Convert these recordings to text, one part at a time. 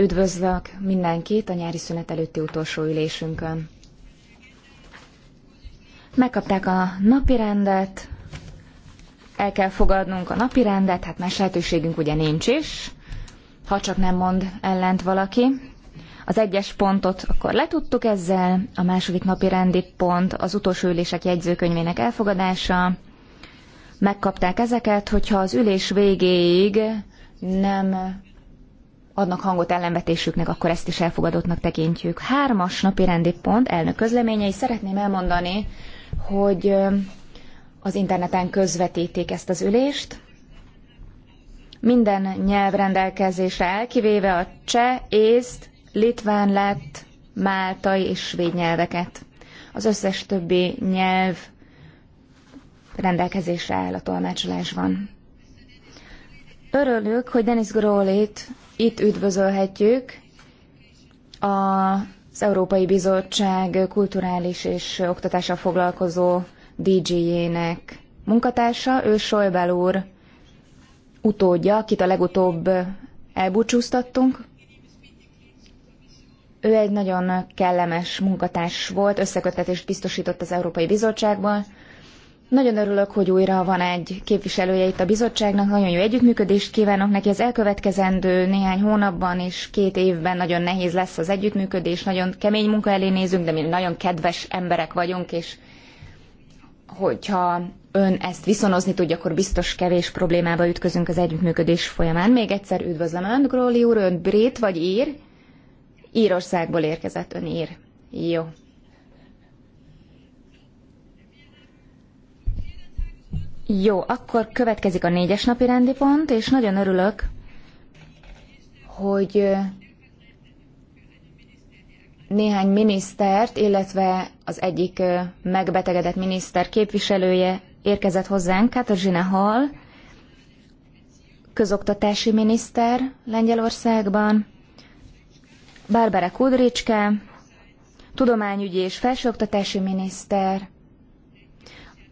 Üdvözlök mindenkit a nyári szünet előtti utolsó ülésünkön. Megkapták a napirendet, el kell fogadnunk a napirendet, hát más lehetőségünk ugye nincs is, ha csak nem mond ellent valaki. Az egyes pontot akkor letudtuk ezzel, a második napi rendi pont az utolsó ülések jegyzőkönyvének elfogadása. Megkapták ezeket, hogyha az ülés végéig nem adnak hangot ellenvetésüknek, akkor ezt is elfogadottnak tekintjük. Hármas napi rendi pont, elnök közleményei. Szeretném elmondani, hogy az interneten közvetítik ezt az ülést. Minden nyelv rendelkezésre elkivéve a cseh, észt, litván, lett, máltai és svéd nyelveket. Az összes többi nyelv rendelkezésre áll a tolmácsolásban. Örülök, hogy Denis Grólit itt üdvözölhetjük az Európai Bizottság kulturális és oktatással foglalkozó dj jének munkatársa, ő Solbel úr utódja, akit a legutóbb elbúcsúztattunk. Ő egy nagyon kellemes munkatárs volt, összeköttetést biztosított az Európai Bizottságban, nagyon örülök, hogy újra van egy képviselője itt a bizottságnak, nagyon jó együttműködést kívánok neki. Az elkövetkezendő néhány hónapban és két évben nagyon nehéz lesz az együttműködés, nagyon kemény munka elé nézünk, de mi nagyon kedves emberek vagyunk, és hogyha ön ezt viszonozni tudja, akkor biztos kevés problémába ütközünk az együttműködés folyamán. Még egyszer üdvözlöm Önt, Gróli úr, Ön brit vagy ír? Írországból érkezett, Ön ír. Jó. Jó, akkor következik a négyes napi rendi pont, és nagyon örülök, hogy néhány minisztert, illetve az egyik megbetegedett miniszter képviselője érkezett hozzánk, Katarzyna Hall, közoktatási miniszter Lengyelországban, Barbara Kudricska, tudományügyi és felsőoktatási miniszter,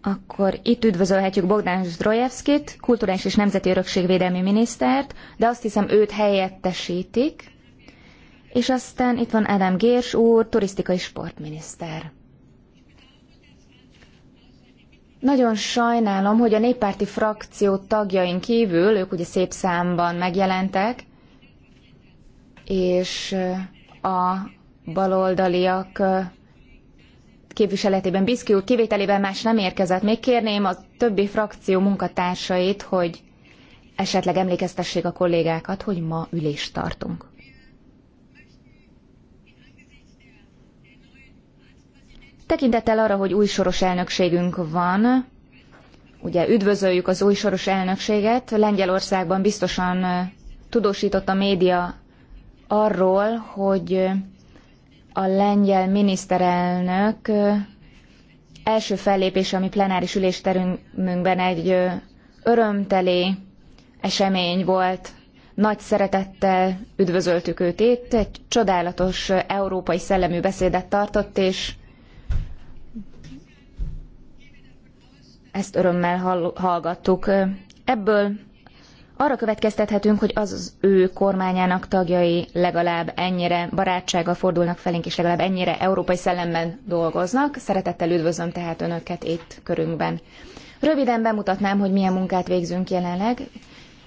akkor itt üdvözölhetjük Bogdán Zdrojevszkit, kulturális és nemzeti örökségvédelmi minisztert, de azt hiszem őt helyettesítik. És aztán itt van Adam Gérs úr, turisztikai sportminiszter. Nagyon sajnálom, hogy a néppárti frakció tagjain kívül, ők ugye szép számban megjelentek, és a baloldaliak képviseletében, Biszki úr kivételében más nem érkezett. Még kérném a többi frakció munkatársait, hogy esetleg emlékeztessék a kollégákat, hogy ma ülést tartunk. Tekintettel arra, hogy új soros elnökségünk van, ugye üdvözöljük az új soros elnökséget, Lengyelországban biztosan tudósított a média arról, hogy a lengyel miniszterelnök első fellépése, ami plenáris ülésterünkben egy örömteli esemény volt. Nagy szeretettel üdvözöltük őt itt, egy csodálatos európai szellemű beszédet tartott, és ezt örömmel hallgattuk. Ebből arra következtethetünk, hogy az, az ő kormányának tagjai legalább ennyire barátsággal fordulnak felénk, és legalább ennyire európai szellemben dolgoznak. Szeretettel üdvözlöm tehát Önöket itt körünkben. Röviden bemutatnám, hogy milyen munkát végzünk jelenleg.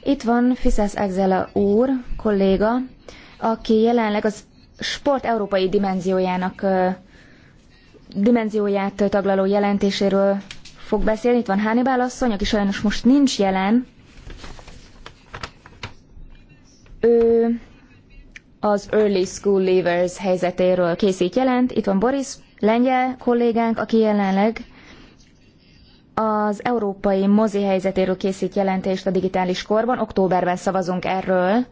Itt van Fiszesz Exela úr, kolléga, aki jelenleg az sport európai dimenziójának dimenzióját taglaló jelentéséről fog beszélni. Itt van Hannibal asszony, aki sajnos most nincs jelen, ő az Early School Leavers helyzetéről készít jelent. Itt van Boris, lengyel kollégánk, aki jelenleg az európai mozi helyzetéről készít jelentést a digitális korban. Októberben szavazunk erről,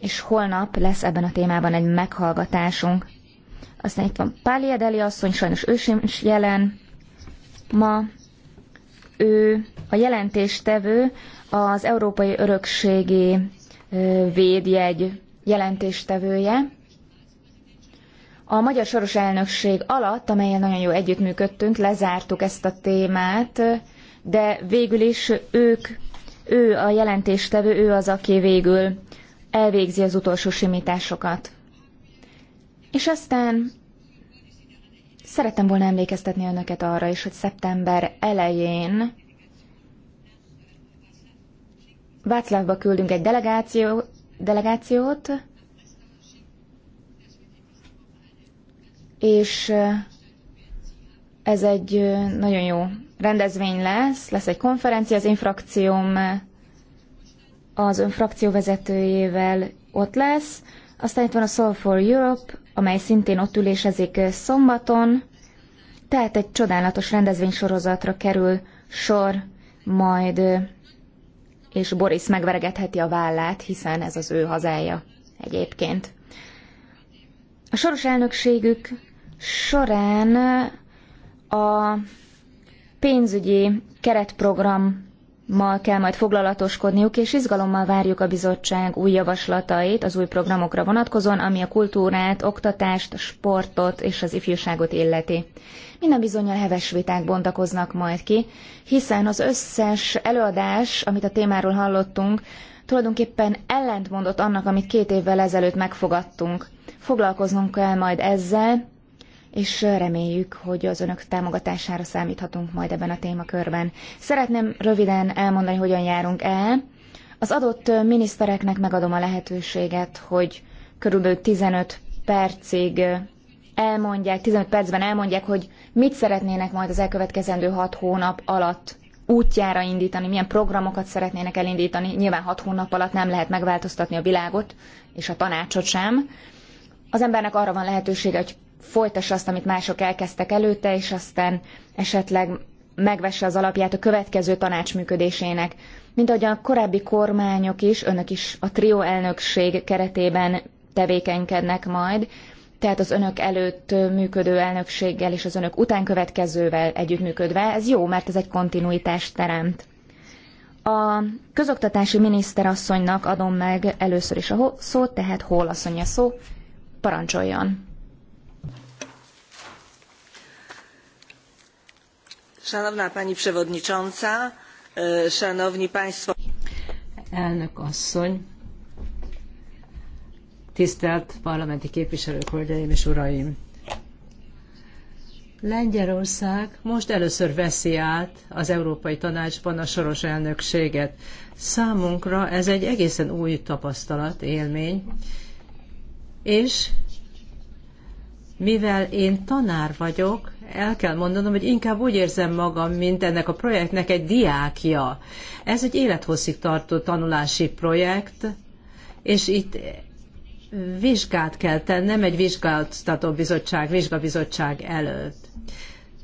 és holnap lesz ebben a témában egy meghallgatásunk. Aztán itt van Páli Edeli asszony, sajnos ő is jelen. Ma ő a jelentéstevő az Európai Örökségi védjegy jelentéstevője. A magyar soros elnökség alatt, amelyen nagyon jó együttműködtünk, lezártuk ezt a témát, de végül is ők, ő a jelentéstevő, ő az, aki végül elvégzi az utolsó simításokat. És aztán szerettem volna emlékeztetni önöket arra is, hogy szeptember elején Václavba küldünk egy delegáció, delegációt, és ez egy nagyon jó rendezvény lesz, lesz egy konferencia, az én frakcióm az ön frakció vezetőjével ott lesz, aztán itt van a Soul for Europe, amely szintén ott ülésezik szombaton, tehát egy csodálatos rendezvénysorozatra kerül sor majd és Boris megveregetheti a vállát, hiszen ez az ő hazája egyébként. A soros elnökségük során a pénzügyi keretprogram ma kell majd foglalatoskodniuk, és izgalommal várjuk a bizottság új javaslatait az új programokra vonatkozóan, ami a kultúrát, oktatást, sportot és az ifjúságot illeti. Minden bizonyal heves viták bontakoznak majd ki, hiszen az összes előadás, amit a témáról hallottunk, tulajdonképpen ellentmondott annak, amit két évvel ezelőtt megfogadtunk. Foglalkoznunk kell majd ezzel, és reméljük, hogy az önök támogatására számíthatunk majd ebben a témakörben. Szeretném röviden elmondani, hogyan járunk el. Az adott minisztereknek megadom a lehetőséget, hogy körülbelül 15 percig elmondják, 15 percben elmondják, hogy mit szeretnének majd az elkövetkezendő 6 hónap alatt útjára indítani, milyen programokat szeretnének elindítani. Nyilván 6 hónap alatt nem lehet megváltoztatni a világot, és a tanácsot sem. Az embernek arra van lehetősége, hogy folytassa azt, amit mások elkezdtek előtte, és aztán esetleg megvesse az alapját a következő tanács működésének. Mint ahogyan a korábbi kormányok is, önök is a trió elnökség keretében tevékenykednek majd, tehát az önök előtt működő elnökséggel és az önök után következővel együttműködve, ez jó, mert ez egy kontinuitást teremt. A közoktatási miniszterasszonynak adom meg először is a szót, tehát hol asszony a szó, parancsoljon. Szanowna Pani Przewodnicząca, e, Szanowni Państwo. Elnök asszony, tisztelt parlamenti képviselők, hölgyeim és uraim! Lengyelország most először veszi át az Európai Tanácsban a soros elnökséget. Számunkra ez egy egészen új tapasztalat, élmény, és mivel én tanár vagyok, el kell mondanom, hogy inkább úgy érzem magam, mint ennek a projektnek egy diákja. Ez egy élethosszig tartó tanulási projekt, és itt vizsgát kell tennem egy vizsgáltató bizottság, vizsgabizottság előtt.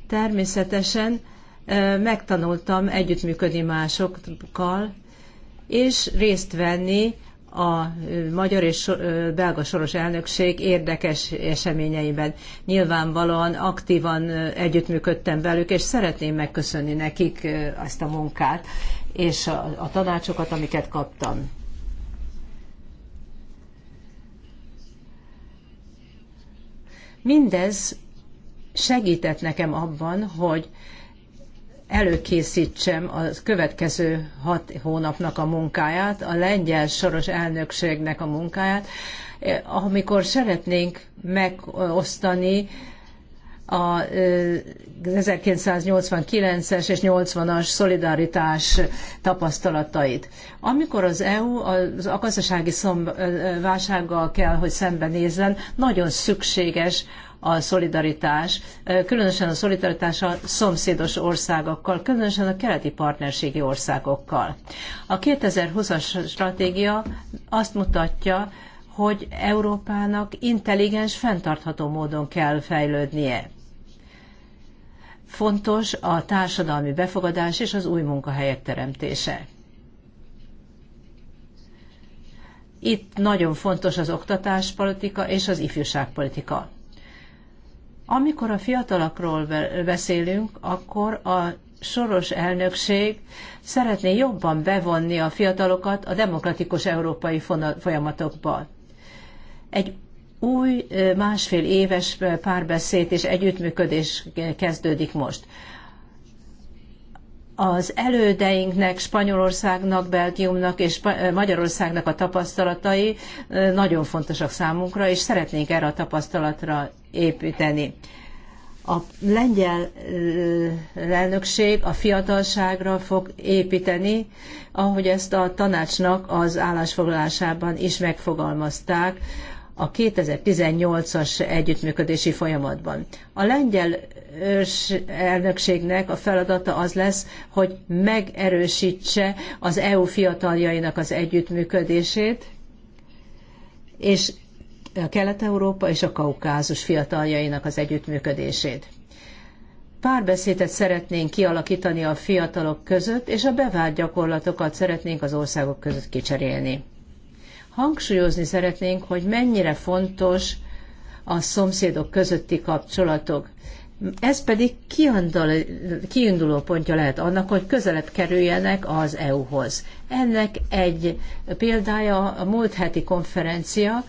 Természetesen megtanultam együttműködni másokkal, és részt venni a magyar és belga soros elnökség érdekes eseményeiben. Nyilvánvalóan aktívan együttműködtem velük, és szeretném megköszönni nekik ezt a munkát és a, a tanácsokat, amiket kaptam. Mindez segített nekem abban, hogy előkészítsem a következő hat hónapnak a munkáját, a lengyel soros elnökségnek a munkáját, amikor szeretnénk megosztani a 1989-es és 80-as szolidaritás tapasztalatait. Amikor az EU az a gazdasági válsággal kell, hogy szembenézzen, nagyon szükséges, a szolidaritás, különösen a szolidaritás a szomszédos országokkal, különösen a keleti partnerségi országokkal. A 2020-as stratégia azt mutatja, hogy Európának intelligens, fenntartható módon kell fejlődnie. Fontos a társadalmi befogadás és az új munkahelyek teremtése. Itt nagyon fontos az oktatáspolitika és az ifjúságpolitika. Amikor a fiatalokról beszélünk, akkor a soros elnökség szeretné jobban bevonni a fiatalokat a demokratikus európai folyamatokba. Egy új másfél éves párbeszéd és együttműködés kezdődik most. Az elődeinknek, Spanyolországnak, Belgiumnak és Magyarországnak a tapasztalatai nagyon fontosak számunkra, és szeretnénk erre a tapasztalatra építeni. A lengyel elnökség a fiatalságra fog építeni, ahogy ezt a tanácsnak az állásfoglalásában is megfogalmazták a 2018-as együttműködési folyamatban. A lengyel elnökségnek a feladata az lesz, hogy megerősítse az EU fiataljainak az együttműködését, és a Kelet-Európa és a Kaukázus fiataljainak az együttműködését. Párbeszédet szeretnénk kialakítani a fiatalok között, és a bevált gyakorlatokat szeretnénk az országok között kicserélni. Hangsúlyozni szeretnénk, hogy mennyire fontos a szomszédok közötti kapcsolatok. Ez pedig kiinduló pontja lehet annak, hogy közelebb kerüljenek az EU-hoz. Ennek egy példája a múlt heti konferencia,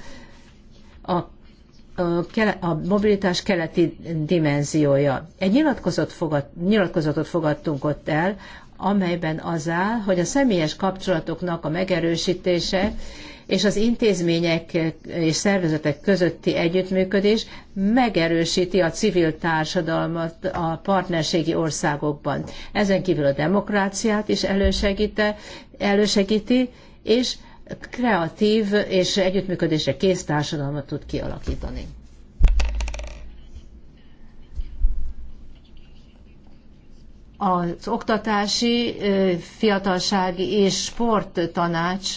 a a mobilitás keleti dimenziója. Egy nyilatkozott fogad, nyilatkozatot fogadtunk ott el, amelyben az áll, hogy a személyes kapcsolatoknak a megerősítése és az intézmények és szervezetek közötti együttműködés megerősíti a civil társadalmat a partnerségi országokban. Ezen kívül a demokráciát is elősegíti, elősegíti és kreatív és együttműködésre kész társadalmat tud kialakítani. Az oktatási, fiatalsági és sporttanács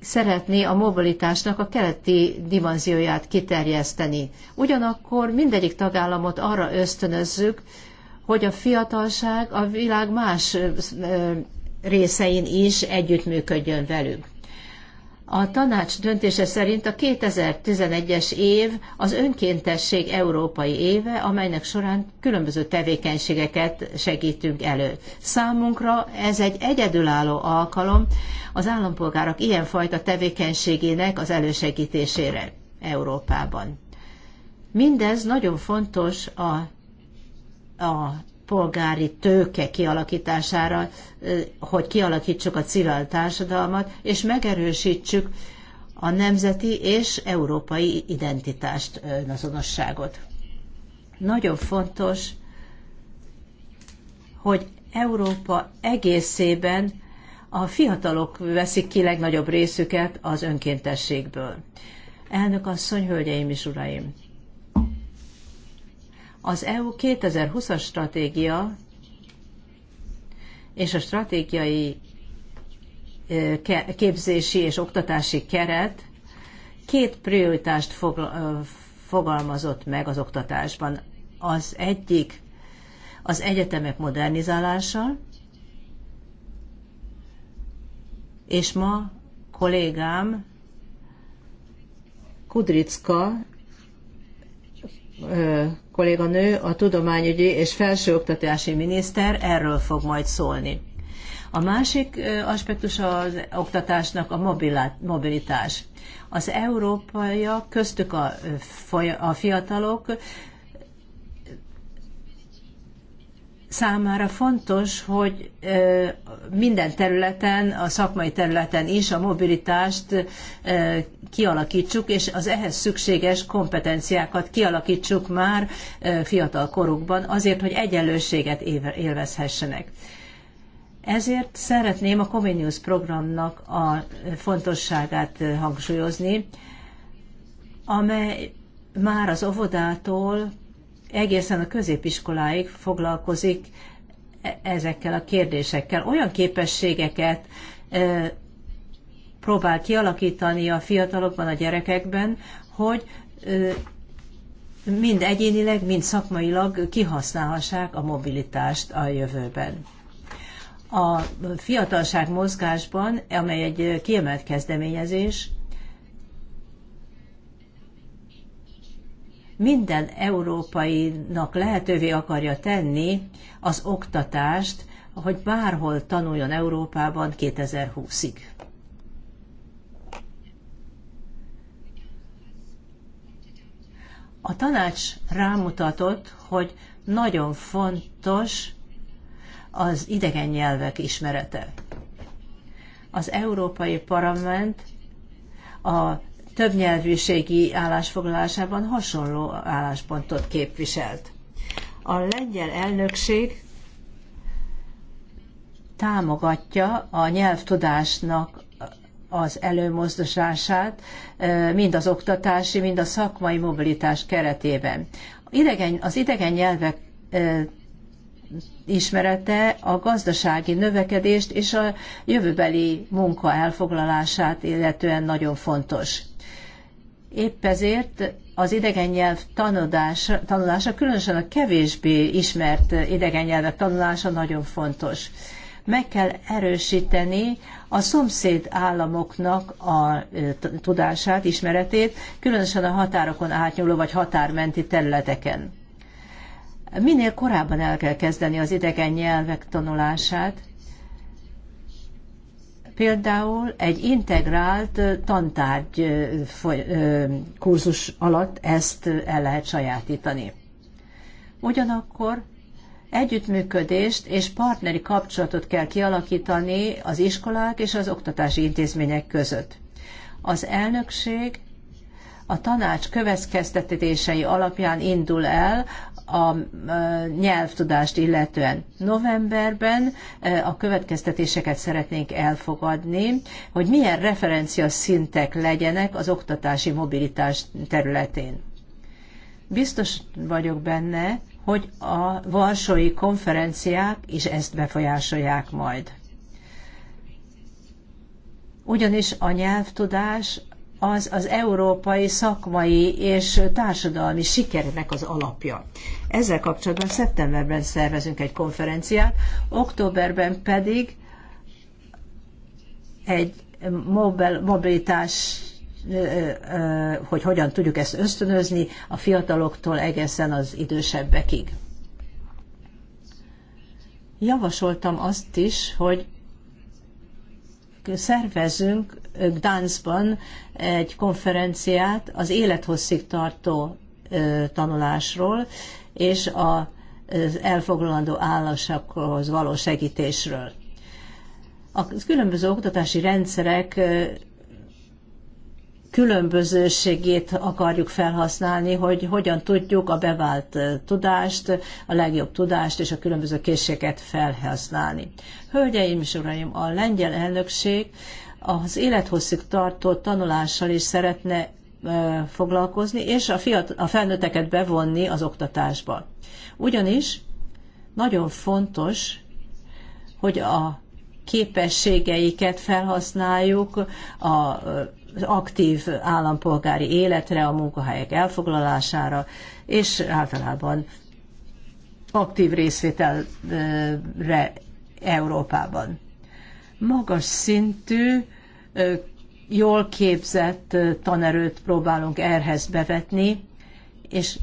szeretné a mobilitásnak a keleti dimenzióját kiterjeszteni. Ugyanakkor mindegyik tagállamot arra ösztönözzük, hogy a fiatalság a világ más részein is együttműködjön velünk. A tanács döntése szerint a 2011-es év az önkéntesség európai éve, amelynek során különböző tevékenységeket segítünk elő. Számunkra ez egy egyedülálló alkalom az állampolgárok ilyenfajta tevékenységének az elősegítésére Európában. Mindez nagyon fontos a, a polgári tőke kialakítására, hogy kialakítsuk a civil társadalmat, és megerősítsük a nemzeti és európai identitást, azonosságot. Nagyon fontos, hogy Európa egészében a fiatalok veszik ki legnagyobb részüket az önkéntességből. Elnök asszony, hölgyeim és uraim! Az EU 2020-as stratégia és a stratégiai képzési és oktatási keret két prioritást fogalmazott meg az oktatásban. Az egyik az egyetemek modernizálása, és ma kollégám Kudricka kolléganő, a tudományügyi és felsőoktatási miniszter erről fog majd szólni. A másik aspektus az oktatásnak a mobilitás. Az európaiak, köztük a, a fiatalok számára fontos, hogy minden területen, a szakmai területen is a mobilitást kialakítsuk, és az ehhez szükséges kompetenciákat kialakítsuk már fiatal korukban, azért, hogy egyenlőséget élvezhessenek. Ezért szeretném a Comenius programnak a fontosságát hangsúlyozni, amely már az óvodától egészen a középiskoláig foglalkozik e- ezekkel a kérdésekkel. Olyan képességeket e, próbál kialakítani a fiatalokban, a gyerekekben, hogy e, mind egyénileg, mind szakmailag kihasználhassák a mobilitást a jövőben. A fiatalság mozgásban, amely egy kiemelt kezdeményezés, minden európainak lehetővé akarja tenni az oktatást, hogy bárhol tanuljon Európában 2020-ig. A tanács rámutatott, hogy nagyon fontos az idegen nyelvek ismerete. Az Európai Parlament a többnyelvűségi állásfoglalásában hasonló álláspontot képviselt. A lengyel elnökség támogatja a nyelvtudásnak az előmozdulását, mind az oktatási, mind a szakmai mobilitás keretében. az idegen nyelvek ismerete a gazdasági növekedést és a jövőbeli munka elfoglalását illetően nagyon fontos. Épp ezért az idegen nyelv tanulása, tanulása, különösen a kevésbé ismert idegen nyelvek tanulása nagyon fontos. Meg kell erősíteni a szomszéd államoknak a tudását, ismeretét, különösen a határokon átnyúló vagy határmenti területeken. Minél korábban el kell kezdeni az idegen nyelvek tanulását, Például egy integrált tantárgy kurzus alatt ezt el lehet sajátítani. Ugyanakkor együttműködést és partneri kapcsolatot kell kialakítani az iskolák és az oktatási intézmények között. Az elnökség a tanács következtetései alapján indul el a nyelvtudást illetően. Novemberben e, a következtetéseket szeretnénk elfogadni, hogy milyen referencia szintek legyenek az oktatási mobilitás területén. Biztos vagyok benne, hogy a varsói konferenciák is ezt befolyásolják majd. Ugyanis a nyelvtudás az az európai szakmai és társadalmi sikernek az alapja. Ezzel kapcsolatban szeptemberben szervezünk egy konferenciát, októberben pedig egy mobil, mobilitás hogy hogyan tudjuk ezt ösztönözni a fiataloktól egészen az idősebbekig. Javasoltam azt is, hogy szervezünk Gdanszban egy konferenciát az élethosszig tartó tanulásról és az elfoglalandó állásokhoz való segítésről. A különböző oktatási rendszerek különbözőségét akarjuk felhasználni, hogy hogyan tudjuk a bevált tudást, a legjobb tudást és a különböző készséget felhasználni. Hölgyeim és uraim, a lengyel elnökség az élethosszig tartó tanulással is szeretne foglalkozni, és a, fiatal, a felnőtteket bevonni az oktatásba. Ugyanis nagyon fontos, hogy a képességeiket felhasználjuk a az aktív állampolgári életre, a munkahelyek elfoglalására, és általában aktív részvételre Európában magas szintű, jól képzett tanerőt próbálunk erhez bevetni, és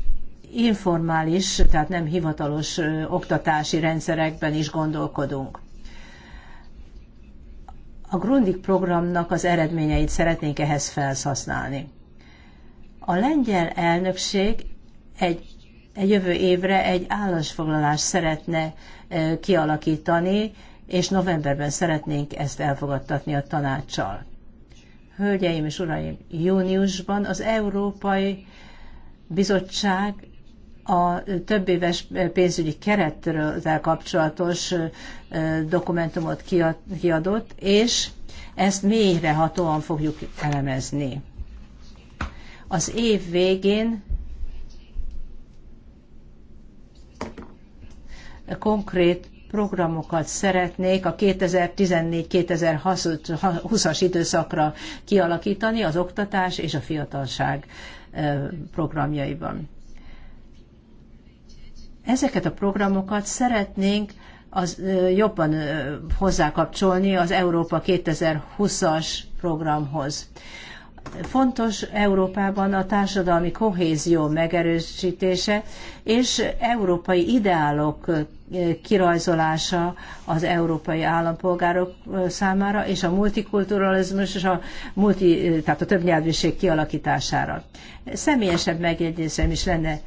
informális, tehát nem hivatalos oktatási rendszerekben is gondolkodunk. A Grundig programnak az eredményeit szeretnénk ehhez felhasználni. A lengyel elnökség egy, egy jövő évre egy állásfoglalást szeretne kialakítani és novemberben szeretnénk ezt elfogadtatni a tanácssal. Hölgyeim és uraim, júniusban az Európai Bizottság a több éves pénzügyi kerettől kapcsolatos dokumentumot kiadott, és ezt mélyrehatóan fogjuk elemezni. Az év végén konkrét programokat szeretnék a 2014-2020-as időszakra kialakítani az oktatás és a fiatalság programjaiban. Ezeket a programokat szeretnénk az jobban hozzákapcsolni az Európa 2020-as programhoz. Fontos Európában a társadalmi kohézió megerősítése és európai ideálok kirajzolása az európai állampolgárok számára, és a multikulturalizmus és a, multi, tehát a nyelvűség kialakítására. Személyesebb megjegyzésem is lenne.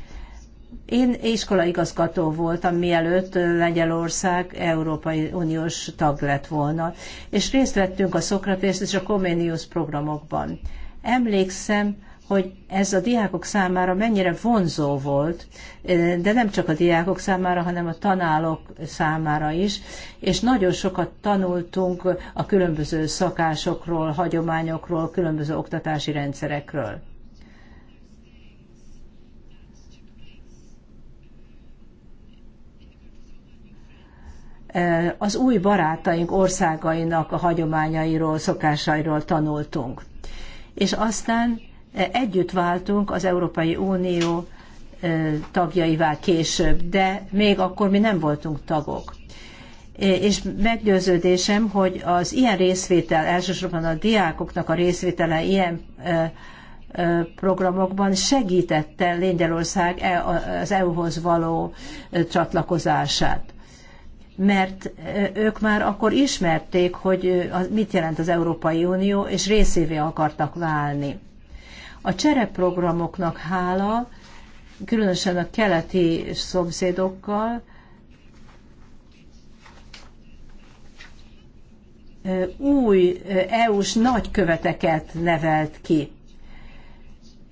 Én iskolaigazgató voltam, mielőtt Lengyelország Európai Uniós tag lett volna, és részt vettünk a Szokratész és a Comenius programokban. Emlékszem, hogy ez a diákok számára mennyire vonzó volt, eh, de nem csak a diákok számára, hanem a tanálok számára is, és nagyon sokat tanultunk a különböző szakásokról, hagyományokról, különböző oktatási rendszerekről. Eh, az új barátaink országainak a hagyományairól, szokásairól tanultunk. És aztán Együtt váltunk az Európai Unió tagjaival később, de még akkor mi nem voltunk tagok. És meggyőződésem, hogy az ilyen részvétel, elsősorban a diákoknak a részvétele ilyen programokban segítette Lengyelország e, az EU-hoz való csatlakozását. Mert ők már akkor ismerték, hogy mit jelent az Európai Unió, és részévé akartak válni. A csereprogramoknak hála, különösen a keleti szomszédokkal, új EU-s nagyköveteket nevelt ki,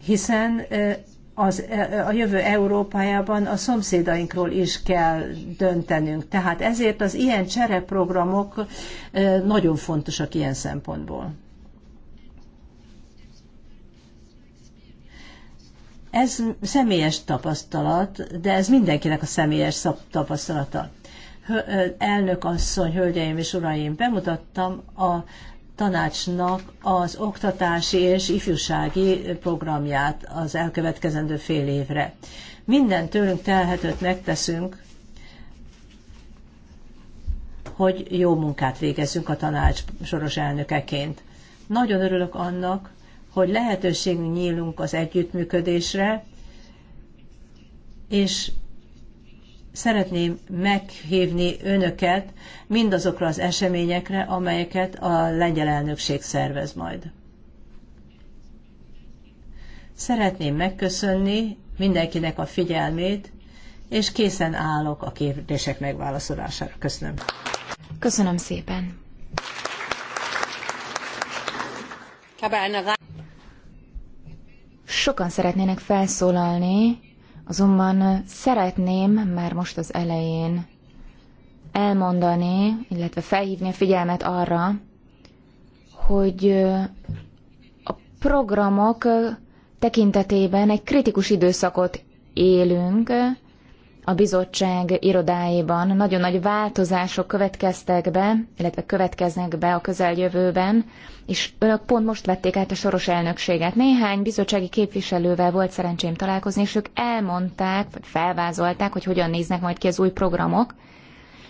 hiszen az, a jövő Európájában a szomszédainkról is kell döntenünk. Tehát ezért az ilyen csereprogramok nagyon fontosak ilyen szempontból. Ez személyes tapasztalat, de ez mindenkinek a személyes tapasztalata. Elnök asszony, hölgyeim és uraim, bemutattam a tanácsnak az oktatási és ifjúsági programját az elkövetkezendő fél évre. Minden tőlünk telhetőt megteszünk, hogy jó munkát végezzünk a tanács soros elnökeként. Nagyon örülök annak, hogy lehetőségünk nyílunk az együttműködésre, és szeretném meghívni önöket mindazokra az eseményekre, amelyeket a lengyel elnökség szervez majd. Szeretném megköszönni mindenkinek a figyelmét, és készen állok a kérdések megválaszolására. Köszönöm. Köszönöm szépen. Sokan szeretnének felszólalni, azonban szeretném már most az elején elmondani, illetve felhívni a figyelmet arra, hogy a programok tekintetében egy kritikus időszakot élünk, a bizottság irodáiban nagyon nagy változások következtek be, illetve következnek be a közeljövőben, és önök pont most vették át a soros elnökséget. Néhány bizottsági képviselővel volt szerencsém találkozni, és ők elmondták, vagy felvázolták, hogy hogyan néznek majd ki az új programok,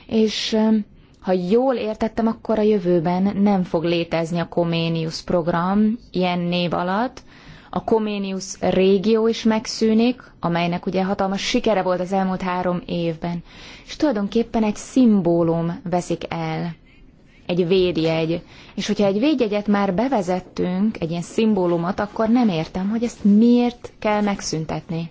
és um, ha jól értettem, akkor a jövőben nem fog létezni a Comenius program ilyen név alatt, a Comenius régió is megszűnik, amelynek ugye hatalmas sikere volt az elmúlt három évben. És tulajdonképpen egy szimbólum veszik el, egy védjegy. És hogyha egy védjegyet már bevezettünk, egy ilyen szimbólumot, akkor nem értem, hogy ezt miért kell megszüntetni.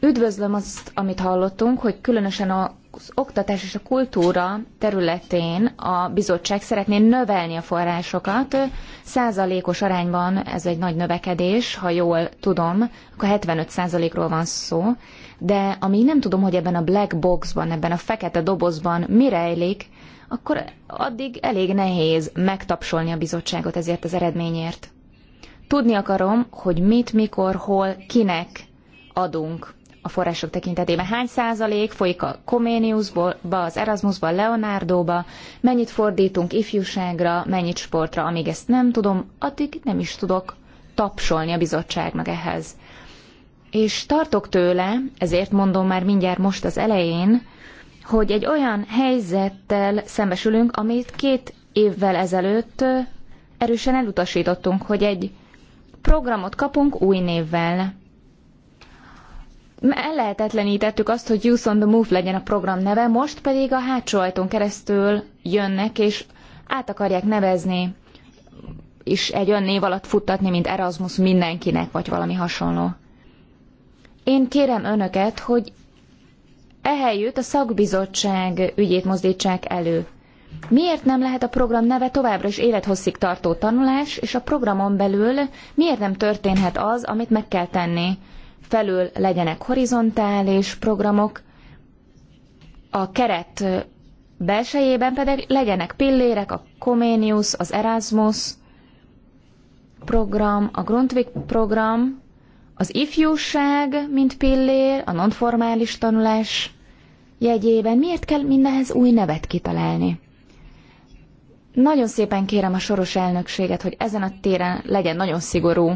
Üdvözlöm azt, amit hallottunk, hogy különösen a az oktatás és a kultúra területén a bizottság szeretné növelni a forrásokat. Százalékos arányban ez egy nagy növekedés, ha jól tudom, akkor 75 százalékról van szó. De amíg nem tudom, hogy ebben a black boxban, ebben a fekete dobozban mi rejlik, akkor addig elég nehéz megtapsolni a bizottságot ezért az eredményért. Tudni akarom, hogy mit, mikor, hol, kinek adunk a források tekintetében. Hány százalék folyik a Comeniusba, az Erasmusba, Leonardóba, mennyit fordítunk ifjúságra, mennyit sportra, amíg ezt nem tudom, addig nem is tudok tapsolni a bizottságnak ehhez. És tartok tőle, ezért mondom már mindjárt most az elején, hogy egy olyan helyzettel szembesülünk, amit két évvel ezelőtt erősen elutasítottunk, hogy egy programot kapunk új névvel ellehetetlenítettük azt, hogy Youth on the Move legyen a program neve, most pedig a hátsó ajtón keresztül jönnek, és át akarják nevezni, és egy olyan név alatt futtatni, mint Erasmus mindenkinek, vagy valami hasonló. Én kérem önöket, hogy ehelyütt a szakbizottság ügyét mozdítsák elő. Miért nem lehet a program neve továbbra is élethosszig tartó tanulás, és a programon belül miért nem történhet az, amit meg kell tenni? felül legyenek horizontális programok, a keret belsejében pedig legyenek pillérek, a Comenius, az Erasmus program, a Grundtvig program, az ifjúság, mint pillér, a nonformális tanulás jegyében. Miért kell mindenhez új nevet kitalálni? Nagyon szépen kérem a soros elnökséget, hogy ezen a téren legyen nagyon szigorú.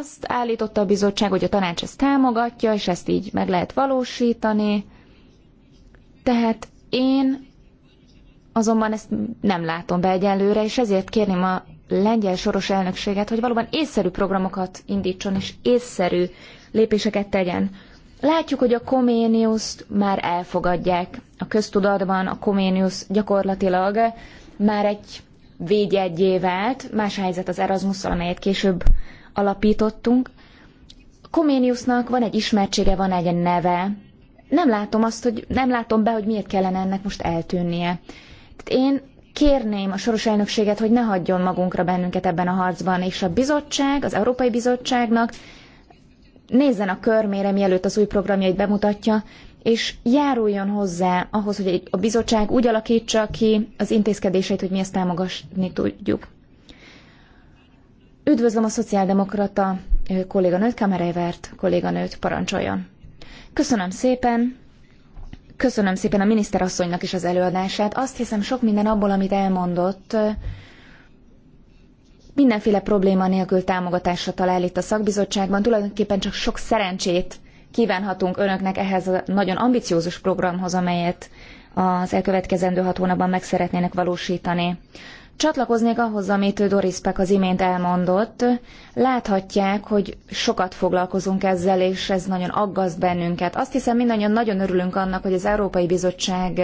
Azt állította a bizottság, hogy a tanács ezt támogatja, és ezt így meg lehet valósítani. Tehát én azonban ezt nem látom be egyelőre, és ezért kérném a lengyel soros elnökséget, hogy valóban észszerű programokat indítson, és észszerű lépéseket tegyen. Látjuk, hogy a Koméniuszt már elfogadják. A köztudatban a Koméniusz gyakorlatilag már egy védjegyé vált, más helyzet az Erasmusszal, amelyet később alapítottunk. Koméniusnak van egy ismertsége, van egy neve. Nem látom azt, hogy nem látom be, hogy miért kellene ennek most eltűnnie. én kérném a soros elnökséget, hogy ne hagyjon magunkra bennünket ebben a harcban, és a bizottság, az Európai Bizottságnak nézzen a körmére, mielőtt az új programjait bemutatja, és járuljon hozzá ahhoz, hogy a bizottság úgy alakítsa ki az intézkedéseit, hogy mi ezt támogatni tudjuk. Üdvözlöm a szociáldemokrata kolléganőt, Kamerevert kolléganőt, parancsoljon. Köszönöm szépen, köszönöm szépen a miniszterasszonynak is az előadását. Azt hiszem, sok minden abból, amit elmondott, mindenféle probléma nélkül támogatásra talál itt a szakbizottságban. Tulajdonképpen csak sok szerencsét kívánhatunk önöknek ehhez a nagyon ambiciózus programhoz, amelyet az elkövetkezendő hat hónapban meg szeretnének valósítani. Csatlakoznék ahhoz, amit Doris Peck az imént elmondott. Láthatják, hogy sokat foglalkozunk ezzel, és ez nagyon aggaszt bennünket. Azt hiszem, mindannyian nagyon örülünk annak, hogy az Európai Bizottság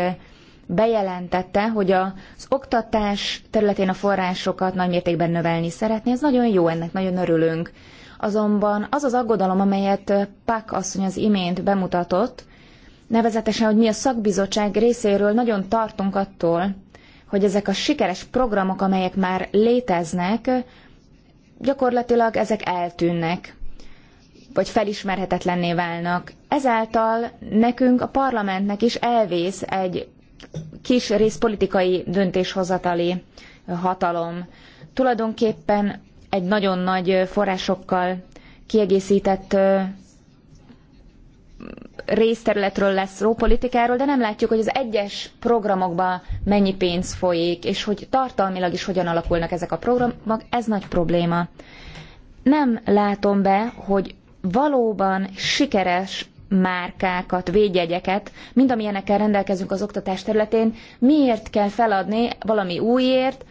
bejelentette, hogy az oktatás területén a forrásokat nagymértékben növelni szeretné. Ez nagyon jó, ennek nagyon örülünk. Azonban az az aggodalom, amelyet Pak asszony az imént bemutatott, nevezetesen, hogy mi a szakbizottság részéről nagyon tartunk attól, hogy ezek a sikeres programok, amelyek már léteznek, gyakorlatilag ezek eltűnnek, vagy felismerhetetlenné válnak. Ezáltal nekünk, a parlamentnek is elvész egy kis rész politikai döntéshozatali hatalom. Tulajdonképpen egy nagyon nagy forrásokkal kiegészített részterületről lesz szó, politikáról, de nem látjuk, hogy az egyes programokban mennyi pénz folyik, és hogy tartalmilag is hogyan alakulnak ezek a programok, ez nagy probléma. Nem látom be, hogy valóban sikeres márkákat, védjegyeket, mind amilyenekkel rendelkezünk az oktatás területén, miért kell feladni valami újért,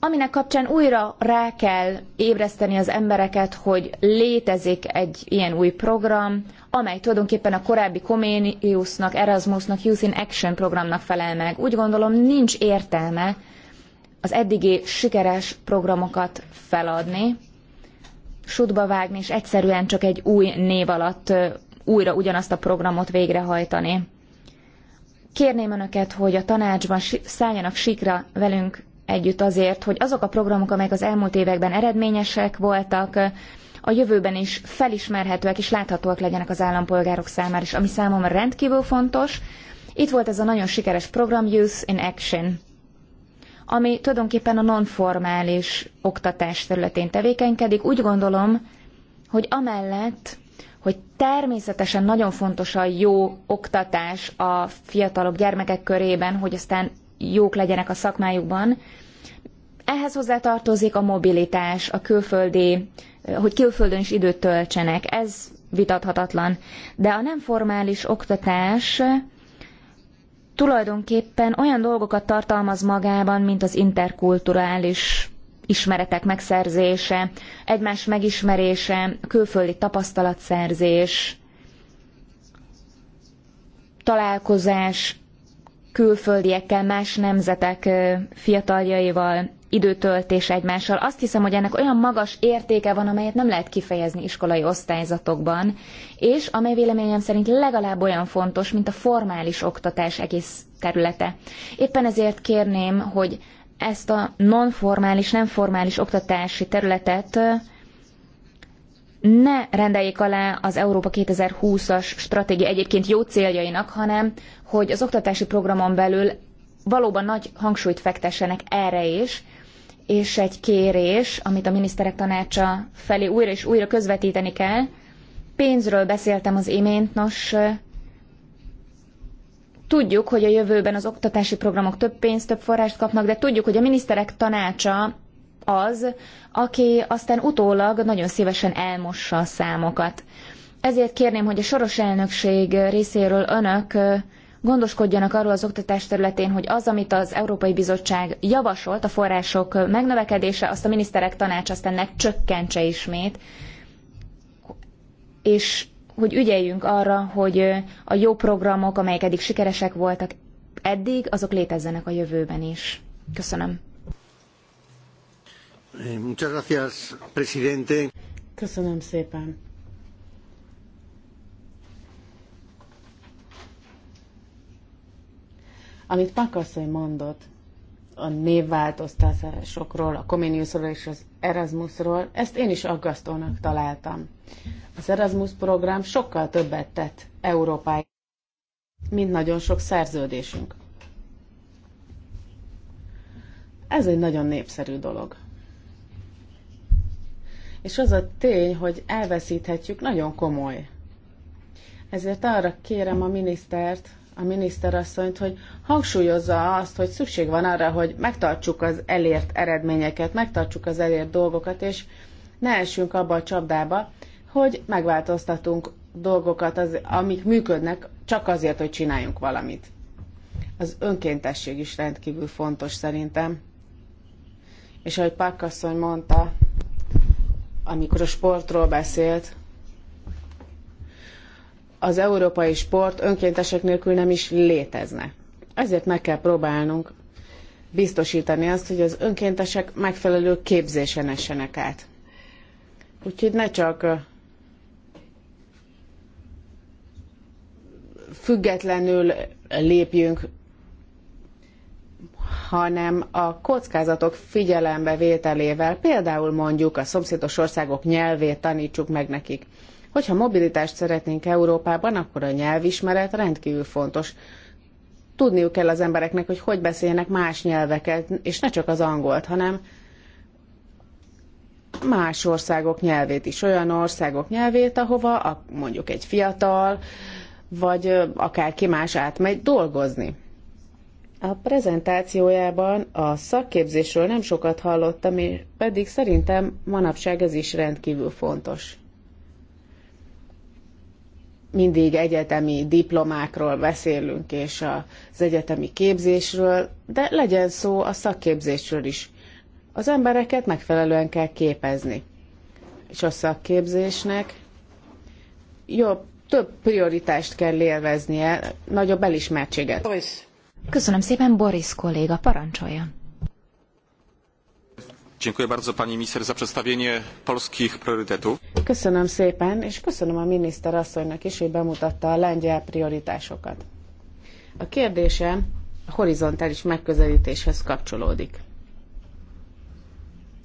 aminek kapcsán újra rá kell ébreszteni az embereket, hogy létezik egy ilyen új program, amely tulajdonképpen a korábbi Comeniusnak, Erasmusnak, Youth in Action programnak felel meg. Úgy gondolom nincs értelme az eddigi sikeres programokat feladni, sutba vágni, és egyszerűen csak egy új név alatt újra ugyanazt a programot végrehajtani. Kérném Önöket, hogy a tanácsban szálljanak sikra velünk együtt azért, hogy azok a programok, amelyek az elmúlt években eredményesek voltak, a jövőben is felismerhetőek és láthatóak legyenek az állampolgárok számára is, ami számomra rendkívül fontos. Itt volt ez a nagyon sikeres program Youth in Action, ami tulajdonképpen a nonformális oktatás területén tevékenykedik. Úgy gondolom, hogy amellett, hogy természetesen nagyon fontos a jó oktatás a fiatalok, gyermekek körében, hogy aztán jók legyenek a szakmájukban, ehhez hozzátartozik a mobilitás, a külföldi hogy külföldön is időt töltsenek. Ez vitathatatlan. De a nem formális oktatás tulajdonképpen olyan dolgokat tartalmaz magában, mint az interkulturális ismeretek megszerzése, egymás megismerése, külföldi tapasztalatszerzés, találkozás külföldiekkel, más nemzetek fiataljaival, időtöltés egymással. Azt hiszem, hogy ennek olyan magas értéke van, amelyet nem lehet kifejezni iskolai osztályzatokban, és amely véleményem szerint legalább olyan fontos, mint a formális oktatás egész területe. Éppen ezért kérném, hogy ezt a nonformális, nem formális oktatási területet ne rendeljék alá az Európa 2020-as stratégia egyébként jó céljainak, hanem hogy az oktatási programon belül valóban nagy hangsúlyt fektessenek erre is, és egy kérés, amit a miniszterek tanácsa felé újra és újra közvetíteni kell. Pénzről beszéltem az imént, nos, tudjuk, hogy a jövőben az oktatási programok több pénzt, több forrást kapnak, de tudjuk, hogy a miniszterek tanácsa az, aki aztán utólag nagyon szívesen elmossa a számokat. Ezért kérném, hogy a soros elnökség részéről önök gondoskodjanak arról az oktatás területén, hogy az, amit az Európai Bizottság javasolt, a források megnövekedése, azt a miniszterek tanács aztán ne csökkentse ismét, és hogy ügyeljünk arra, hogy a jó programok, amelyek eddig sikeresek voltak eddig, azok létezzenek a jövőben is. Köszönöm. Eh, Köszönöm szépen. Amit Pakasszony mondott a névváltoztatásokról, a Comeniusról és az Erasmusról, ezt én is aggasztónak találtam. Az Erasmus program sokkal többet tett Európáig, mint nagyon sok szerződésünk. Ez egy nagyon népszerű dolog. És az a tény, hogy elveszíthetjük, nagyon komoly. Ezért arra kérem a minisztert, a miniszterasszonyt, hogy hangsúlyozza azt, hogy szükség van arra, hogy megtartsuk az elért eredményeket, megtartsuk az elért dolgokat, és ne essünk abba a csapdába, hogy megváltoztatunk dolgokat, az, amik működnek, csak azért, hogy csináljunk valamit. Az önkéntesség is rendkívül fontos szerintem. És ahogy Pákasszony mondta, amikor a sportról beszélt, az európai sport önkéntesek nélkül nem is létezne. Ezért meg kell próbálnunk biztosítani azt, hogy az önkéntesek megfelelő képzésen essenek át. Úgyhogy ne csak függetlenül lépjünk, hanem a kockázatok figyelembevételével, például mondjuk a szomszédos országok nyelvét tanítsuk meg nekik. Hogyha mobilitást szeretnénk Európában, akkor a nyelvismeret rendkívül fontos. Tudniuk kell az embereknek, hogy hogy beszélnek más nyelveket, és ne csak az angolt, hanem más országok nyelvét is, olyan országok nyelvét, ahova a, mondjuk egy fiatal, vagy akárki más átmegy dolgozni. A prezentációjában a szakképzésről nem sokat hallottam, pedig szerintem manapság ez is rendkívül fontos mindig egyetemi diplomákról beszélünk, és az egyetemi képzésről, de legyen szó a szakképzésről is. Az embereket megfelelően kell képezni. És a szakképzésnek jobb, több prioritást kell élveznie, nagyobb elismertséget. Köszönöm szépen, Boris kolléga, parancsoljon. Dziękuję bardzo pani minister za przedstawienie polskich priorytetów. Köszönöm szépen, és köszönöm a miniszter asszonynak is, hogy bemutatta a lengyel prioritásokat. A kérdésem a horizontális megközelítéshez kapcsolódik.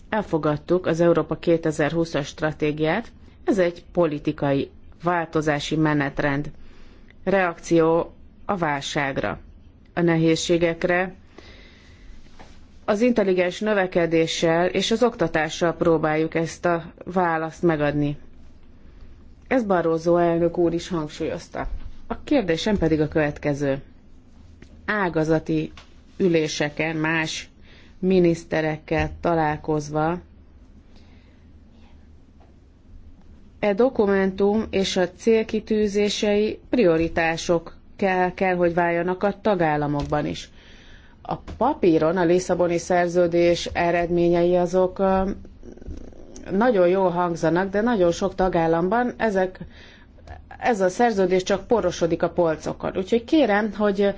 Elfogadtuk az Európa 2020-as stratégiát, ez egy politikai változási menetrend, reakció a válságra, a nehézségekre, az intelligens növekedéssel és az oktatással próbáljuk ezt a választ megadni. Ez Barroso elnök úr is hangsúlyozta. A kérdésem pedig a következő. Ágazati üléseken más miniszterekkel találkozva e dokumentum és a célkitűzései prioritások kell, kell, hogy váljanak a tagállamokban is. A papíron a Lisszaboni szerződés eredményei azok nagyon jól hangzanak, de nagyon sok tagállamban ezek, ez a szerződés csak porosodik a polcokon. Úgyhogy kérem, hogy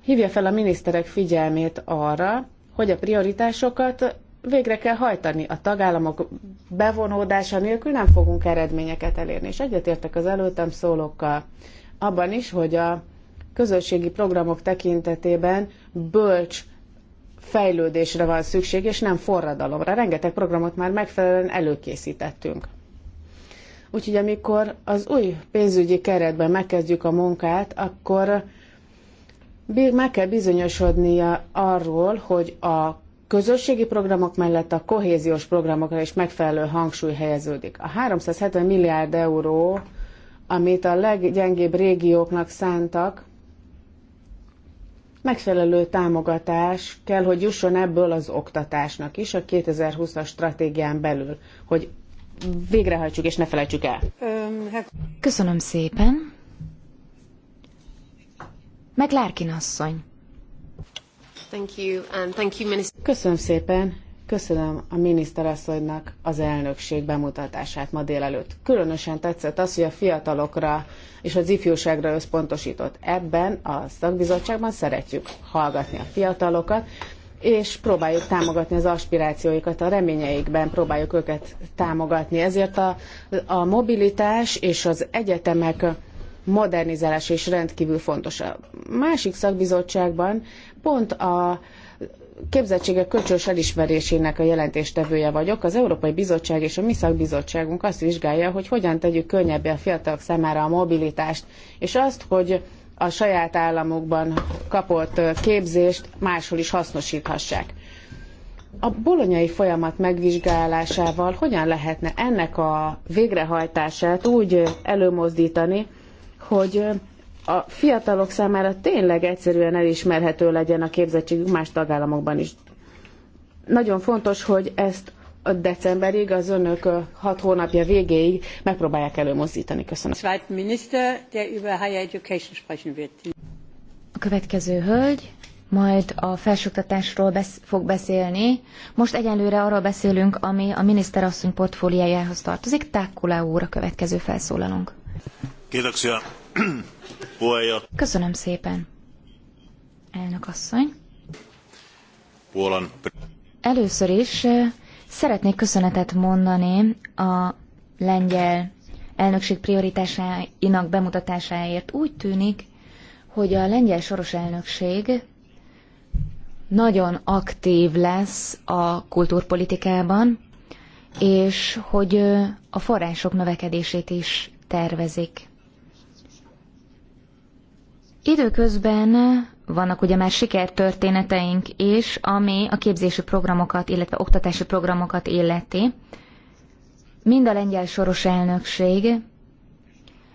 hívja fel a miniszterek figyelmét arra, hogy a prioritásokat végre kell hajtani. A tagállamok bevonódása nélkül nem fogunk eredményeket elérni. És egyetértek az előttem szólókkal abban is, hogy a közösségi programok tekintetében bölcs fejlődésre van szükség, és nem forradalomra. Rengeteg programot már megfelelően előkészítettünk. Úgyhogy amikor az új pénzügyi keretben megkezdjük a munkát, akkor meg kell bizonyosodnia arról, hogy a közösségi programok mellett a kohéziós programokra is megfelelő hangsúly helyeződik. A 370 milliárd euró, amit a leggyengébb régióknak szántak, Megfelelő támogatás kell, hogy jusson ebből az oktatásnak is a 2020-as stratégián belül, hogy végrehajtsuk és ne felejtsük el. Köszönöm szépen. Meg Lárkin asszony. Thank you, and thank you, Köszönöm szépen, Köszönöm a miniszterasszonynak az elnökség bemutatását ma délelőtt. Különösen tetszett az, hogy a fiatalokra és az ifjúságra összpontosított. Ebben a szakbizottságban szeretjük hallgatni a fiatalokat, és próbáljuk támogatni az aspirációikat, a reményeikben próbáljuk őket támogatni. Ezért a, a mobilitás és az egyetemek modernizálása is rendkívül fontos. A másik szakbizottságban pont a képzettségek kölcsönös elismerésének a jelentéstevője vagyok. Az Európai Bizottság és a mi szakbizottságunk azt vizsgálja, hogy hogyan tegyük könnyebbé a fiatalok számára a mobilitást, és azt, hogy a saját államukban kapott képzést máshol is hasznosíthassák. A bolonyai folyamat megvizsgálásával hogyan lehetne ennek a végrehajtását úgy előmozdítani, hogy a fiatalok számára tényleg egyszerűen elismerhető legyen a képzettségük más tagállamokban is. Nagyon fontos, hogy ezt a decemberig, az önök hat hónapja végéig megpróbálják előmozdítani. Köszönöm. A következő hölgy majd a felsőoktatásról besz- fog beszélni. Most egyenlőre arról beszélünk, ami a miniszterasszony portfóliájához tartozik. Tákkula úr a következő felszólalónk. Kiitoksia Köszönöm szépen, elnök asszony. Először is szeretnék köszönetet mondani a lengyel elnökség prioritásainak bemutatásáért. Úgy tűnik, hogy a lengyel soros elnökség nagyon aktív lesz a kultúrpolitikában, és hogy a források növekedését is tervezik. Időközben vannak ugye már sikertörténeteink is, ami a képzési programokat, illetve oktatási programokat illeti. Mind a lengyel soros elnökség,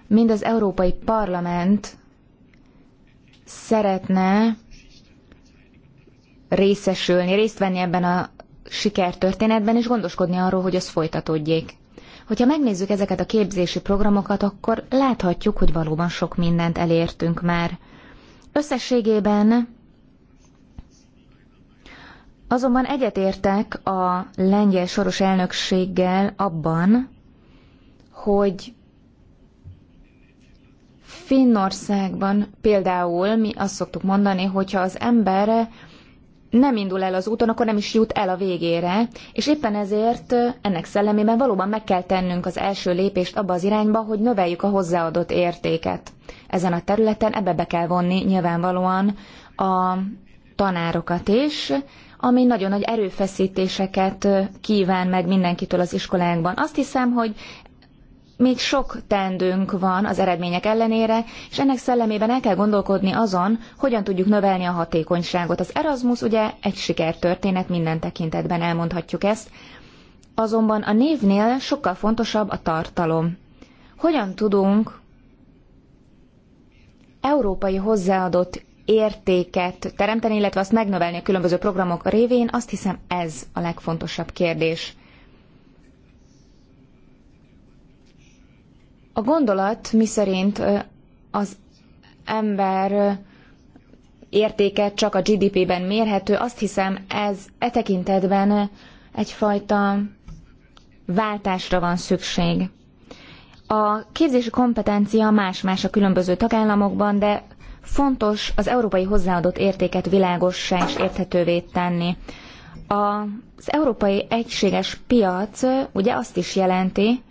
mind az Európai Parlament szeretne részesülni, részt venni ebben a sikertörténetben, és gondoskodni arról, hogy ez folytatódjék. Hogyha megnézzük ezeket a képzési programokat, akkor láthatjuk, hogy valóban sok mindent elértünk már. Összességében azonban egyetértek a lengyel soros elnökséggel abban, hogy Finnországban például mi azt szoktuk mondani, hogyha az ember nem indul el az úton, akkor nem is jut el a végére, és éppen ezért ennek szellemében valóban meg kell tennünk az első lépést abba az irányba, hogy növeljük a hozzáadott értéket. Ezen a területen ebbe be kell vonni nyilvánvalóan a tanárokat is, ami nagyon nagy erőfeszítéseket kíván meg mindenkitől az iskolánkban. Azt hiszem, hogy még sok teendőnk van az eredmények ellenére, és ennek szellemében el kell gondolkodni azon, hogyan tudjuk növelni a hatékonyságot. Az Erasmus ugye egy sikertörténet, minden tekintetben elmondhatjuk ezt, azonban a névnél sokkal fontosabb a tartalom. Hogyan tudunk európai hozzáadott értéket teremteni, illetve azt megnövelni a különböző programok révén, azt hiszem ez a legfontosabb kérdés. A gondolat, miszerint az ember értéke csak a GDP-ben mérhető, azt hiszem ez e tekintetben egyfajta váltásra van szükség. A képzési kompetencia más-más a különböző tagállamokban, de fontos az európai hozzáadott értéket világossá és érthetővé tenni. Az európai egységes piac ugye azt is jelenti,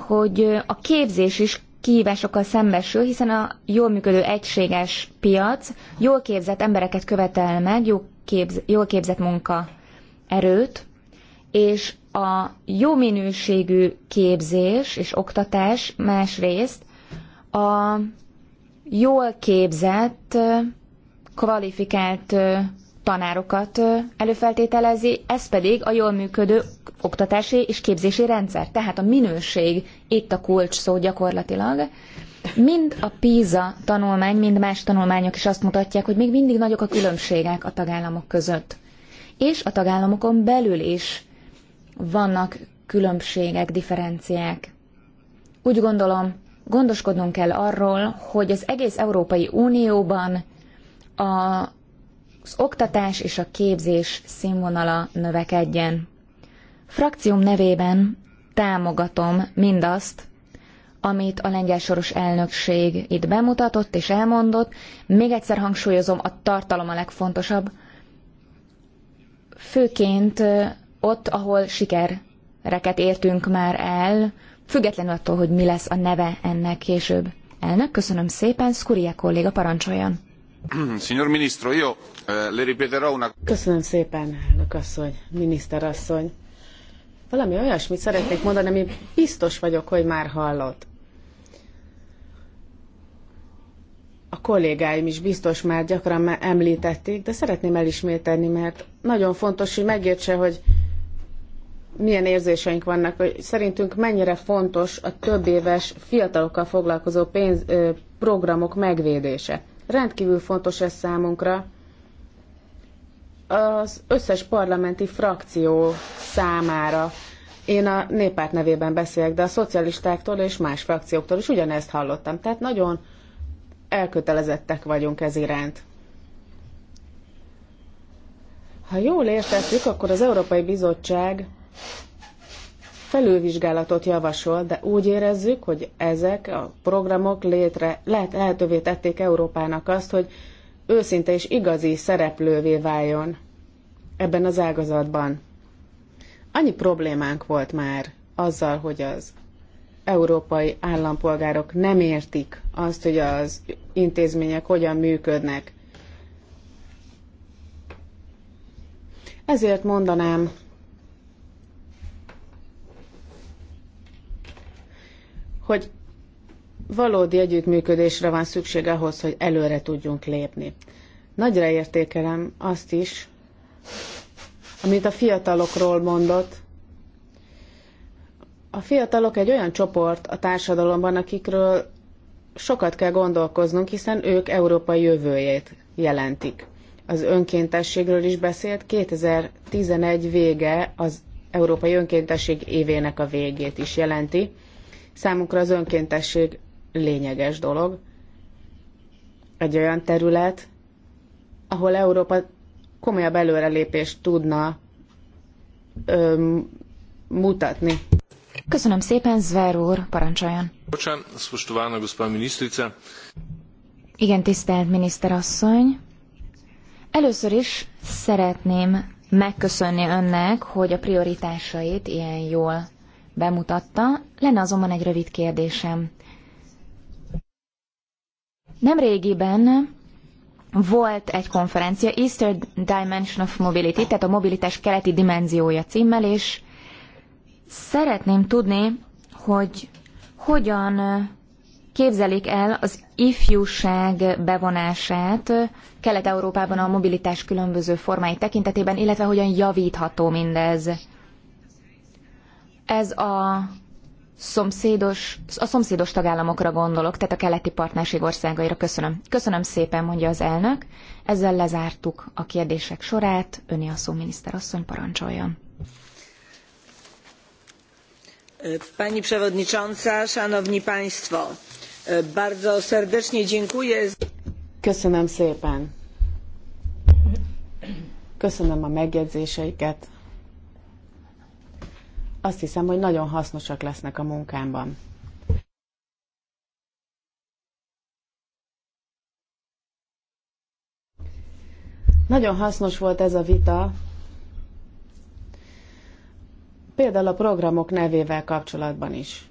hogy a képzés is kihívásokkal szembesül, hiszen a jól működő egységes piac jól képzett embereket követel meg, jó képz, jól képzett munka erőt, és a jó minőségű képzés és oktatás másrészt a jól képzett, kvalifikált tanárokat előfeltételezi, ez pedig a jól működő oktatási és képzési rendszer. Tehát a minőség itt a kulcs szó gyakorlatilag. Mind a PISA tanulmány, mind más tanulmányok is azt mutatják, hogy még mindig nagyok a különbségek a tagállamok között. És a tagállamokon belül is vannak különbségek, differenciák. Úgy gondolom, gondoskodnunk kell arról, hogy az egész Európai Unióban a az oktatás és a képzés színvonala növekedjen. Frakcióm nevében támogatom mindazt, amit a lengyel soros elnökség itt bemutatott és elmondott. Még egyszer hangsúlyozom, a tartalom a legfontosabb. Főként ott, ahol sikereket értünk már el, függetlenül attól, hogy mi lesz a neve ennek később. Elnök, köszönöm szépen, Skuria kolléga parancsoljon. Signor Ministro, io Eh, Köszönöm szépen, elnök asszony, miniszter asszony. Valami olyasmit szeretnék mondani, ami biztos vagyok, hogy már hallott. A kollégáim is biztos már gyakran említették, de szeretném elismételni, mert nagyon fontos, hogy megértse, hogy milyen érzéseink vannak, hogy szerintünk mennyire fontos a több éves fiatalokkal foglalkozó pénz, ö, programok megvédése. Rendkívül fontos ez számunkra, az összes parlamenti frakció számára. Én a néppárt nevében beszélek, de a szocialistáktól és más frakcióktól is ugyanezt hallottam. Tehát nagyon elkötelezettek vagyunk ez iránt. Ha jól értettük, akkor az Európai Bizottság felülvizsgálatot javasol, de úgy érezzük, hogy ezek a programok létre lehet, lehetővé tették Európának azt, hogy őszinte és igazi szereplővé váljon ebben az ágazatban. Annyi problémánk volt már azzal, hogy az európai állampolgárok nem értik azt, hogy az intézmények hogyan működnek. Ezért mondanám, hogy Valódi együttműködésre van szükség ahhoz, hogy előre tudjunk lépni. Nagyra értékelem azt is, amit a fiatalokról mondott. A fiatalok egy olyan csoport a társadalomban, akikről sokat kell gondolkoznunk, hiszen ők Európa jövőjét jelentik. Az önkéntességről is beszélt, 2011 vége az Európai Önkéntesség évének a végét is jelenti. Számukra az önkéntesség lényeges dolog. Egy olyan terület, ahol Európa komolyabb előrelépést tudna öm, mutatni. Köszönöm szépen, Zver úr, parancsoljon. Igen, tisztelt miniszterasszony. Először is szeretném megköszönni önnek, hogy a prioritásait ilyen jól bemutatta. Lenne azonban egy rövid kérdésem. Nemrégiben volt egy konferencia, Eastern Dimension of Mobility, tehát a mobilitás keleti dimenziója címmel, és szeretném tudni, hogy hogyan képzelik el az ifjúság bevonását Kelet-Európában a mobilitás különböző formái tekintetében, illetve hogyan javítható mindez. Ez a szomszédos, a szomszédos tagállamokra gondolok, tehát a keleti partnerség országaira. Köszönöm. Köszönöm szépen, mondja az elnök. Ezzel lezártuk a kérdések sorát. Öné a szó, asszony, parancsoljon. Pani przewodnicząca, szanowni państwo, bardzo serdecznie dziękuję. Köszönöm szépen. Köszönöm a megjegyzéseiket, azt hiszem, hogy nagyon hasznosak lesznek a munkámban. Nagyon hasznos volt ez a vita, például a programok nevével kapcsolatban is.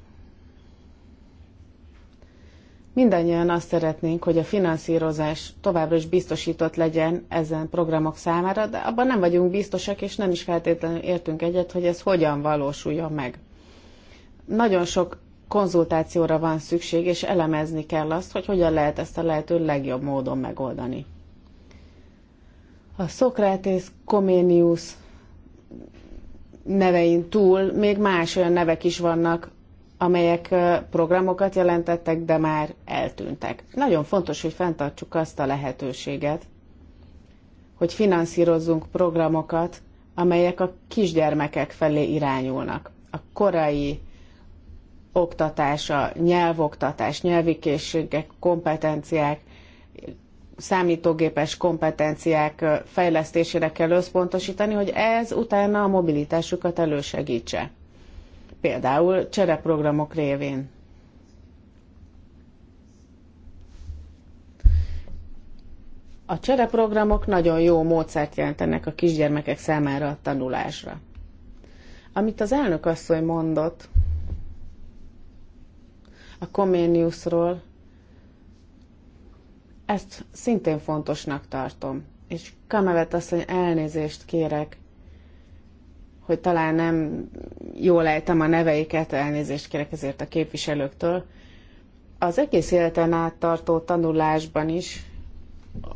Mindannyian azt szeretnénk, hogy a finanszírozás továbbra is biztosított legyen ezen programok számára, de abban nem vagyunk biztosak, és nem is feltétlenül értünk egyet, hogy ez hogyan valósuljon meg. Nagyon sok konzultációra van szükség, és elemezni kell azt, hogy hogyan lehet ezt a lehető legjobb módon megoldani. A Szokrátész, Koménius nevein túl még más olyan nevek is vannak, amelyek programokat jelentettek, de már eltűntek. Nagyon fontos, hogy fenntartsuk azt a lehetőséget, hogy finanszírozzunk programokat, amelyek a kisgyermekek felé irányulnak. A korai oktatása, nyelvoktatás, nyelvi készségek, kompetenciák, számítógépes kompetenciák fejlesztésére kell összpontosítani, hogy ez utána a mobilitásukat elősegítse például csereprogramok révén. A csereprogramok nagyon jó módszert jelentenek a kisgyermekek számára a tanulásra. Amit az elnök asszony mondott a Comeniusról, ezt szintén fontosnak tartom. És Kamevet asszony elnézést kérek, hogy talán nem jól ejtem a neveiket, elnézést kérek ezért a képviselőktől. Az egész életen át tartó tanulásban is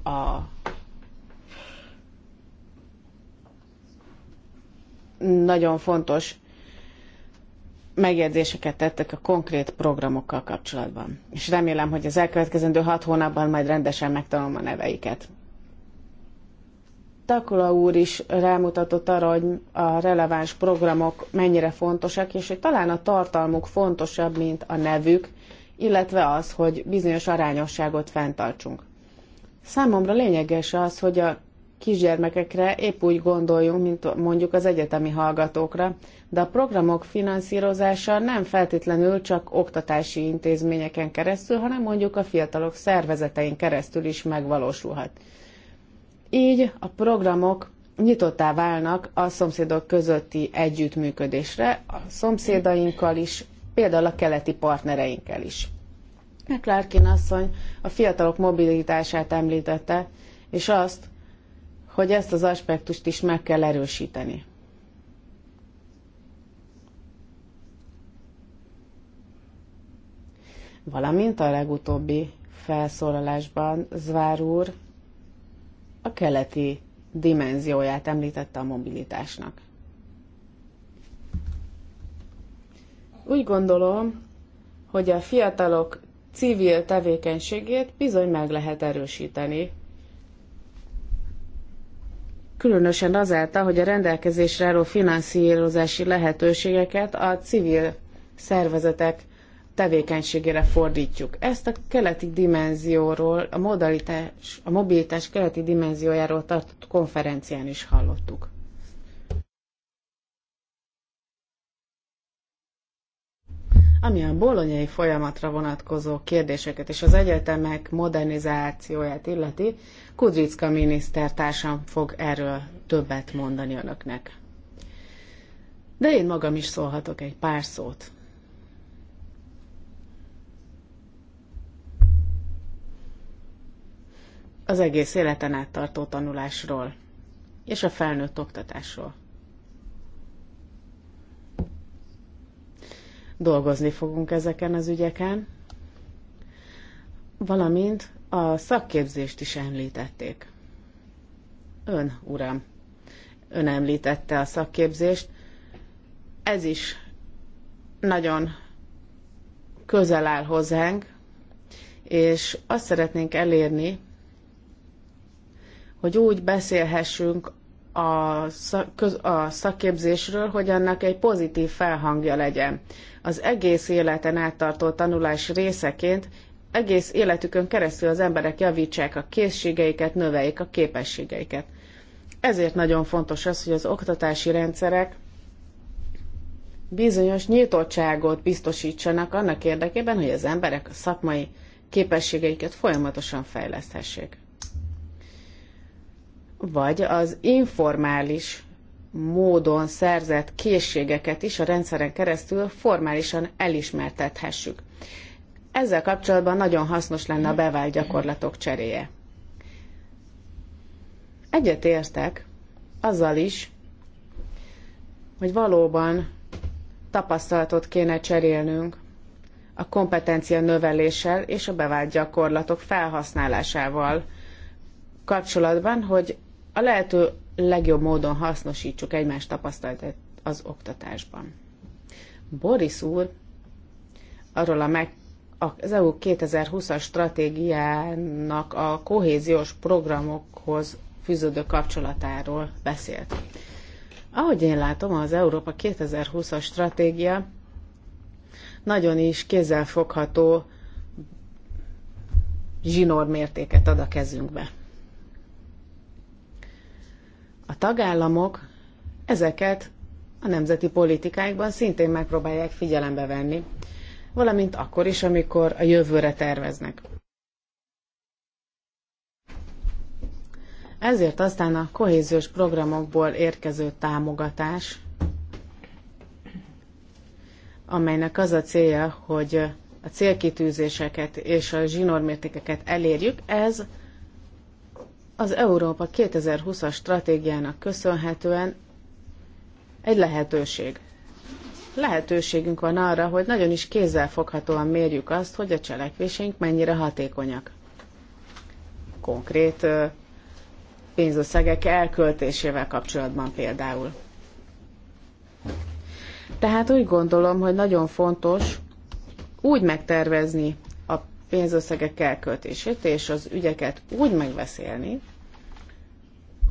a nagyon fontos megjegyzéseket tettek a konkrét programokkal kapcsolatban. És remélem, hogy az elkövetkezendő hat hónapban majd rendesen megtanulom a neveiket. Takula úr is rámutatott arra, hogy a releváns programok mennyire fontosak, és hogy talán a tartalmuk fontosabb, mint a nevük, illetve az, hogy bizonyos arányosságot fenntartsunk. Számomra lényeges az, hogy a kisgyermekekre épp úgy gondoljunk, mint mondjuk az egyetemi hallgatókra, de a programok finanszírozása nem feltétlenül csak oktatási intézményeken keresztül, hanem mondjuk a fiatalok szervezetein keresztül is megvalósulhat. Így a programok nyitottá válnak a szomszédok közötti együttműködésre, a szomszédainkkal is, például a keleti partnereinkkel is. McClarkin asszony a fiatalok mobilitását említette, és azt, hogy ezt az aspektust is meg kell erősíteni. Valamint a legutóbbi felszólalásban Zvár úr a keleti dimenzióját említette a mobilitásnak. Úgy gondolom, hogy a fiatalok civil tevékenységét bizony meg lehet erősíteni. Különösen azáltal, hogy a rendelkezésre álló finanszírozási lehetőségeket a civil szervezetek tevékenységére fordítjuk. Ezt a keleti dimenzióról, a, modalitás, a mobilitás keleti dimenziójáról tartott konferencián is hallottuk. Ami a bolonyai folyamatra vonatkozó kérdéseket és az egyetemek modernizációját illeti, Kudricka minisztertársam fog erről többet mondani önöknek. De én magam is szólhatok egy pár szót. az egész életen át tartó tanulásról és a felnőtt oktatásról. Dolgozni fogunk ezeken az ügyeken, valamint a szakképzést is említették. Ön, uram, ön említette a szakképzést. Ez is nagyon közel áll hozzánk, és azt szeretnénk elérni, hogy úgy beszélhessünk a, szak, a szakképzésről, hogy annak egy pozitív felhangja legyen. Az egész életen áttartó tanulás részeként egész életükön keresztül az emberek javítsák a készségeiket, növeljék a képességeiket. Ezért nagyon fontos az, hogy az oktatási rendszerek bizonyos nyitottságot biztosítsanak annak érdekében, hogy az emberek a szakmai képességeiket folyamatosan fejleszthessék vagy az informális módon szerzett készségeket is a rendszeren keresztül formálisan elismertethessük. Ezzel kapcsolatban nagyon hasznos lenne a bevált gyakorlatok cseréje. Egyet értek azzal is, hogy valóban tapasztalatot kéne cserélnünk a kompetencia növeléssel és a bevált gyakorlatok felhasználásával kapcsolatban, hogy a lehető legjobb módon hasznosítsuk egymás tapasztalatát az oktatásban. Boris úr arról a meg, az EU 2020-as stratégiának a kohéziós programokhoz fűződő kapcsolatáról beszélt. Ahogy én látom, az Európa 2020-as stratégia nagyon is kézzelfogható zsinórmértéket ad a kezünkbe. A tagállamok ezeket a nemzeti politikáikban szintén megpróbálják figyelembe venni, valamint akkor is, amikor a jövőre terveznek. Ezért aztán a kohéziós programokból érkező támogatás, amelynek az a célja, hogy a célkitűzéseket és a zsinórmértékeket elérjük, ez az Európa 2020-as stratégiának köszönhetően egy lehetőség. Lehetőségünk van arra, hogy nagyon is kézzelfoghatóan mérjük azt, hogy a cselekvéseink mennyire hatékonyak. Konkrét pénzösszegek elköltésével kapcsolatban például. Tehát úgy gondolom, hogy nagyon fontos úgy megtervezni pénzösszegek elköltését és az ügyeket úgy megbeszélni,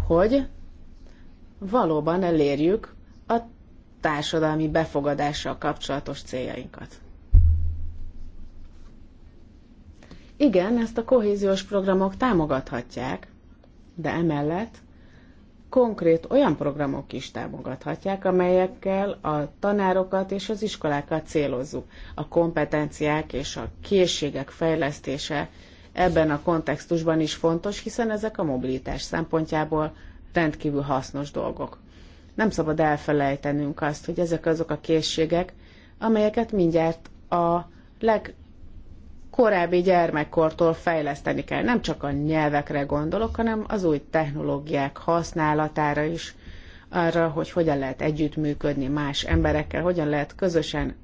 hogy valóban elérjük a társadalmi befogadással kapcsolatos céljainkat. Igen, ezt a kohéziós programok támogathatják, de emellett konkrét olyan programok is támogathatják, amelyekkel a tanárokat és az iskolákat célozzuk. A kompetenciák és a készségek fejlesztése ebben a kontextusban is fontos, hiszen ezek a mobilitás szempontjából rendkívül hasznos dolgok. Nem szabad elfelejtenünk azt, hogy ezek azok a készségek, amelyeket mindjárt a leg korábbi gyermekkortól fejleszteni kell. Nem csak a nyelvekre gondolok, hanem az új technológiák használatára is, arra, hogy hogyan lehet együttműködni más emberekkel, hogyan lehet közösen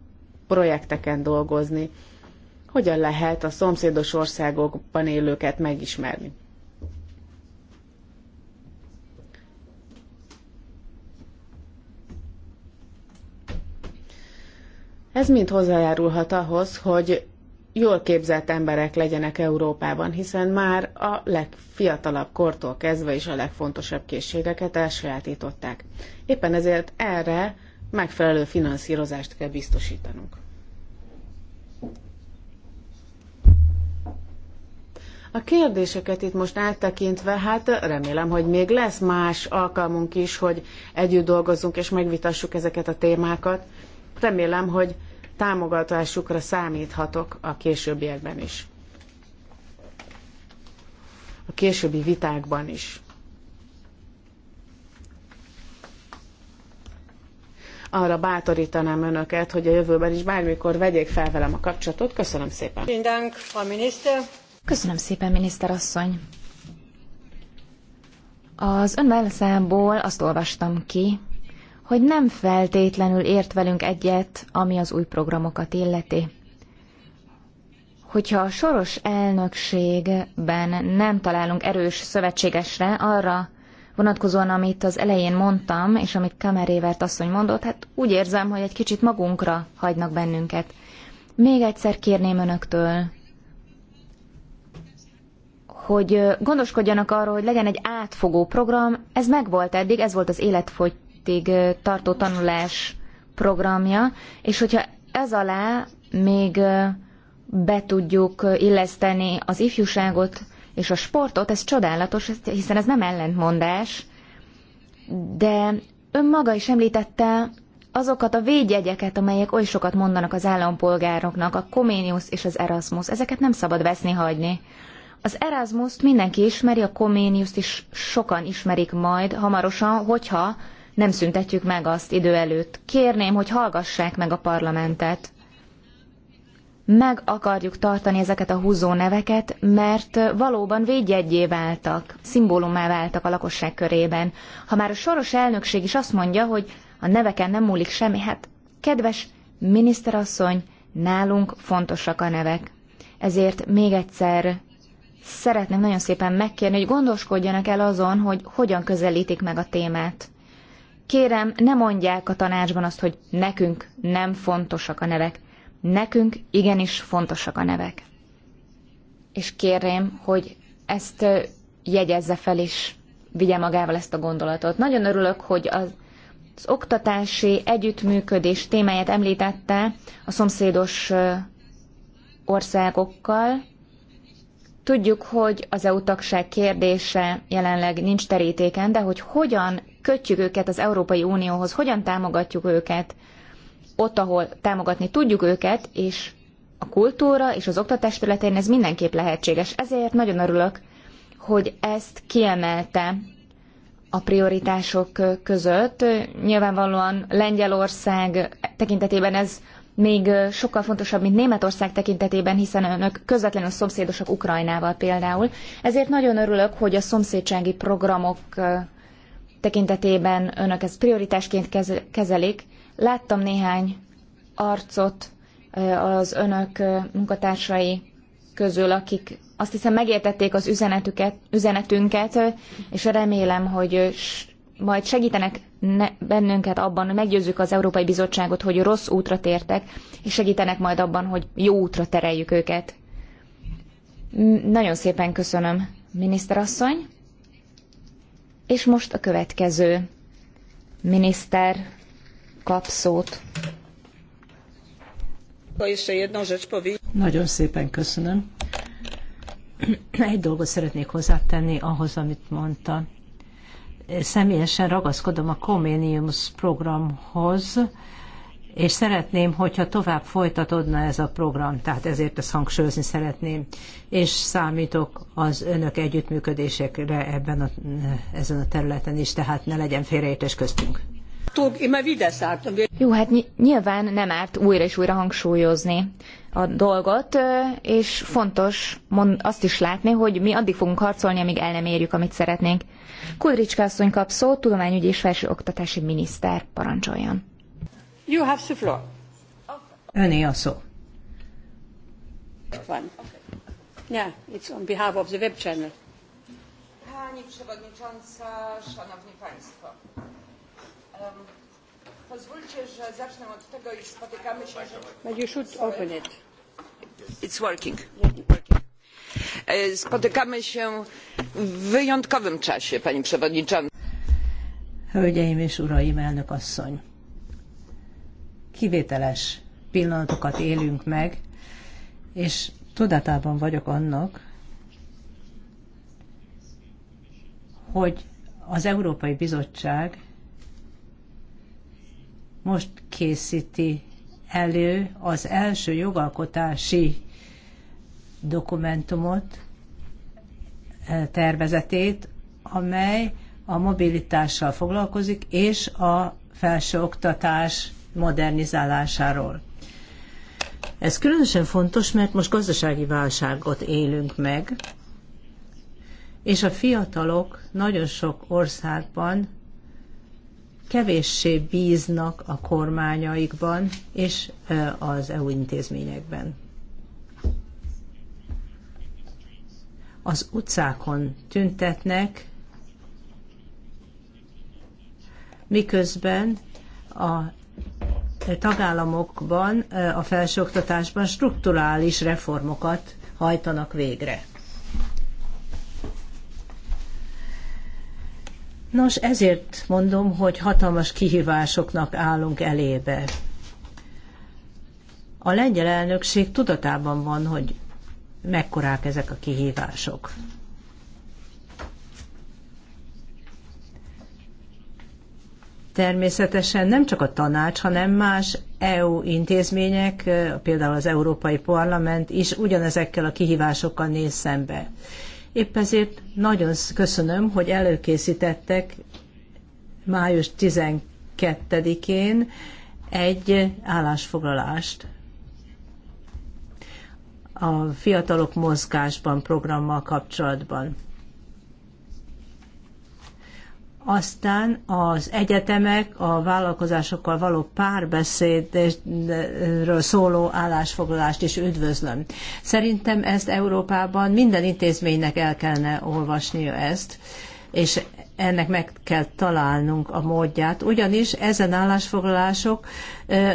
projekteken dolgozni, hogyan lehet a szomszédos országokban élőket megismerni. Ez mind hozzájárulhat ahhoz, hogy jól képzett emberek legyenek Európában, hiszen már a legfiatalabb kortól kezdve is a legfontosabb készségeket elsajátították. Éppen ezért erre megfelelő finanszírozást kell biztosítanunk. A kérdéseket itt most áttekintve, hát remélem, hogy még lesz más alkalmunk is, hogy együtt dolgozzunk és megvitassuk ezeket a témákat. Remélem, hogy támogatásukra számíthatok a későbbiekben is. A későbbi vitákban is. arra bátorítanám önöket, hogy a jövőben is bármikor vegyék fel velem a kapcsolatot. Köszönöm szépen. Köszönöm szépen, miniszter asszony. Az ön válaszából azt olvastam ki, hogy nem feltétlenül ért velünk egyet, ami az új programokat illeti. Hogyha a soros elnökségben nem találunk erős szövetségesre arra vonatkozóan, amit az elején mondtam, és amit Kamerévert asszony mondott, hát úgy érzem, hogy egy kicsit magunkra hagynak bennünket. Még egyszer kérném önöktől, hogy gondoskodjanak arról, hogy legyen egy átfogó program, ez megvolt eddig, ez volt az életfogy hétig tartó tanulás programja, és hogyha ez alá még be tudjuk illeszteni az ifjúságot és a sportot, ez csodálatos, hiszen ez nem ellentmondás, de ön maga is említette azokat a védjegyeket, amelyek oly sokat mondanak az állampolgároknak, a Comenius és az Erasmus, ezeket nem szabad veszni hagyni. Az Erasmus-t mindenki ismeri, a Comenius-t is sokan ismerik majd hamarosan, hogyha nem szüntetjük meg azt idő előtt. Kérném, hogy hallgassák meg a parlamentet. Meg akarjuk tartani ezeket a húzó neveket, mert valóban védjegyé váltak, szimbólumá váltak a lakosság körében. Ha már a soros elnökség is azt mondja, hogy a neveken nem múlik semmi, hát kedves miniszterasszony, nálunk fontosak a nevek. Ezért még egyszer szeretném nagyon szépen megkérni, hogy gondoskodjanak el azon, hogy hogyan közelítik meg a témát. Kérem, ne mondják a tanácsban azt, hogy nekünk nem fontosak a nevek. Nekünk igenis fontosak a nevek. És kérem, hogy ezt jegyezze fel is, vigye magával ezt a gondolatot. Nagyon örülök, hogy az, az oktatási együttműködés témáját említette a szomszédos országokkal. Tudjuk, hogy az EU tagság kérdése jelenleg nincs terítéken, de hogy hogyan kötjük őket az Európai Unióhoz, hogyan támogatjuk őket ott, ahol támogatni tudjuk őket, és a kultúra és az oktatás területén ez mindenképp lehetséges. Ezért nagyon örülök, hogy ezt kiemelte a prioritások között. Nyilvánvalóan Lengyelország tekintetében ez még sokkal fontosabb, mint Németország tekintetében, hiszen önök közvetlenül szomszédosak Ukrajnával például. Ezért nagyon örülök, hogy a szomszédsági programok tekintetében önök ezt prioritásként kezelik. Láttam néhány arcot az önök munkatársai közül, akik azt hiszem megértették az üzenetüket, üzenetünket, és remélem, hogy majd segítenek ne, bennünket abban, hogy meggyőzzük az Európai Bizottságot, hogy rossz útra tértek, és segítenek majd abban, hogy jó útra tereljük őket. Nagyon szépen köszönöm, miniszterasszony. És most a következő miniszter kap szót. Nagyon szépen köszönöm. Egy dolgot szeretnék hozzátenni ahhoz, amit mondta. Személyesen ragaszkodom a Comenius programhoz, és szeretném, hogyha tovább folytatódna ez a program, tehát ezért ezt hangsúlyozni szeretném, és számítok az önök együttműködésekre ebben a, ezen a területen is, tehát ne legyen félreértés köztünk. Jó, hát nyilván nem árt újra és újra hangsúlyozni a dolgot, és fontos mond, azt is látni, hogy mi addig fogunk harcolni, amíg el nem érjük, amit szeretnénk. Kulricska asszony kap szót, tudományügyi és felsőoktatási miniszter, parancsoljon. You have the floor. Öné a szó. Van. Yeah, it's on behalf of the web channel. Pani Przewodnicząca, Szanowni Państwo. Um, pozwólcie, że zacznę od tego, iż spotykamy się... Że... You should open it. It's working e, spotykamy się w wyjątkowym czasie pani przewodnicząca. Hölgyeim és uraim, elnök asszony! kivételes pillanatokat élünk meg, és tudatában vagyok annak, hogy az Európai Bizottság most készíti elő az első jogalkotási dokumentumot, e, tervezetét, amely a mobilitással foglalkozik, és a felsőoktatás modernizálásáról. Ez különösen fontos, mert most gazdasági válságot élünk meg, és a fiatalok nagyon sok országban kevéssé bíznak a kormányaikban és az EU intézményekben. Az utcákon tüntetnek, miközben a tagállamokban a felsőoktatásban strukturális reformokat hajtanak végre. Nos, ezért mondom, hogy hatalmas kihívásoknak állunk elébe. A lengyel elnökség tudatában van, hogy mekkorák ezek a kihívások. természetesen nem csak a tanács, hanem más EU intézmények, például az Európai Parlament is ugyanezekkel a kihívásokkal néz szembe. Épp ezért nagyon köszönöm, hogy előkészítettek május 12-én egy állásfoglalást a Fiatalok Mozgásban programmal kapcsolatban. Aztán az egyetemek a vállalkozásokkal való párbeszédről szóló állásfoglalást is üdvözlöm. Szerintem ezt Európában minden intézménynek el kellene olvasnia ezt, és ennek meg kell találnunk a módját, ugyanis ezen állásfoglalások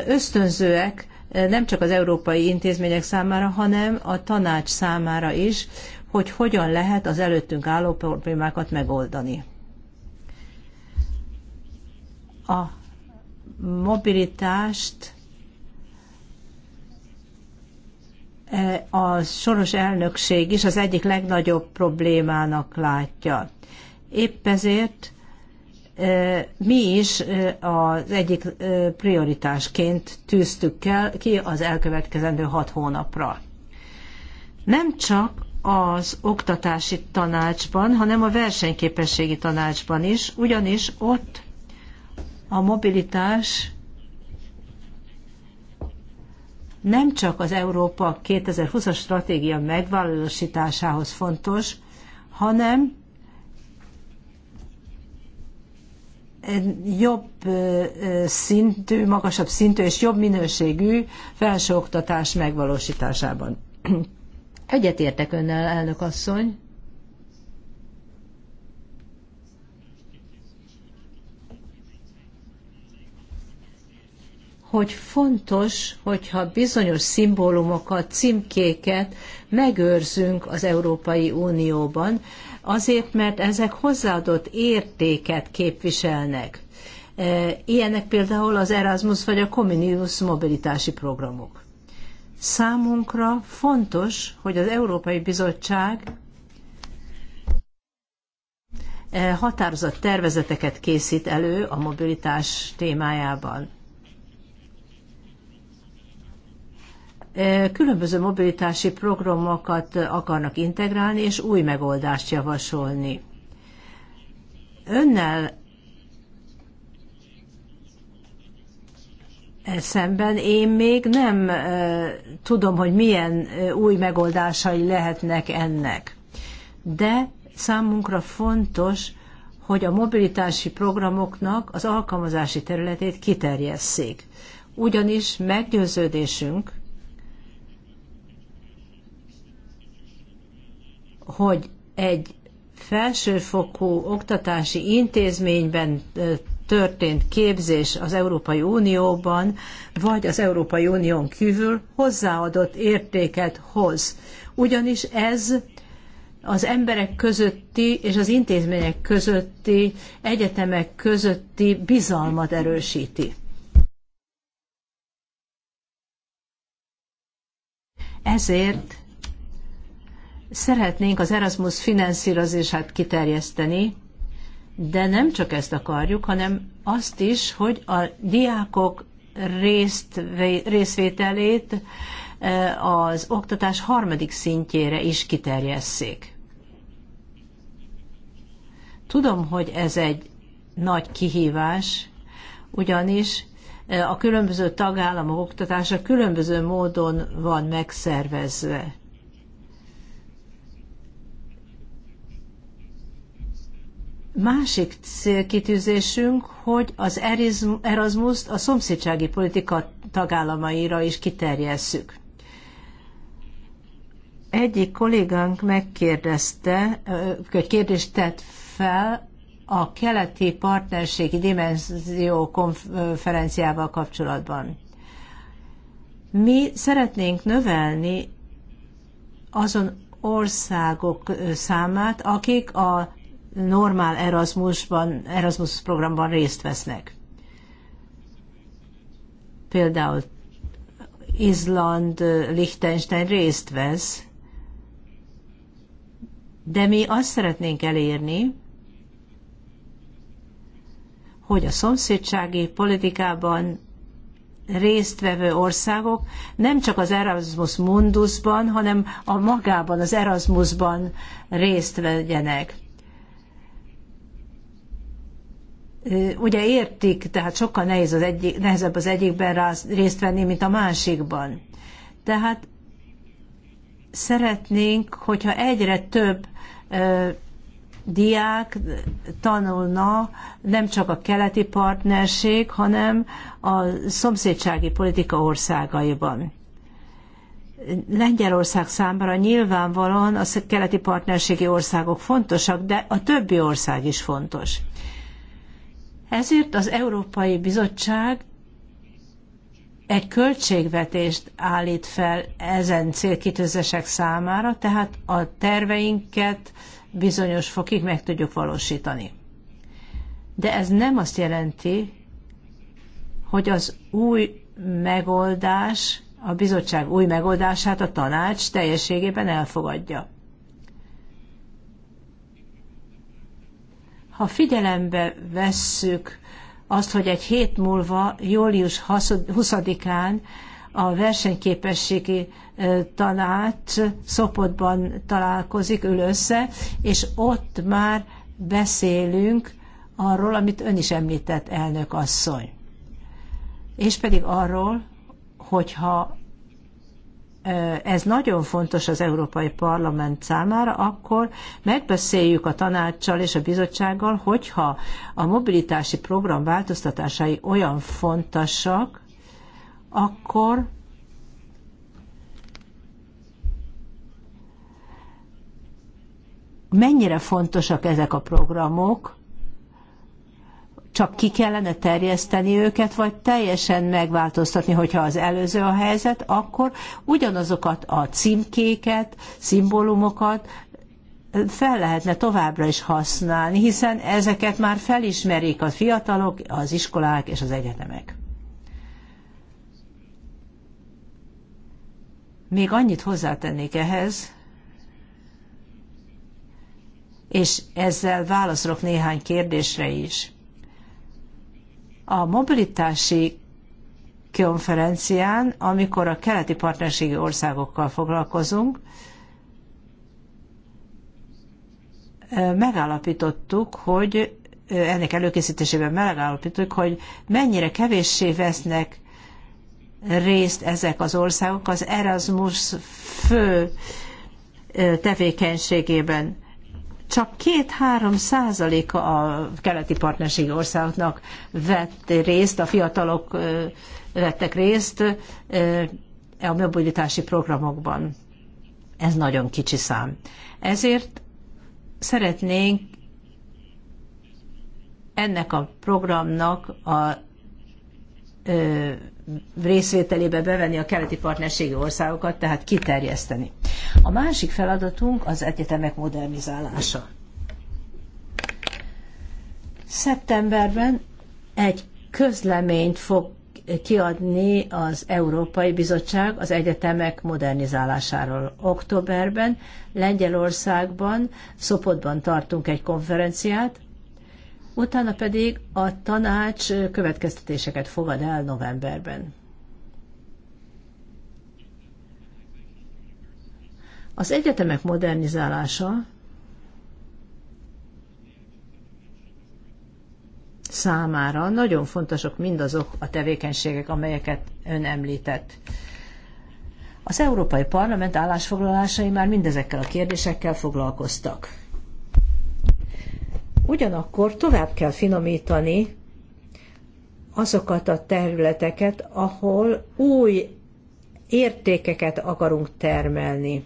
ösztönzőek nem csak az európai intézmények számára, hanem a tanács számára is, hogy hogyan lehet az előttünk álló problémákat megoldani a mobilitást e, a soros elnökség is az egyik legnagyobb problémának látja. Épp ezért e, mi is e, az egyik prioritásként tűztük el ki az elkövetkezendő hat hónapra. Nem csak az oktatási tanácsban, hanem a versenyképességi tanácsban is, ugyanis ott a mobilitás nem csak az Európa 2020-as stratégia megvalósításához fontos, hanem jobb szintű, magasabb szintű és jobb minőségű felsőoktatás megvalósításában. Egyetértek önnel, elnök asszony. hogy fontos, hogyha bizonyos szimbólumokat, címkéket megőrzünk az Európai Unióban, azért, mert ezek hozzáadott értéket képviselnek. E, ilyenek például az Erasmus vagy a Comenius mobilitási programok. Számunkra fontos, hogy az Európai Bizottság e, határozott tervezeteket készít elő a mobilitás témájában különböző mobilitási programokat akarnak integrálni, és új megoldást javasolni. Önnel szemben én még nem tudom, hogy milyen új megoldásai lehetnek ennek. De számunkra fontos, hogy a mobilitási programoknak az alkalmazási területét kiterjesszék. Ugyanis meggyőződésünk, hogy egy felsőfokú oktatási intézményben történt képzés az Európai Unióban, vagy az Európai Unión kívül hozzáadott értéket hoz. Ugyanis ez az emberek közötti és az intézmények közötti, egyetemek közötti bizalmat erősíti. Ezért Szeretnénk az Erasmus finanszírozását kiterjeszteni, de nem csak ezt akarjuk, hanem azt is, hogy a diákok részt, részvételét e, az oktatás harmadik szintjére is kiterjesszék. Tudom, hogy ez egy nagy kihívás, ugyanis e, a különböző tagállamok oktatása különböző módon van megszervezve. Másik célkitűzésünk, hogy az erasmus a szomszédsági politika tagállamaira is kiterjesszük. Egyik kollégánk megkérdezte, egy kérdést tett fel a keleti partnerségi dimenzió konferenciával kapcsolatban. Mi szeretnénk növelni azon országok számát, akik a normál Erasmusban, Erasmus programban részt vesznek. Például Izland, Liechtenstein részt vesz, de mi azt szeretnénk elérni, hogy a szomszédsági politikában résztvevő országok nem csak az Erasmus Mundusban, hanem a magában, az Erasmusban részt vegyenek. ugye értik, tehát sokkal nehéz az egyik, nehezebb az egyikben részt venni, mint a másikban. Tehát szeretnénk, hogyha egyre több ö, diák tanulna nem csak a keleti partnerség, hanem a szomszédsági politika országaiban. Lengyelország számára nyilvánvalóan a keleti partnerségi országok fontosak, de a többi ország is fontos. Ezért az Európai Bizottság egy költségvetést állít fel ezen célkitűzések számára, tehát a terveinket bizonyos fokig meg tudjuk valósítani. De ez nem azt jelenti, hogy az új megoldás, a bizottság új megoldását a tanács teljességében elfogadja. Ha figyelembe vesszük azt, hogy egy hét múlva, július 20-án a versenyképességi tanács Szopotban találkozik, ül össze, és ott már beszélünk arról, amit ön is említett, elnök asszony. És pedig arról, hogyha ez nagyon fontos az Európai Parlament számára, akkor megbeszéljük a tanácssal és a bizottsággal, hogyha a mobilitási program változtatásai olyan fontosak, akkor mennyire fontosak ezek a programok, csak ki kellene terjeszteni őket, vagy teljesen megváltoztatni, hogyha az előző a helyzet, akkor ugyanazokat a címkéket, szimbólumokat fel lehetne továbbra is használni, hiszen ezeket már felismerik a fiatalok, az iskolák és az egyetemek. Még annyit hozzátennék ehhez, és ezzel válaszolok néhány kérdésre is. A mobilitási konferencián, amikor a keleti partnerségi országokkal foglalkozunk, megállapítottuk, hogy ennek előkészítésében megállapítottuk, hogy mennyire kevéssé vesznek részt ezek az országok az Erasmus fő tevékenységében csak két-három százaléka a keleti partnerségi országoknak vett részt, a fiatalok vettek részt a mobilitási programokban. Ez nagyon kicsi szám. Ezért szeretnénk ennek a programnak a részvételébe bevenni a keleti partnerségi országokat, tehát kiterjeszteni. A másik feladatunk az egyetemek modernizálása. Szeptemberben egy közleményt fog kiadni az Európai Bizottság az egyetemek modernizálásáról. Októberben Lengyelországban, Szopotban tartunk egy konferenciát, utána pedig a tanács következtetéseket fogad el novemberben. Az egyetemek modernizálása számára nagyon fontosak mindazok a tevékenységek, amelyeket ön említett. Az Európai Parlament állásfoglalásai már mindezekkel a kérdésekkel foglalkoztak. Ugyanakkor tovább kell finomítani azokat a területeket, ahol új értékeket akarunk termelni.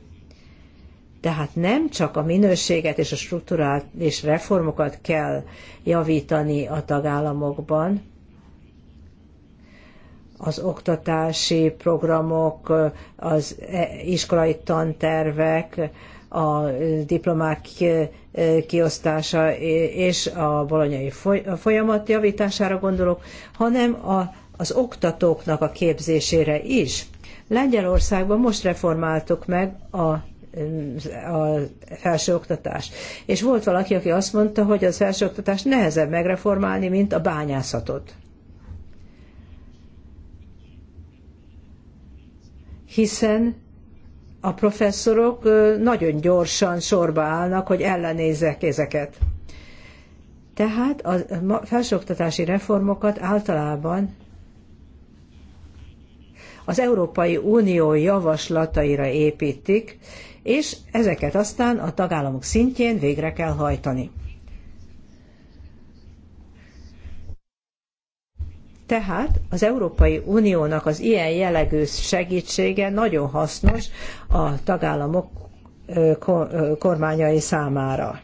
Tehát nem csak a minőséget és a strukturális reformokat kell javítani a tagállamokban, az oktatási programok, az e- iskolai tantervek, a diplomák kiosztása és a bolonyai folyamat javítására gondolok, hanem a, az oktatóknak a képzésére is. Lengyelországban most reformáltuk meg a a felsőoktatás. És volt valaki, aki azt mondta, hogy az felsőoktatást nehezebb megreformálni, mint a bányászatot. Hiszen a professzorok nagyon gyorsan sorba állnak, hogy ellenézzek ezeket. Tehát a felsőoktatási reformokat általában az Európai Unió javaslataira építik, és ezeket aztán a tagállamok szintjén végre kell hajtani. Tehát az Európai Uniónak az ilyen jellegű segítsége nagyon hasznos a tagállamok kormányai számára.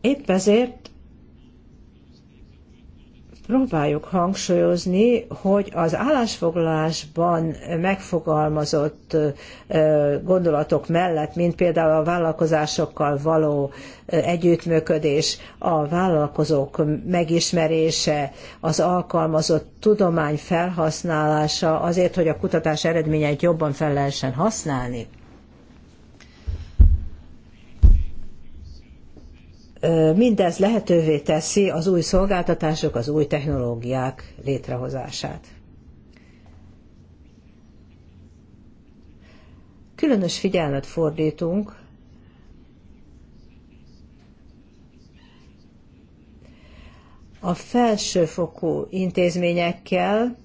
Épp ezért próbáljuk hangsúlyozni, hogy az állásfoglalásban megfogalmazott gondolatok mellett, mint például a vállalkozásokkal való együttműködés, a vállalkozók megismerése, az alkalmazott tudomány felhasználása azért, hogy a kutatás eredményeit jobban fel lehessen használni Mindez lehetővé teszi az új szolgáltatások, az új technológiák létrehozását. Különös figyelmet fordítunk a felsőfokú intézményekkel,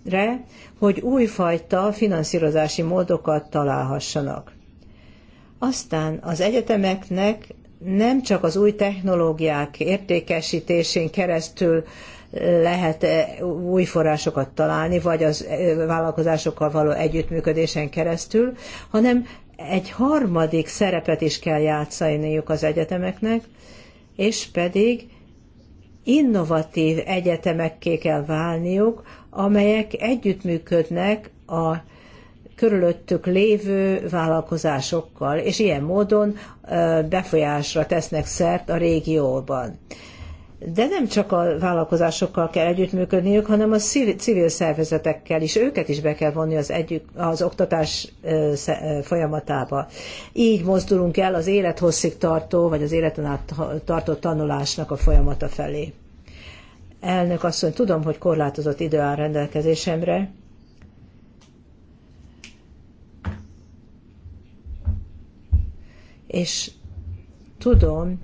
hogy újfajta finanszírozási módokat találhassanak. Aztán az egyetemeknek nem csak az új technológiák értékesítésén keresztül eh, lehet eh, új forrásokat találni, vagy az eh, vállalkozásokkal való együttműködésen keresztül, hanem egy harmadik szerepet is kell játszaniuk az egyetemeknek, és pedig innovatív egyetemekké kell válniuk, amelyek együttműködnek a körülöttük lévő vállalkozásokkal, és ilyen módon befolyásra tesznek szert a régióban. De nem csak a vállalkozásokkal kell együttműködniük, hanem a civil szervezetekkel is, őket is be kell vonni az, együtt, az oktatás folyamatába. Így mozdulunk el az élethosszig tartó, vagy az életen át tartó tanulásnak a folyamata felé. Elnök asszony, tudom, hogy korlátozott idő áll rendelkezésemre, és tudom,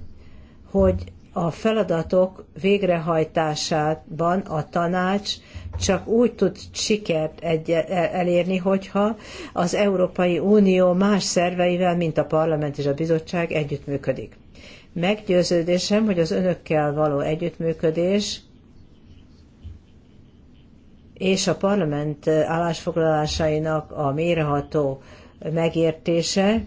hogy a feladatok végrehajtásában a tanács csak úgy tud sikert e- elérni, hogyha az Európai Unió más szerveivel, mint a parlament és a bizottság együttműködik. Meggyőződésem, hogy az önökkel való együttműködés és a parlament állásfoglalásainak a méreható megértése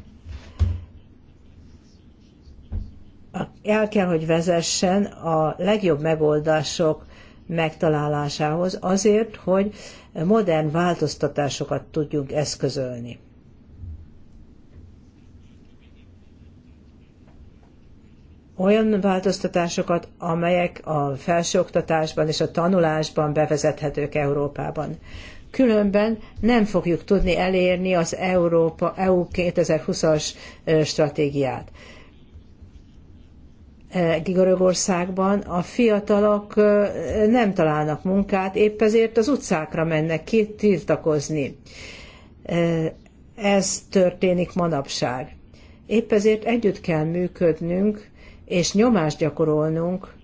el kell, hogy vezessen a legjobb megoldások megtalálásához azért, hogy modern változtatásokat tudjunk eszközölni. olyan változtatásokat, amelyek a felsőoktatásban és a tanulásban bevezethetők Európában. Különben nem fogjuk tudni elérni az Európa EU 2020-as stratégiát. Görögországban a fiatalok nem találnak munkát, épp ezért az utcákra mennek ki tiltakozni. Ez történik manapság. Épp ezért együtt kell működnünk, és nyomást gyakorolnunk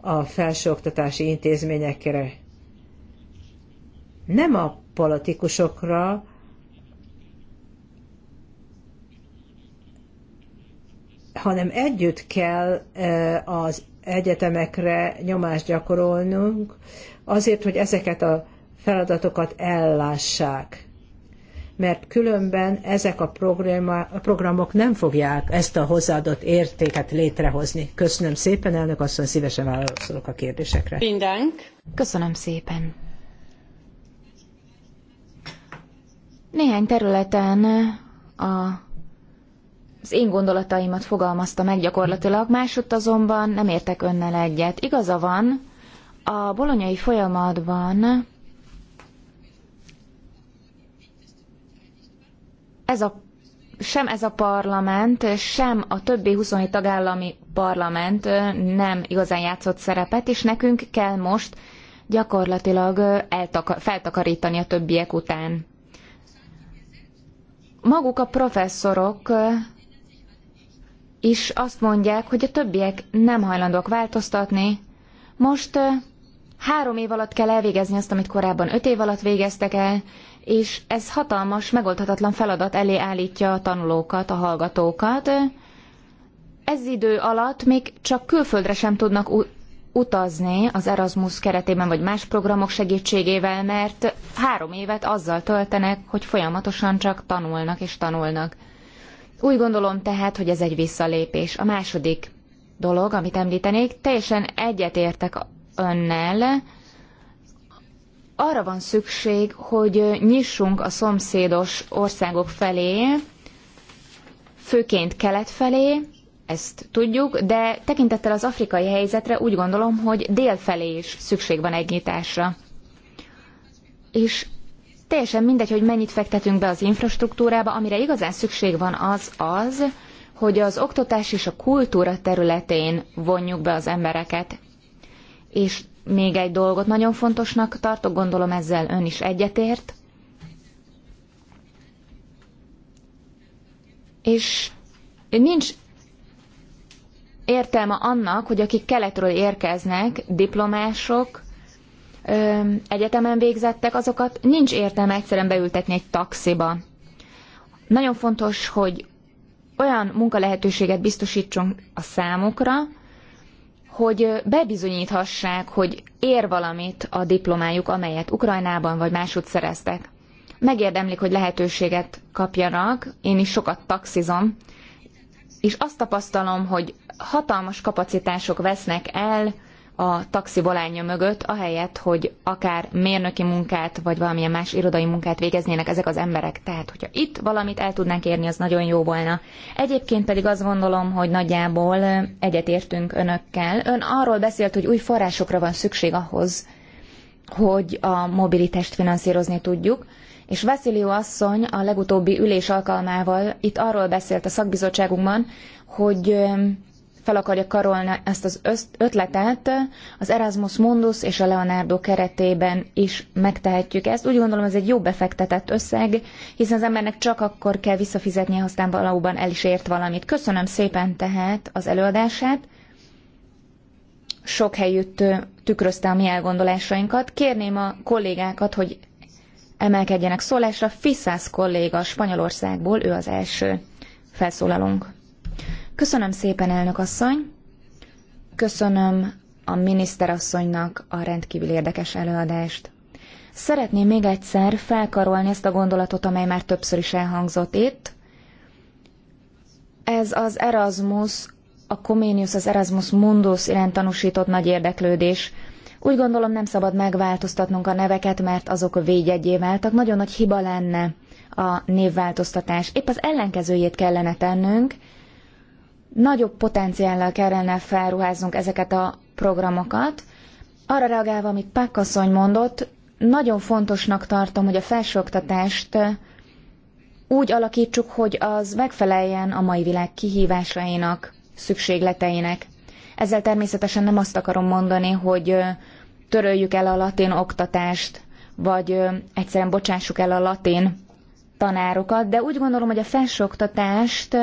a felsőoktatási intézményekre. Nem a politikusokra, hanem együtt kell az egyetemekre nyomást gyakorolnunk, azért, hogy ezeket a feladatokat ellássák. Mert különben ezek a, a programok nem fogják ezt a hozzáadott értéket létrehozni. Köszönöm szépen, elnök asszony, szívesen válaszolok a kérdésekre. Mindenk. Köszönöm szépen. Néhány területen a az én gondolataimat fogalmazta meg gyakorlatilag, másutt azonban nem értek önnel egyet. Igaza van, a bolonyai folyamatban ez a, sem ez a parlament, sem a többi 27 tagállami parlament nem igazán játszott szerepet, és nekünk kell most gyakorlatilag eltaka, feltakarítani a többiek után. Maguk a professzorok is azt mondják, hogy a többiek nem hajlandók változtatni. Most három év alatt kell elvégezni azt, amit korábban öt év alatt végeztek el, és ez hatalmas, megoldhatatlan feladat elé állítja a tanulókat, a hallgatókat. Ez idő alatt még csak külföldre sem tudnak utazni az Erasmus keretében, vagy más programok segítségével, mert három évet azzal töltenek, hogy folyamatosan csak tanulnak és tanulnak. Úgy gondolom tehát, hogy ez egy visszalépés. A második dolog, amit említenék, teljesen egyetértek önnel, arra van szükség, hogy nyissunk a szomszédos országok felé, főként kelet felé, ezt tudjuk, de tekintettel az afrikai helyzetre úgy gondolom, hogy dél felé is szükség van egy nyitásra. És teljesen mindegy, hogy mennyit fektetünk be az infrastruktúrába, amire igazán szükség van az az, hogy az oktatás és a kultúra területén vonjuk be az embereket. És még egy dolgot nagyon fontosnak tartok, gondolom ezzel ön is egyetért. És nincs értelme annak, hogy akik keletről érkeznek, diplomások, egyetemen végzettek, azokat nincs értelme egyszerűen beültetni egy taxiba. Nagyon fontos, hogy olyan munkalehetőséget biztosítsunk a számukra, hogy bebizonyíthassák, hogy ér valamit a diplomájuk, amelyet Ukrajnában vagy máshogy szereztek. Megérdemlik, hogy lehetőséget kapjanak, én is sokat taxizom, és azt tapasztalom, hogy hatalmas kapacitások vesznek el, a taxi volánja mögött, ahelyett, hogy akár mérnöki munkát, vagy valamilyen más irodai munkát végeznének ezek az emberek. Tehát, hogyha itt valamit el tudnánk érni, az nagyon jó volna. Egyébként pedig azt gondolom, hogy nagyjából egyetértünk önökkel. Ön arról beszélt, hogy új forrásokra van szükség ahhoz, hogy a mobilitást finanszírozni tudjuk. És Veszilió asszony a legutóbbi ülés alkalmával itt arról beszélt a szakbizottságunkban, hogy fel akarja karolni ezt az ötletet, az Erasmus Mundus és a Leonardo keretében is megtehetjük ezt. Úgy gondolom, ez egy jó befektetett összeg, hiszen az embernek csak akkor kell visszafizetnie, ha aztán valóban el is ért valamit. Köszönöm szépen tehát az előadását. Sok helyütt tükrözte a mi elgondolásainkat. Kérném a kollégákat, hogy emelkedjenek szólásra. Fiszász kolléga Spanyolországból, ő az első felszólalunk. Köszönöm szépen, elnök asszony. Köszönöm a miniszterasszonynak a rendkívül érdekes előadást. Szeretném még egyszer felkarolni ezt a gondolatot, amely már többször is elhangzott itt. Ez az Erasmus, a Comenius az Erasmus Mundus iránt tanúsított nagy érdeklődés. Úgy gondolom nem szabad megváltoztatnunk a neveket, mert azok védjegyé váltak. Nagyon nagy hiba lenne a névváltoztatás. Épp az ellenkezőjét kellene tennünk, nagyobb potenciállal kellene felruháznunk ezeket a programokat. Arra reagálva, amit asszony mondott, nagyon fontosnak tartom, hogy a felsőoktatást úgy alakítsuk, hogy az megfeleljen a mai világ kihívásainak, szükségleteinek. Ezzel természetesen nem azt akarom mondani, hogy töröljük el a latin oktatást, vagy egyszerűen bocsássuk el a latin tanárokat, de úgy gondolom, hogy a felsőoktatást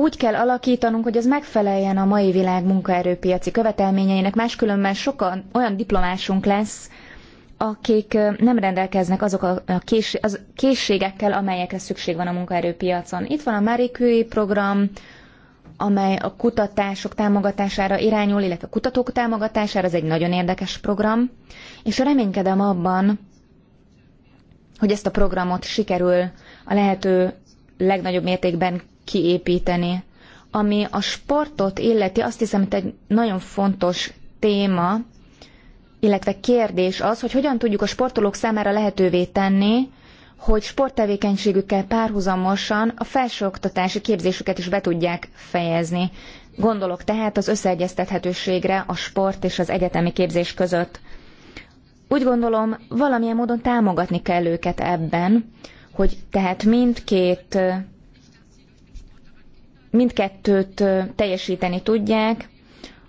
úgy kell alakítanunk, hogy az megfeleljen a mai világ munkaerőpiaci követelményeinek, máskülönben sokan olyan diplomásunk lesz, akik nem rendelkeznek azok a kés, az készségekkel, amelyekre szükség van a munkaerőpiacon. Itt van a Marie Curie program, amely a kutatások támogatására irányul, illetve a kutatók támogatására, ez egy nagyon érdekes program, és reménykedem abban, hogy ezt a programot sikerül a lehető legnagyobb mértékben kiépíteni. Ami a sportot illeti, azt hiszem, hogy egy nagyon fontos téma, illetve kérdés az, hogy hogyan tudjuk a sportolók számára lehetővé tenni, hogy sporttevékenységükkel párhuzamosan a felsőoktatási képzésüket is be tudják fejezni. Gondolok tehát az összeegyeztethetőségre a sport és az egyetemi képzés között. Úgy gondolom, valamilyen módon támogatni kell őket ebben, hogy tehát mindkét mindkettőt teljesíteni tudják,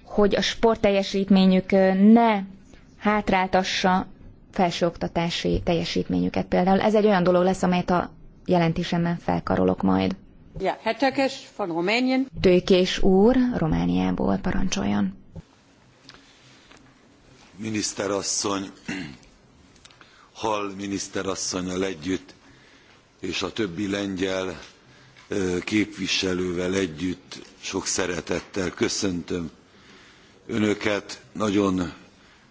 hogy a sport teljesítményük ne hátráltassa felsőoktatási teljesítményüket például. Ez egy olyan dolog lesz, amelyet a jelentésemben felkarolok majd. Ja, Hetekes van Rumänien. Tőkés úr Romániából parancsoljon. Miniszterasszony, Hall miniszterasszonyal együtt és a többi lengyel képviselővel együtt sok szeretettel köszöntöm önöket. Nagyon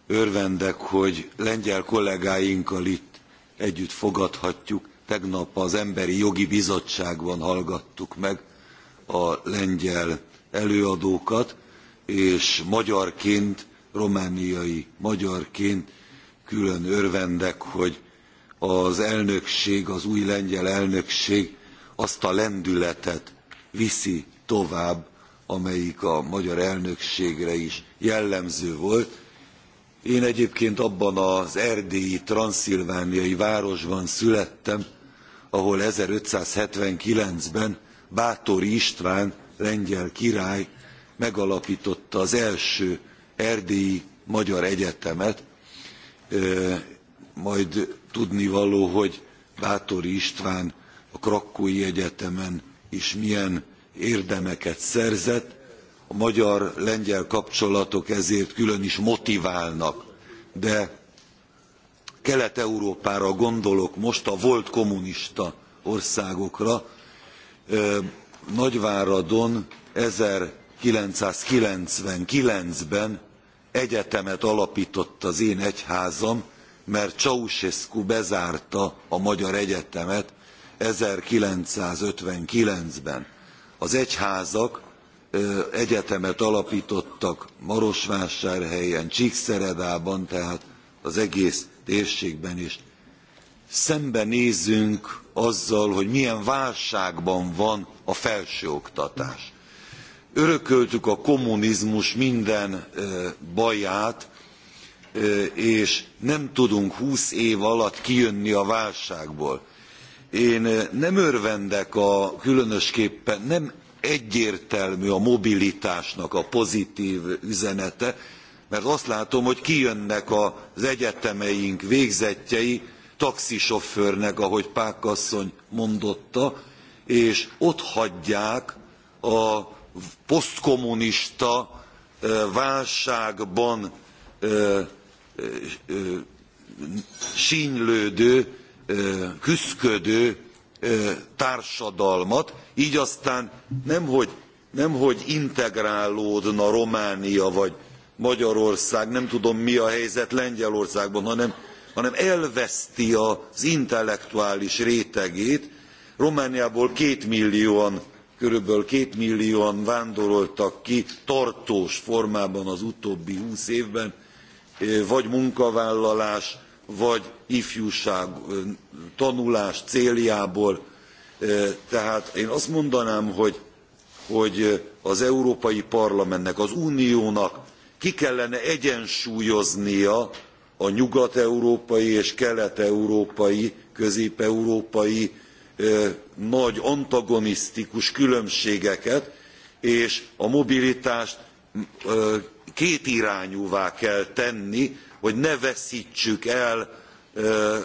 örvendek, hogy lengyel kollégáinkkal itt együtt fogadhatjuk. Tegnap az Emberi Jogi Bizottságban hallgattuk meg a lengyel előadókat, és magyarként, romániai magyarként külön örvendek, hogy az elnökség, az új lengyel elnökség azt a lendületet viszi tovább, amelyik a magyar elnökségre is jellemző volt. Én egyébként abban az erdélyi, transzilvániai városban születtem, ahol 1579-ben Bátori István, lengyel király megalapította az első erdélyi magyar egyetemet. Majd tudnivaló, hogy Bátori István a Krakói Egyetemen is milyen érdemeket szerzett. A magyar-lengyel kapcsolatok ezért külön is motiválnak, de Kelet-Európára gondolok most a volt kommunista országokra. Nagyváradon 1999-ben egyetemet alapított az én egyházam, mert Ceausescu bezárta a magyar egyetemet 1959-ben az egyházak egyetemet alapítottak Marosvásárhelyen, Csíkszeredában, tehát az egész térségben is. Szembenézünk azzal, hogy milyen válságban van a felsőoktatás. Örököltük a kommunizmus minden baját, és nem tudunk húsz év alatt kijönni a válságból én eh, nem örvendek a különösképpen nem egyértelmű a mobilitásnak a pozitv üzenete mert azt látom hogy kijönnek az egyetemeink végzettjei taxisofőrnek ahogy pák asszony mondotta és otthagyják a posztkommunista eh, válságban eh, sínylődő küszködő társadalmat gy aztán nemhogy hogy integrálódna románia vagy magyarország nem tudom mi a helyzet lengyelországban hanem, hanem elveszti az intellektuális rétegét romániából kétmillióan körülbelül kétmillióan vándoroltak ki tartós formában az utóbbi húsz évben vagy munkavállalás vagy ifjúság tanulás céljából. Tehát én azt mondanám, hogy, hogy az Európai Parlamentnek, az Uniónak ki kellene egyensúlyoznia a nyugat-európai és kelet-európai, közép-európai nagy antagonisztikus különbségeket, és a mobilitást kétirányúvá kell tenni, hogy ne vesztsük el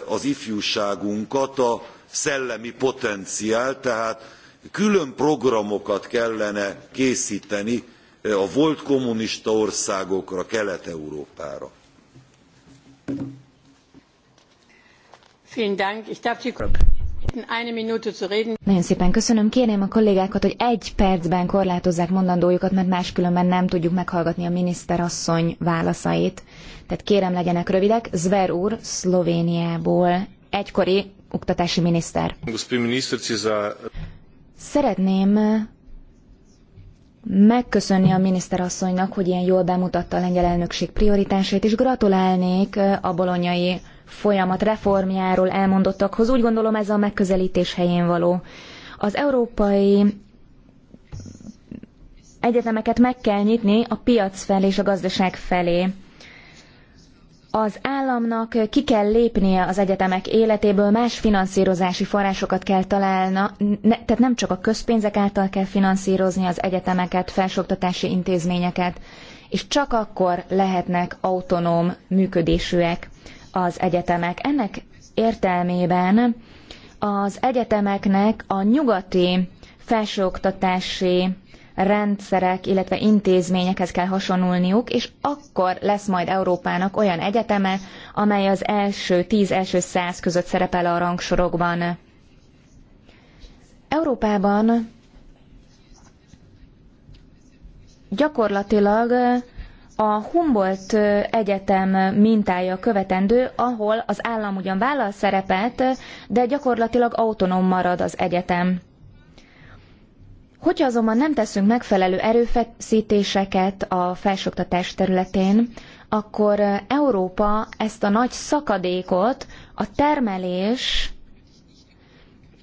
az ifjúságunkat a szellemi potenciált tehát külön programokat kellene készteni a volt kommunista országokra kelet európára. Nagyon szépen köszönöm. Kérném a kollégákat, hogy egy percben korlátozzák mondandójukat, mert máskülönben nem tudjuk meghallgatni a miniszterasszony válaszait. Tehát kérem, legyenek rövidek. Zver úr, Szlovéniából, egykori oktatási miniszter. Szeretném megköszönni a miniszterasszonynak, hogy ilyen jól bemutatta a lengyel elnökség prioritásait, és gratulálnék a bolonyai folyamat reformjáról elmondottakhoz. Úgy gondolom ez a megközelítés helyén való. Az európai egyetemeket meg kell nyitni a piac felé és a gazdaság felé. Az államnak ki kell lépnie az egyetemek életéből, más finanszírozási forrásokat kell találna, ne, tehát nem csak a közpénzek által kell finanszírozni az egyetemeket, felsőoktatási intézményeket, és csak akkor lehetnek autonóm működésűek az egyetemek. Ennek értelmében az egyetemeknek a nyugati felsőoktatási rendszerek, illetve intézményekhez kell hasonulniuk, és akkor lesz majd Európának olyan egyeteme, amely az első tíz, első száz között szerepel a rangsorokban. Európában gyakorlatilag a Humboldt Egyetem mintája követendő, ahol az állam ugyan vállal szerepet, de gyakorlatilag autonóm marad az egyetem. Hogyha azonban nem teszünk megfelelő erőfeszítéseket a felsőoktatás területén, akkor Európa ezt a nagy szakadékot a termelés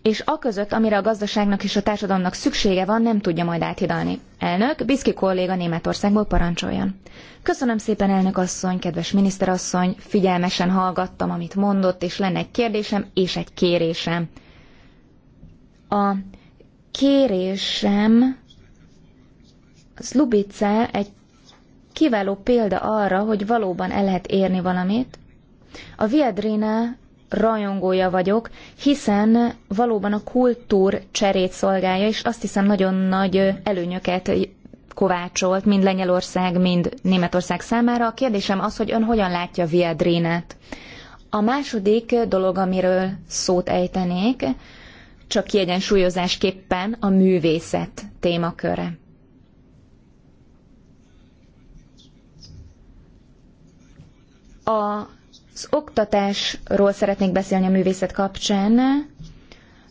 és aközött, amire a gazdaságnak és a társadalomnak szüksége van, nem tudja majd áthidalni. Elnök, Biszki kolléga Németországból parancsoljon. Köszönöm szépen, elnök asszony, kedves miniszterasszony, figyelmesen hallgattam, amit mondott, és lenne egy kérdésem és egy kérésem. A kérésem Zlubice egy kiváló példa arra, hogy valóban el lehet érni valamit. A Viedrina rajongója vagyok, hiszen valóban a kultúr cserét szolgálja, és azt hiszem nagyon nagy előnyöket kovácsolt, mind Lengyelország, mind Németország számára. A kérdésem az, hogy ön hogyan látja Viedrénet? A második dolog, amiről szót ejtenék, csak kiegyensúlyozásképpen a művészet témaköre. A az oktatásról szeretnék beszélni a művészet kapcsán.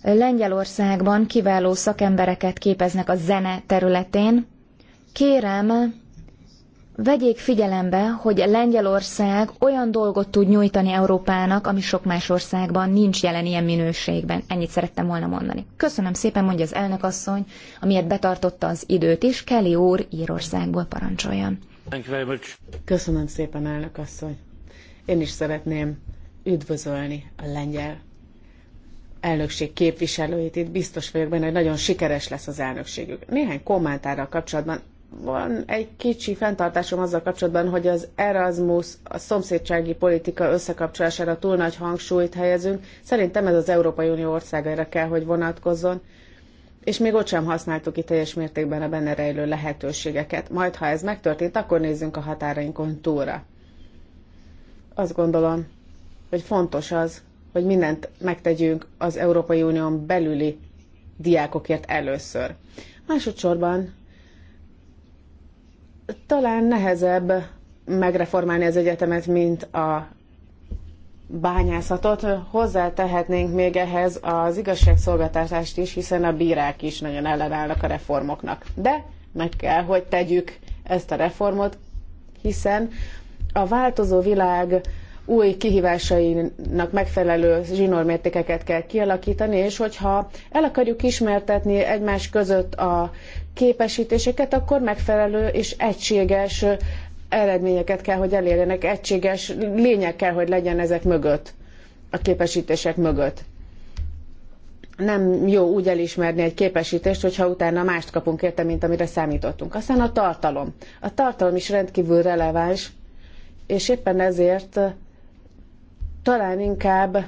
Lengyelországban kiváló szakembereket képeznek a zene területén. Kérem, vegyék figyelembe, hogy Lengyelország olyan dolgot tud nyújtani Európának, ami sok más országban nincs jelen ilyen minőségben. Ennyit szerettem volna mondani. Köszönöm szépen, mondja az elnök asszony, amiért betartotta az időt is. Kelly úr Írországból parancsoljon. Köszönöm szépen, elnök asszony. Én is szeretném üdvözölni a lengyel elnökség képviselőit. Itt biztos vagyok benne, hogy nagyon sikeres lesz az elnökségük. Néhány kommentárral kapcsolatban van egy kicsi fenntartásom azzal kapcsolatban, hogy az Erasmus, a szomszédsági politika összekapcsolására túl nagy hangsúlyt helyezünk. Szerintem ez az Európai Unió országaira kell, hogy vonatkozzon, és még ott sem használtuk ki teljes mértékben a benne rejlő lehetőségeket. Majd, ha ez megtörtént, akkor nézzünk a határainkon túlra azt gondolom, hogy fontos az, hogy mindent megtegyünk az Európai Unión belüli diákokért először. Másodszorban talán nehezebb megreformálni az egyetemet, mint a bányászatot. Hozzá tehetnénk még ehhez az igazságszolgáltatást is, hiszen a bírák is nagyon ellenállnak a reformoknak. De meg kell, hogy tegyük ezt a reformot, hiszen a változó világ új kihívásainak megfelelő zsinórmértékeket kell kialakítani, és hogyha el akarjuk ismertetni egymás között a képesítéseket, akkor megfelelő és egységes eredményeket kell, hogy elérjenek, egységes lények kell, hogy legyen ezek mögött, a képesítések mögött. Nem jó úgy elismerni egy képesítést, hogyha utána mást kapunk érte, mint amire számítottunk. Aztán a tartalom. A tartalom is rendkívül releváns, és éppen ezért eh, talán inkább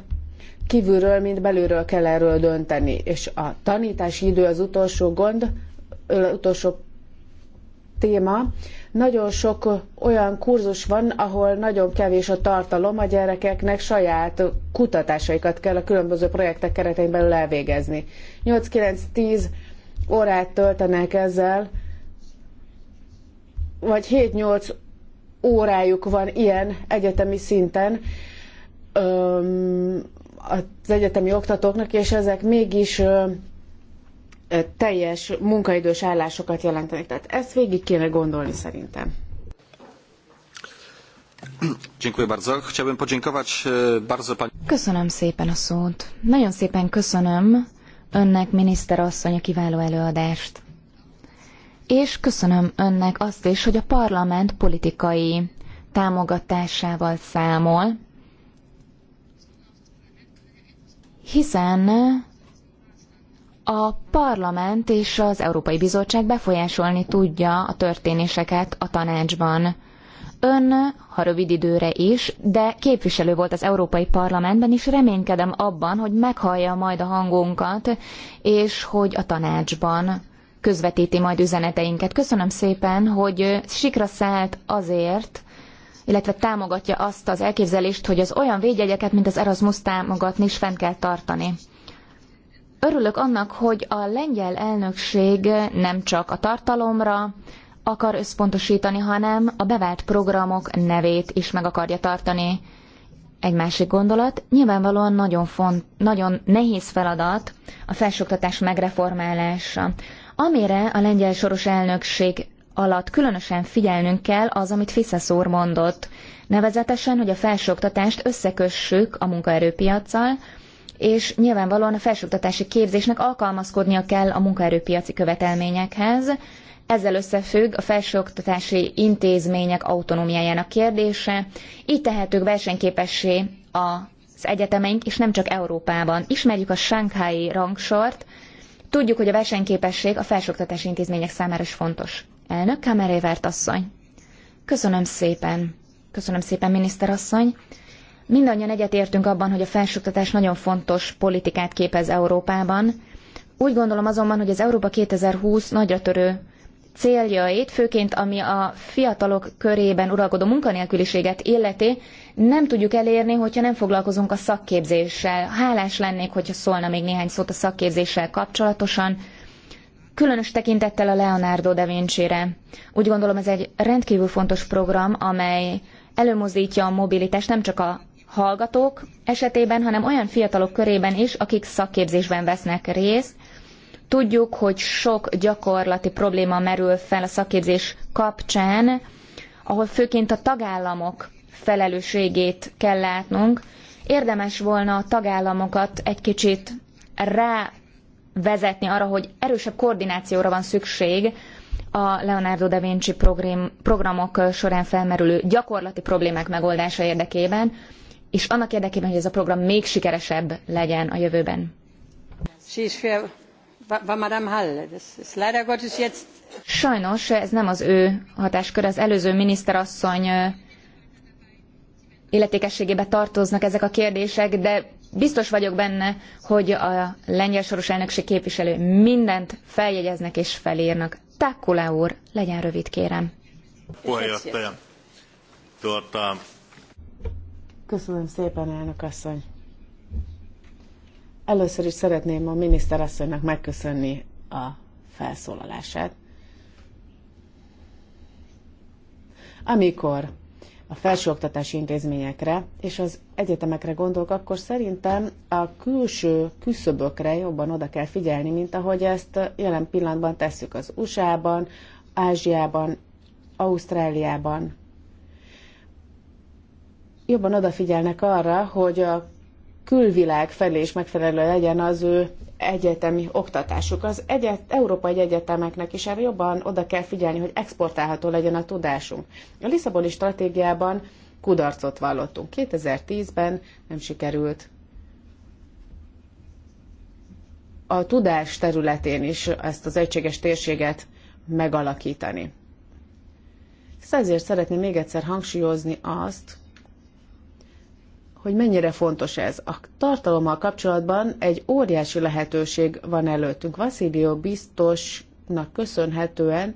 kívülről, mint belülről kell erről dönteni. És a tanítási idő az utolsó gond, az utolsó téma. Nagyon sok olyan kurzus van, ahol nagyon kevés a tartalom, a gyerekeknek saját kutatásaikat kell a különböző projektek keretein belül elvégezni. 8-9-10 órát töltenek ezzel, vagy 7-8 órájuk van ilyen egyetemi szinten az egyetemi oktatóknak, és ezek mégis teljes munkaidős állásokat jelentenek. Tehát ezt végig kéne gondolni szerintem. E, köszönöm szépen a szót. Nagyon szépen köszönöm önnek, miniszter asszony, a kiváló előadást és köszönöm önnek azt is, hogy a parlament politikai támogatásával számol, hiszen a parlament és az Európai Bizottság befolyásolni tudja a történéseket a tanácsban. Ön, ha rövid időre is, de képviselő volt az Európai Parlamentben, és reménykedem abban, hogy meghallja majd a hangunkat, és hogy a tanácsban közvetíti majd üzeneteinket. Köszönöm szépen, hogy sikra szállt azért, illetve támogatja azt az elképzelést, hogy az olyan védjegyeket, mint az Erasmus támogatni is fent kell tartani. Örülök annak, hogy a lengyel elnökség nem csak a tartalomra akar összpontosítani, hanem a bevált programok nevét is meg akarja tartani. Egy másik gondolat, nyilvánvalóan nagyon, font, nagyon nehéz feladat a felsőoktatás megreformálása. Amire a lengyel soros elnökség alatt különösen figyelnünk kell az, amit Fiszesz úr mondott. Nevezetesen, hogy a felsőoktatást összekössük a munkaerőpiacsal, és nyilvánvalóan a felsőoktatási képzésnek alkalmazkodnia kell a munkaerőpiaci követelményekhez. Ezzel összefügg a felsőoktatási intézmények autonómiájának kérdése. Így tehetők versenyképessé az egyetemeink, és nem csak Európában. Ismerjük a Shanghai rangsort, Tudjuk, hogy a versenyképesség a felsőoktatási intézmények számára is fontos. Elnök Kamerévert asszony. Köszönöm szépen. Köszönöm szépen, asszony. Mindannyian egyetértünk abban, hogy a felsőoktatás nagyon fontos politikát képez Európában. Úgy gondolom azonban, hogy az Európa 2020 nagyra törő céljait, főként ami a fiatalok körében uralkodó munkanélküliséget illeti, nem tudjuk elérni, hogyha nem foglalkozunk a szakképzéssel. Hálás lennék, hogyha szólna még néhány szót a szakképzéssel kapcsolatosan, különös tekintettel a Leonardo da Vinci-re. Úgy gondolom ez egy rendkívül fontos program, amely előmozdítja a mobilitást nem csak a hallgatók esetében, hanem olyan fiatalok körében is, akik szakképzésben vesznek részt, Tudjuk, hogy sok gyakorlati probléma merül fel a szakképzés kapcsán, ahol főként a tagállamok felelősségét kell látnunk. Érdemes volna a tagállamokat egy kicsit rávezetni arra, hogy erősebb koordinációra van szükség a Leonardo da Vinci programok során felmerülő gyakorlati problémák megoldása érdekében, és annak érdekében, hogy ez a program még sikeresebb legyen a jövőben. Sajnos ez nem az ő hatáskör, az előző miniszterasszony illetékességébe tartoznak ezek a kérdések, de biztos vagyok benne, hogy a lengyel soros elnökség képviselő mindent feljegyeznek és felírnak. Takkula úr, legyen rövid, kérem. Köszönöm szépen, elnök asszony. Először is szeretném a miniszterasszonynak megköszönni a felszólalását. Amikor a felsőoktatási intézményekre és az egyetemekre gondolok, akkor szerintem a külső küszöbökre jobban oda kell figyelni, mint ahogy ezt jelen pillanatban tesszük az USA-ban, Ázsiában, Ausztráliában. Jobban odafigyelnek arra, hogy a külvilág felé is megfelelő legyen az ő egyetemi oktatásuk. Az egyet, európai egyetemeknek is erre jobban oda kell figyelni, hogy exportálható legyen a tudásunk. A Lisszaboni stratégiában kudarcot vallottunk. 2010-ben nem sikerült a tudás területén is ezt az egységes térséget megalakítani. Szóval ezért szeretném még egyszer hangsúlyozni azt, hogy mennyire fontos ez. A tartalommal kapcsolatban egy óriási lehetőség van előttünk. Vaszilió biztosnak köszönhetően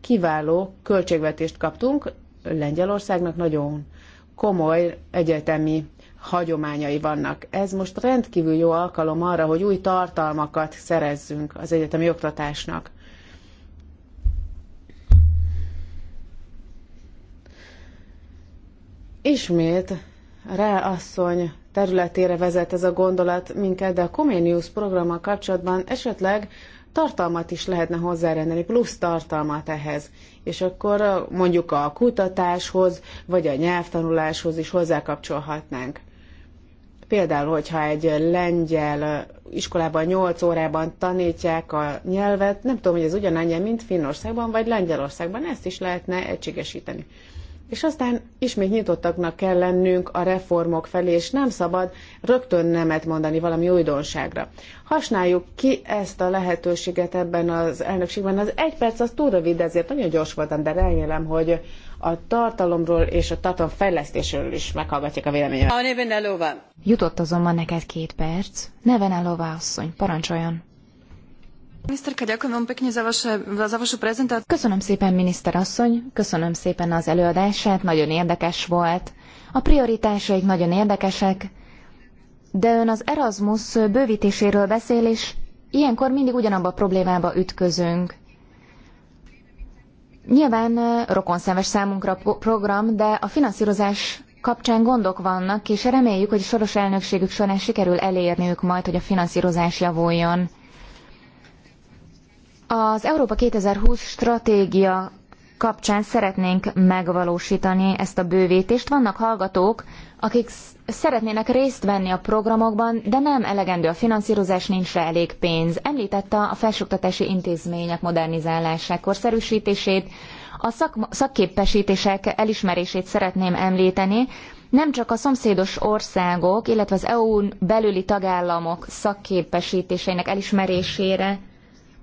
kiváló költségvetést kaptunk. Lengyelországnak nagyon komoly egyetemi hagyományai vannak. Ez most rendkívül jó alkalom arra, hogy új tartalmakat szerezzünk az egyetemi oktatásnak. Ismét Re asszony területére vezet ez a gondolat minket, de a Comenius programmal kapcsolatban esetleg tartalmat is lehetne hozzárendelni, plusz tartalmat ehhez. És akkor mondjuk a kutatáshoz, vagy a nyelvtanuláshoz is hozzákapcsolhatnánk. Például, hogyha egy lengyel iskolában 8 órában tanítják a nyelvet, nem tudom, hogy ez ugyanannyi, mint Finnországban vagy Lengyelországban, ezt is lehetne egységesíteni és aztán ismét nyitottaknak kell lennünk a reformok felé, és nem szabad rögtön nemet mondani valami újdonságra. Használjuk ki ezt a lehetőséget ebben az elnökségben. Az egy perc az túl rövid, ezért nagyon gyors voltam, de remélem, hogy a tartalomról és a tartalom fejlesztésről is meghallgatják a véleményemet. Jutott azonban neked két perc. Neven Elová asszony, parancsoljon! Köszönöm szépen, miniszter asszony, köszönöm szépen az előadását, nagyon érdekes volt. A prioritásaik nagyon érdekesek, de ön az Erasmus bővítéséről beszél, és ilyenkor mindig ugyanabba a problémába ütközünk. Nyilván rokonszemes számunkra program, de a finanszírozás kapcsán gondok vannak, és reméljük, hogy a soros elnökségük során sikerül elérniük majd, hogy a finanszírozás javuljon. Az Európa 2020 stratégia kapcsán szeretnénk megvalósítani ezt a bővítést. Vannak hallgatók, akik szeretnének részt venni a programokban, de nem elegendő a finanszírozás, nincs rá elég pénz. Említette a felsőoktatási intézmények modernizálását, korszerűsítését, a szak- szakképesítések elismerését szeretném említeni, nem csak a szomszédos országok, illetve az EU-n belüli tagállamok szakképesítéseinek elismerésére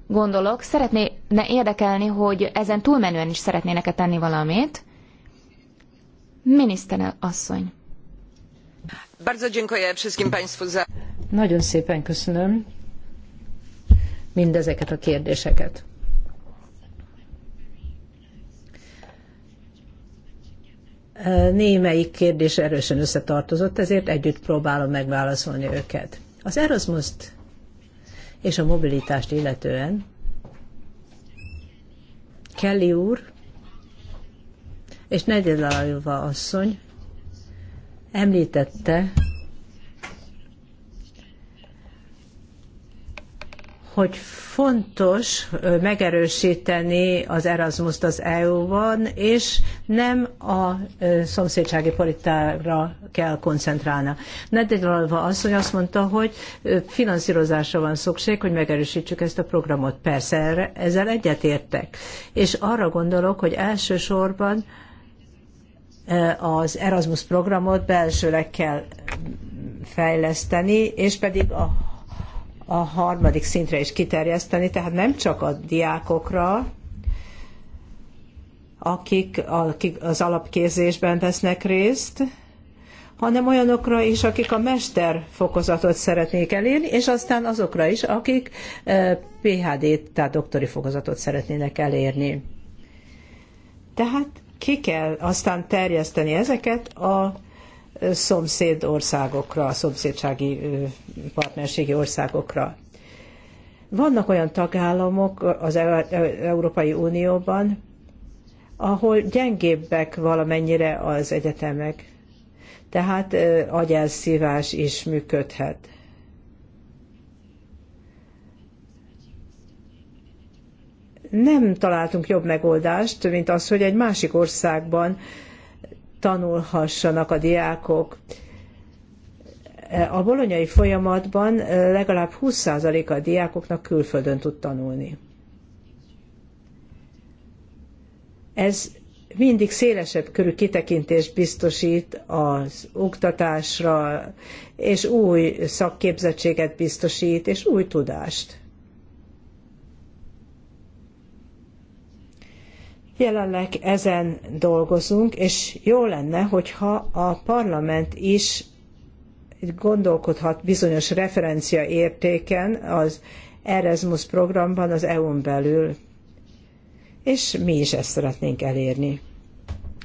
gondolok, szeretné-ne érdekelni, hogy ezen túlmenően is szeretnének-e tenni valamit. Miniszter asszony. Bardzo dziękuję wszystkim Państwu za... Nagyon szépen köszönöm mindezeket a kérdéseket. Némelyik kérdés erősen összetartozott, ezért együtt próbálom megválaszolni őket. Az Erasmus-t és a mobilitást illetően. Kelly úr és Negyedalajova asszony említette hogy fontos megerősíteni az Erasmus-t az EU-ban, és nem a szomszédsági politikára kell koncentrálni. Nedegyalva asszony azt mondta, hogy finanszírozásra van szükség, hogy megerősítsük ezt a programot. Persze ezzel egyetértek. És arra gondolok, hogy elsősorban az Erasmus programot belsőleg kell fejleszteni, és pedig a a harmadik szintre is kiterjeszteni, tehát nem csak a diákokra, akik, akik az alapképzésben vesznek részt, hanem olyanokra is, akik a mesterfokozatot szeretnék elérni, és aztán azokra is, akik PhD-t, tehát doktori fokozatot szeretnének elérni. Tehát ki kell aztán terjeszteni ezeket a szomszéd országokra, a szomszédsági partnerségi országokra. Vannak olyan tagállamok az e- e- Európai Unióban, ahol gyengébbek valamennyire az egyetemek, tehát agyelszívás is működhet. nem találtunk jobb megoldást, mint az, hogy egy másik országban tanulhassanak a diákok. A bolonyai folyamatban legalább 20% a diákoknak külföldön tud tanulni. Ez mindig szélesebb körű kitekintést biztosít az oktatásra, és új szakképzettséget biztosít, és új tudást. Jelenleg ezen dolgozunk, és jó lenne, hogyha a parlament is gondolkodhat bizonyos referenciaértéken az Erasmus programban az EU-n belül, és mi is ezt szeretnénk elérni.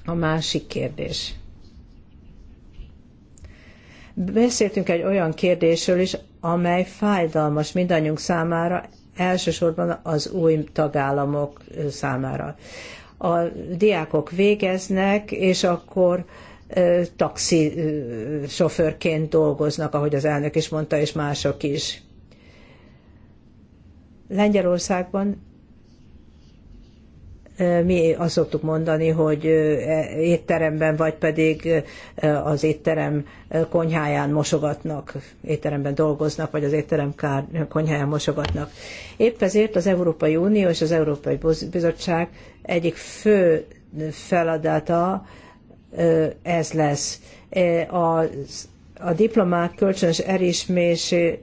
A másik kérdés. Beszéltünk egy olyan kérdésről is, amely fájdalmas mindannyiunk számára, elsősorban az új tagállamok számára a diákok végeznek, és akkor taxi sofőrként dolgoznak, ahogy az elnök is mondta, és mások is. Lengyelországban mi azt szoktuk mondani, hogy e, étteremben vagy pedig az étterem konyháján mosogatnak, étteremben dolgoznak, vagy az étterem konyháján mosogatnak. Épp ezért az Európai Unió és az Európai Bizottság egyik fő feladata ez lesz. Az a diplomák kölcsönös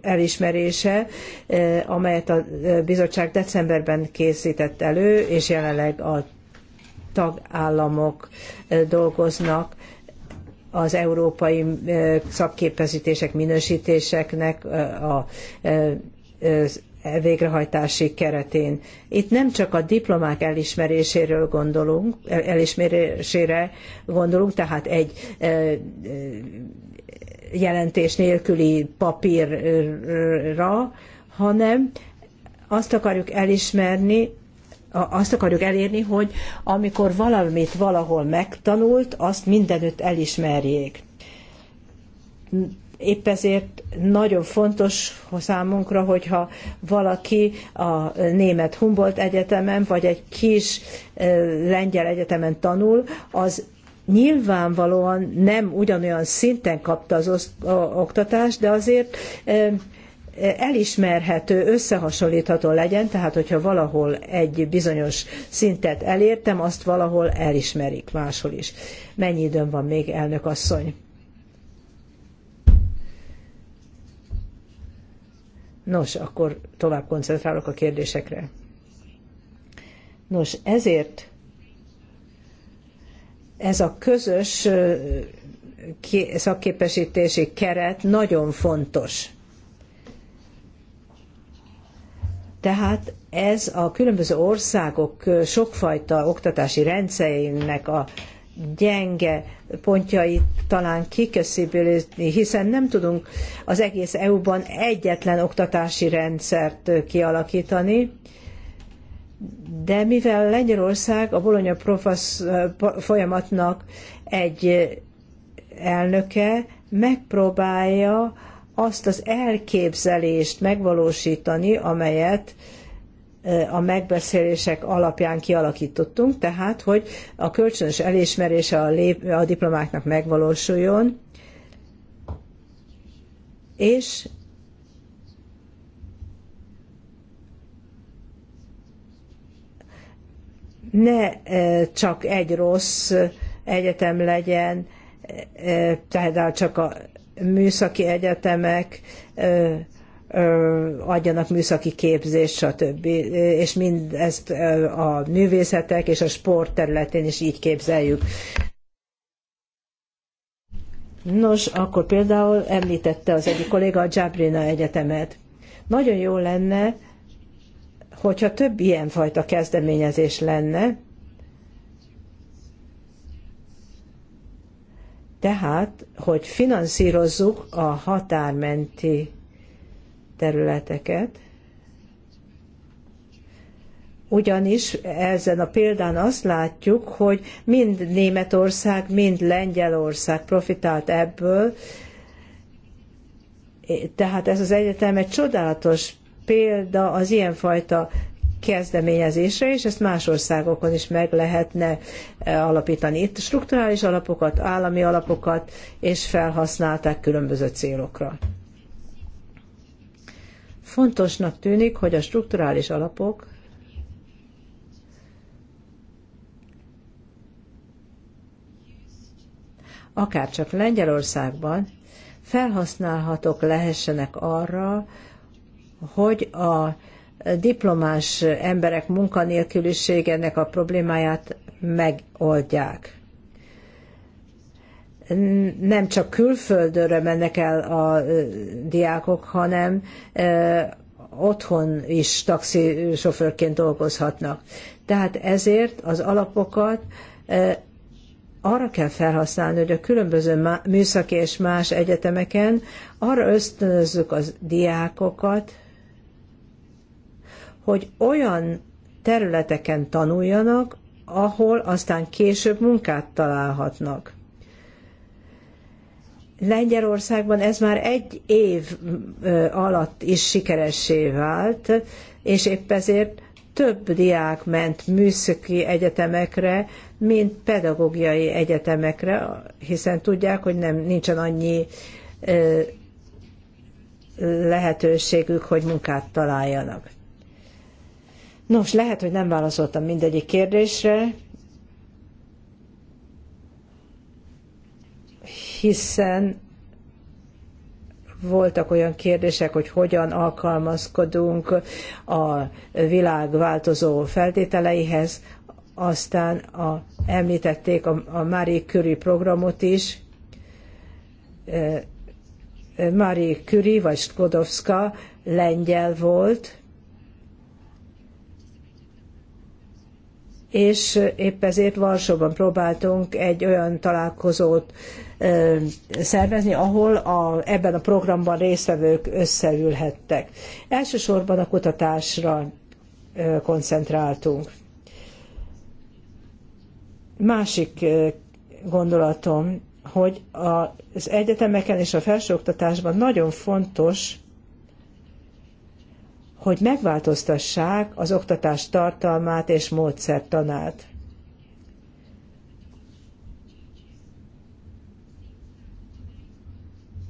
elismerése, eh, amelyet a eh, bizottság decemberben készített elő, és jelenleg a tagállamok eh, dolgoznak az európai szakképezítések, minősítéseknek a végrehajtási keretén. Itt nem csak a diplomák elismeréséről gondolunk, elismerésére gondolunk, tehát egy jelentés nélküli papírra, hanem azt akarjuk elismerni, azt akarjuk elérni, hogy amikor valamit valahol megtanult, azt mindenütt elismerjék. Épp ezért nagyon fontos számunkra, hogyha valaki a német Humboldt Egyetemen, vagy egy kis lengyel egyetemen tanul, az nyilvánvalóan nem ugyanolyan szinten kapta az oktatást, de azért elismerhető, összehasonlítható legyen, tehát hogyha valahol egy bizonyos szintet elértem, azt valahol elismerik máshol is. Mennyi időm van még, elnök asszony? Nos, akkor tovább koncentrálok a kérdésekre. Nos, ezért ez a közös szakképesítési keret nagyon fontos. Tehát ez a különböző országok sokfajta oktatási rendszerének a gyenge pontjait talán kiköszibülni, hiszen nem tudunk az egész EU-ban egyetlen oktatási rendszert kialakítani, de mivel Lengyelország a Bologna eh, folyamatnak egy eh, elnöke, megpróbálja azt az elképzelést megvalósítani, amelyet eh, a megbeszélések alapján kialakítottunk, tehát, hogy a kölcsönös elismerése a, lép, a diplomáknak megvalósuljon, és ne eh, csak egy rossz eh, egyetem legyen, eh, tehát csak a műszaki egyetemek adjanak műszaki képzést, stb. És mindezt a művészetek és a sport területén is így képzeljük. Nos, akkor például említette az egyik kolléga a Jabrina Egyetemet. Nagyon jó lenne, Hogyha több ilyenfajta kezdeményezés lenne, tehát, hogy finanszírozzuk a határmenti területeket, ugyanis ezen a példán azt látjuk, hogy mind Németország, mind Lengyelország profitált ebből, tehát ez az egyetem egy csodálatos példa az ilyenfajta kezdeményezésre, és ezt más országokon is meg lehetne e, alapítani. Itt strukturális alapokat, állami alapokat, és felhasználták különböző célokra. Fontosnak tűnik, hogy a strukturális alapok akárcsak Lengyelországban felhasználhatók lehessenek arra, hogy a diplomás emberek munkanélküliségének a problémáját megoldják. Nem csak külföldre mennek el a diákok, hanem otthon is taxisofőrként dolgozhatnak. Tehát ezért az alapokat arra kell felhasználni, hogy a különböző műszaki és más egyetemeken arra ösztönözzük az diákokat, hogy olyan területeken tanuljanak, ahol aztán később munkát találhatnak. Lengyelországban ez már egy év alatt is sikeressé vált, és épp ezért több diák ment műszaki egyetemekre, mint pedagógiai egyetemekre, hiszen tudják, hogy nem nincsen annyi lehetőségük, hogy munkát találjanak. Nos, lehet, hogy nem válaszoltam mindegyik kérdésre, hiszen voltak olyan kérdések, hogy hogyan alkalmazkodunk a világ változó feltételeihez, aztán a, említették a, a Marie Curie programot is. Marie Curie, vagy Skodowska lengyel volt, és épp ezért Varsóban próbáltunk egy olyan találkozót szervezni, ahol a, ebben a programban résztvevők összeülhettek. Elsősorban a kutatásra koncentráltunk. Másik gondolatom, hogy az egyetemeken és a felsőoktatásban nagyon fontos, hogy megváltoztassák az oktatás tartalmát és módszertanát.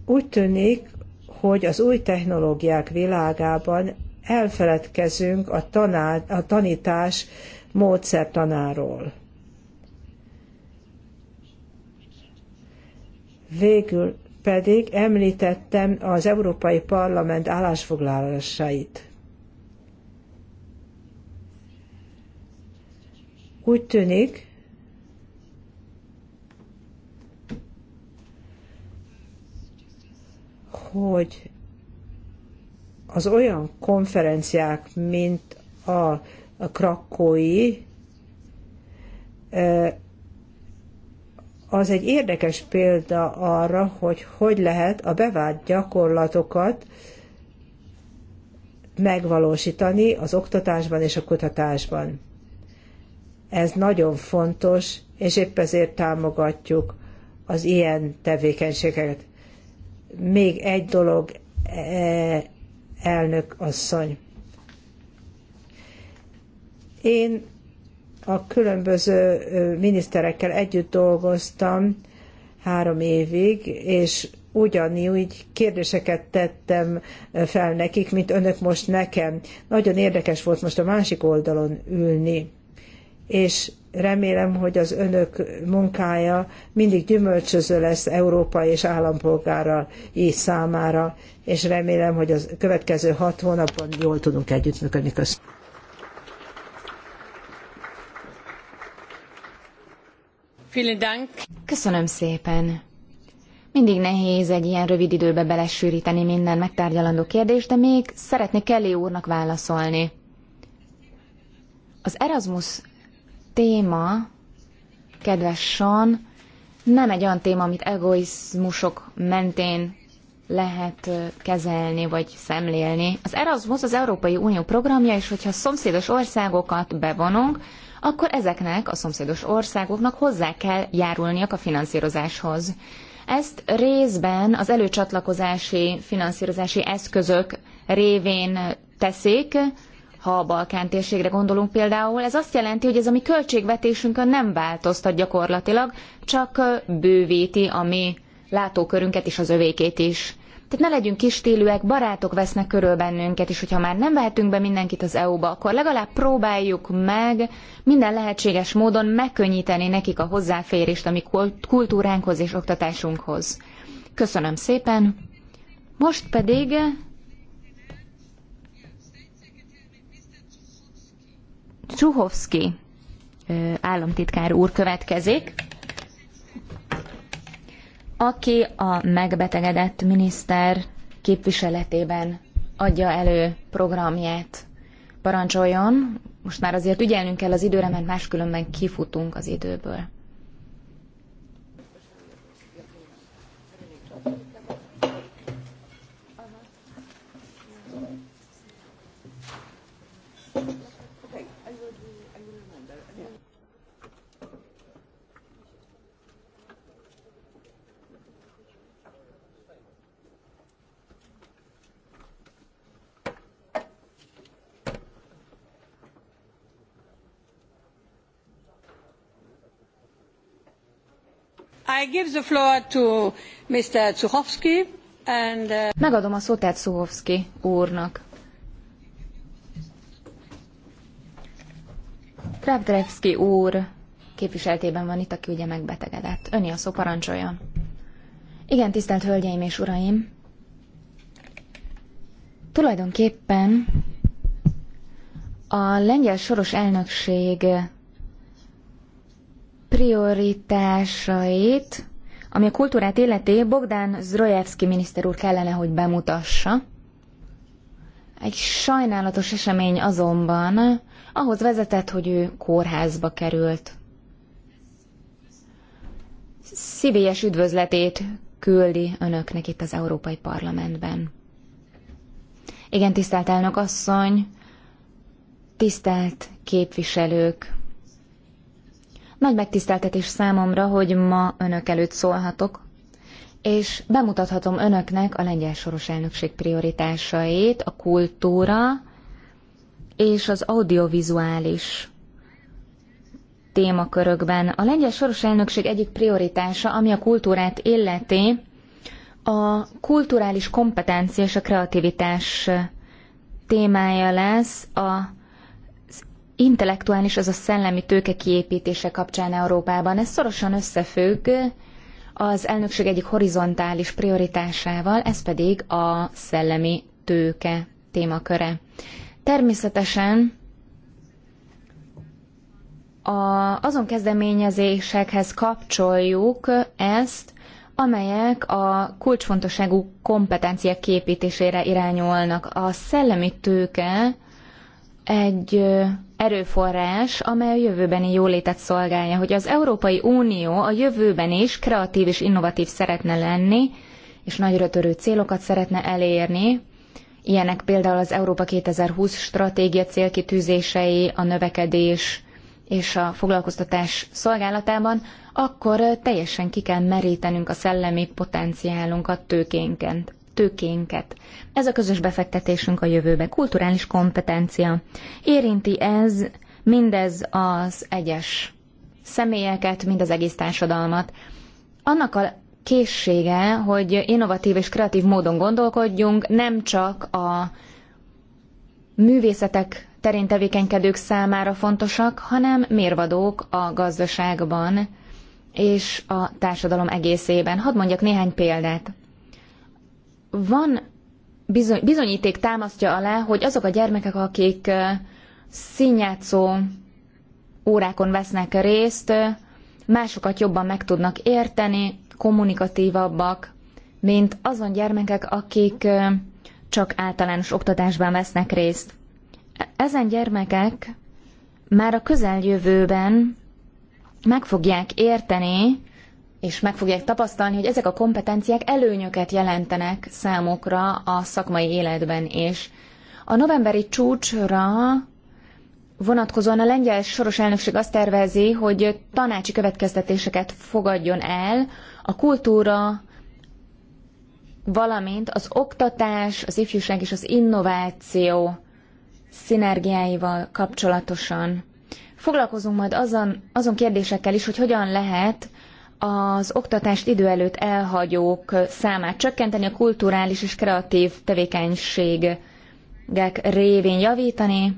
Úgy tűnik, hogy az új technológiák világában elfeledkezünk a, tanár, a tanítás módszertanáról. Végül pedig említettem az Európai Parlament állásfoglalásait. Úgy tűnik, hogy az olyan konferenciák, mint a, a krakói, az egy érdekes példa arra, hogy hogy lehet a bevált gyakorlatokat megvalósítani az oktatásban és a kutatásban. Ez nagyon fontos, és épp ezért támogatjuk az ilyen tevékenységeket. Még egy dolog, e, elnök asszony. Én a különböző miniszterekkel együtt dolgoztam három évig, és ugyanígy kérdéseket tettem fel nekik, mint önök most nekem. Nagyon érdekes volt most a másik oldalon ülni és remélem, hogy az önök munkája mindig gyümölcsöző lesz Európa és állampolgára így számára, és remélem, hogy a következő hat hónapban jól tudunk együttműködni. Köszönöm. Köszönöm szépen. Mindig nehéz egy ilyen rövid időbe belesűríteni minden megtárgyalandó kérdést, de még szeretnék Kelly úrnak válaszolni. Az Erasmus téma, kedves Sean, nem egy olyan téma, amit egoizmusok mentén lehet kezelni vagy szemlélni. Az Erasmus az Európai Unió programja, és hogyha szomszédos országokat bevonunk, akkor ezeknek a szomszédos országoknak hozzá kell járulniak a finanszírozáshoz. Ezt részben az előcsatlakozási finanszírozási eszközök révén teszik, ha a Balkán térségre gondolunk például, ez azt jelenti, hogy ez a mi költségvetésünkön nem változtat gyakorlatilag, csak bővíti a mi látókörünket és az övékét is. Tehát ne legyünk kistélűek, barátok vesznek körül bennünket, és hogyha már nem vehetünk be mindenkit az EU-ba, akkor legalább próbáljuk meg minden lehetséges módon megkönnyíteni nekik a hozzáférést a mi kultúránkhoz és oktatásunkhoz. Köszönöm szépen! Most pedig Csuhovszki államtitkár úr következik, aki a megbetegedett miniszter képviseletében adja elő programját. Parancsoljon, most már azért ügyelnünk kell az időre, mert máskülönben kifutunk az időből. Thank you. Uh, Megadom a szót tehát Zuchowski úrnak. Krabdrevski úr képviseltében van itt, aki ugye megbetegedett. Öni a szó parancsoljon. Igen, tisztelt Hölgyeim és Uraim! Tulajdonképpen a lengyel soros elnökség prioritásait, ami a kultúrát életé Bogdán Zrojevski miniszter úr kellene, hogy bemutassa. Egy sajnálatos esemény azonban ahhoz vezetett, hogy ő kórházba került. Szívélyes üdvözletét küldi önöknek itt az Európai Parlamentben. Igen, tisztelt elnök asszony, tisztelt képviselők, nagy megtiszteltetés számomra, hogy ma önök előtt szólhatok, és bemutathatom önöknek a lengyel soros elnökség prioritásait, a kultúra és az audiovizuális témakörökben. A lengyel soros elnökség egyik prioritása, ami a kultúrát illeti, a kulturális kompetencia és a kreativitás témája lesz a intellektuális, az a szellemi tőke kiépítése kapcsán Európában. Ez szorosan összefügg az elnökség egyik horizontális prioritásával, ez pedig a szellemi tőke témaköre. Természetesen a, azon kezdeményezésekhez kapcsoljuk ezt, amelyek a kulcsfontosságú kompetenciák képítésére irányulnak, A szellemi tőke egy erőforrás, amely a jövőbeni jólétet szolgálja, hogy az Európai Unió a jövőben is kreatív és innovatív szeretne lenni, és nagyra törő célokat szeretne elérni, ilyenek például az Európa 2020 stratégia célkitűzései, a növekedés és a foglalkoztatás szolgálatában, akkor teljesen ki kell merítenünk a szellemi potenciálunkat tőkénként tőkénket. Ez a közös befektetésünk a jövőbe, kulturális kompetencia. Érinti ez mindez az egyes személyeket, mind az egész társadalmat. Annak a készsége, hogy innovatív és kreatív módon gondolkodjunk, nem csak a művészetek terén tevékenykedők számára fontosak, hanem mérvadók a gazdaságban és a társadalom egészében. Hadd mondjak néhány példát van bizony, bizonyíték támasztja alá, hogy azok a gyermekek, akik színjátszó órákon vesznek részt, másokat jobban meg tudnak érteni, kommunikatívabbak, mint azon gyermekek, akik csak általános oktatásban vesznek részt. Ezen gyermekek már a közeljövőben meg fogják érteni, és meg fogják tapasztalni, hogy ezek a kompetenciák előnyöket jelentenek számukra a szakmai életben is. A novemberi csúcsra vonatkozóan a lengyel soros elnökség azt tervezi, hogy tanácsi következtetéseket fogadjon el a kultúra, valamint az oktatás, az ifjúság és az innováció szinergiáival kapcsolatosan. Foglalkozunk majd azon, azon kérdésekkel is, hogy hogyan lehet az oktatást idő előtt elhagyók számát csökkenteni, a kulturális és kreatív tevékenységek révén javítani,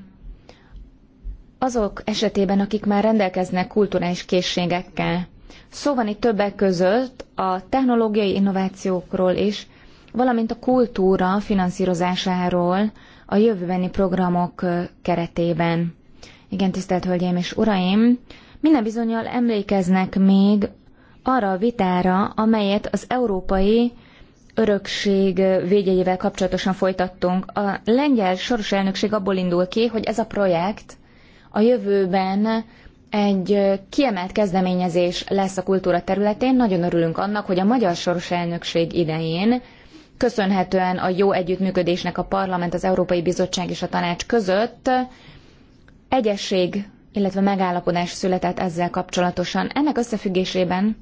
azok esetében, akik már rendelkeznek kulturális készségekkel. Szó van itt többek között a technológiai innovációkról is, valamint a kultúra finanszírozásáról a jövőbeni programok keretében. Igen, tisztelt Hölgyeim és Uraim! Minden bizonyal emlékeznek még arra a vitára, amelyet az európai örökség védjegyével kapcsolatosan folytattunk. A lengyel soros elnökség abból indul ki, hogy ez a projekt a jövőben egy kiemelt kezdeményezés lesz a kultúra területén. Nagyon örülünk annak, hogy a magyar soros elnökség idején köszönhetően a jó együttműködésnek a parlament, az Európai Bizottság és a tanács között egyesség, illetve megállapodás született ezzel kapcsolatosan. Ennek összefüggésében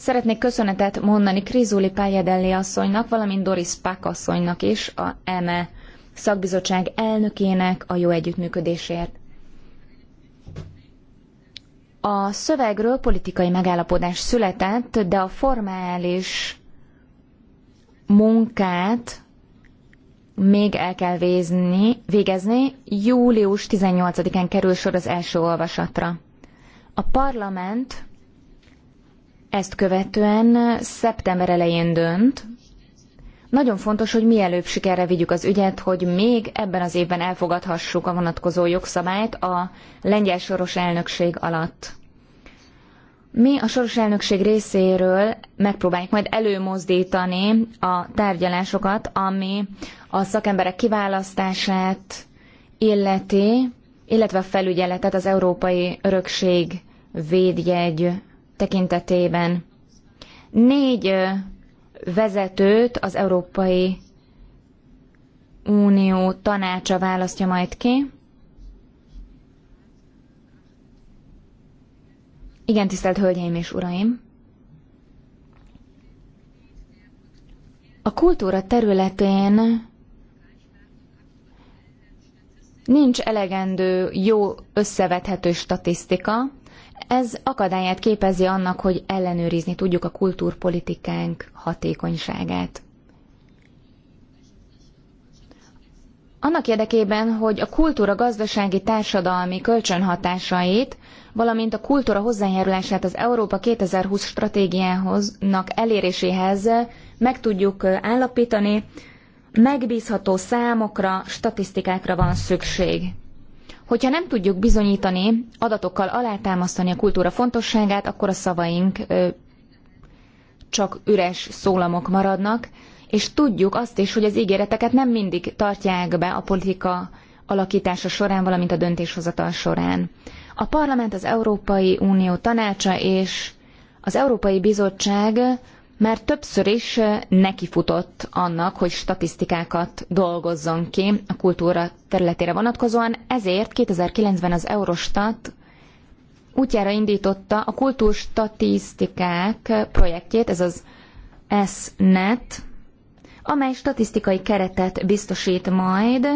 Szeretnék köszönetet mondani Krizuli Pályedelli asszonynak, valamint Doris Pak asszonynak is, a EME e szakbizottság elnökének a jó együttműködésért. A szövegről politikai megállapodás született, de a formális munkát még el kell vézni, végezni. Július 18-án kerül sor az első olvasatra. A parlament ezt követően szeptember elején dönt. Nagyon fontos, hogy mielőbb sikerre vigyük az ügyet, hogy még ebben az évben elfogadhassuk a vonatkozó jogszabályt a lengyel soros elnökség alatt. Mi a soros elnökség részéről megpróbáljuk majd előmozdítani a tárgyalásokat, ami a szakemberek kiválasztását illeti, illetve a felügyeletet az Európai Örökség védjegy tekintetében. Négy vezetőt az Európai Unió tanácsa választja majd ki. Igen, tisztelt Hölgyeim és Uraim! A kultúra területén nincs elegendő jó összevethető statisztika, ez akadályát képezi annak, hogy ellenőrizni tudjuk a kultúrpolitikánk hatékonyságát. Annak érdekében, hogy a kultúra gazdasági társadalmi kölcsönhatásait, valamint a kultúra hozzájárulását az Európa 2020 stratégiához, eléréséhez meg tudjuk állapítani, megbízható számokra, statisztikákra van szükség. Hogyha nem tudjuk bizonyítani, adatokkal alátámasztani a kultúra fontosságát, akkor a szavaink csak üres szólamok maradnak, és tudjuk azt is, hogy az ígéreteket nem mindig tartják be a politika alakítása során, valamint a döntéshozatal során. A parlament, az Európai Unió tanácsa és az Európai Bizottság már többször is nekifutott annak, hogy statisztikákat dolgozzon ki a kultúra területére vonatkozóan, ezért 2009-ben az Eurostat útjára indította a kultúrstatisztikák projektjét, ez az SNET, amely statisztikai keretet biztosít majd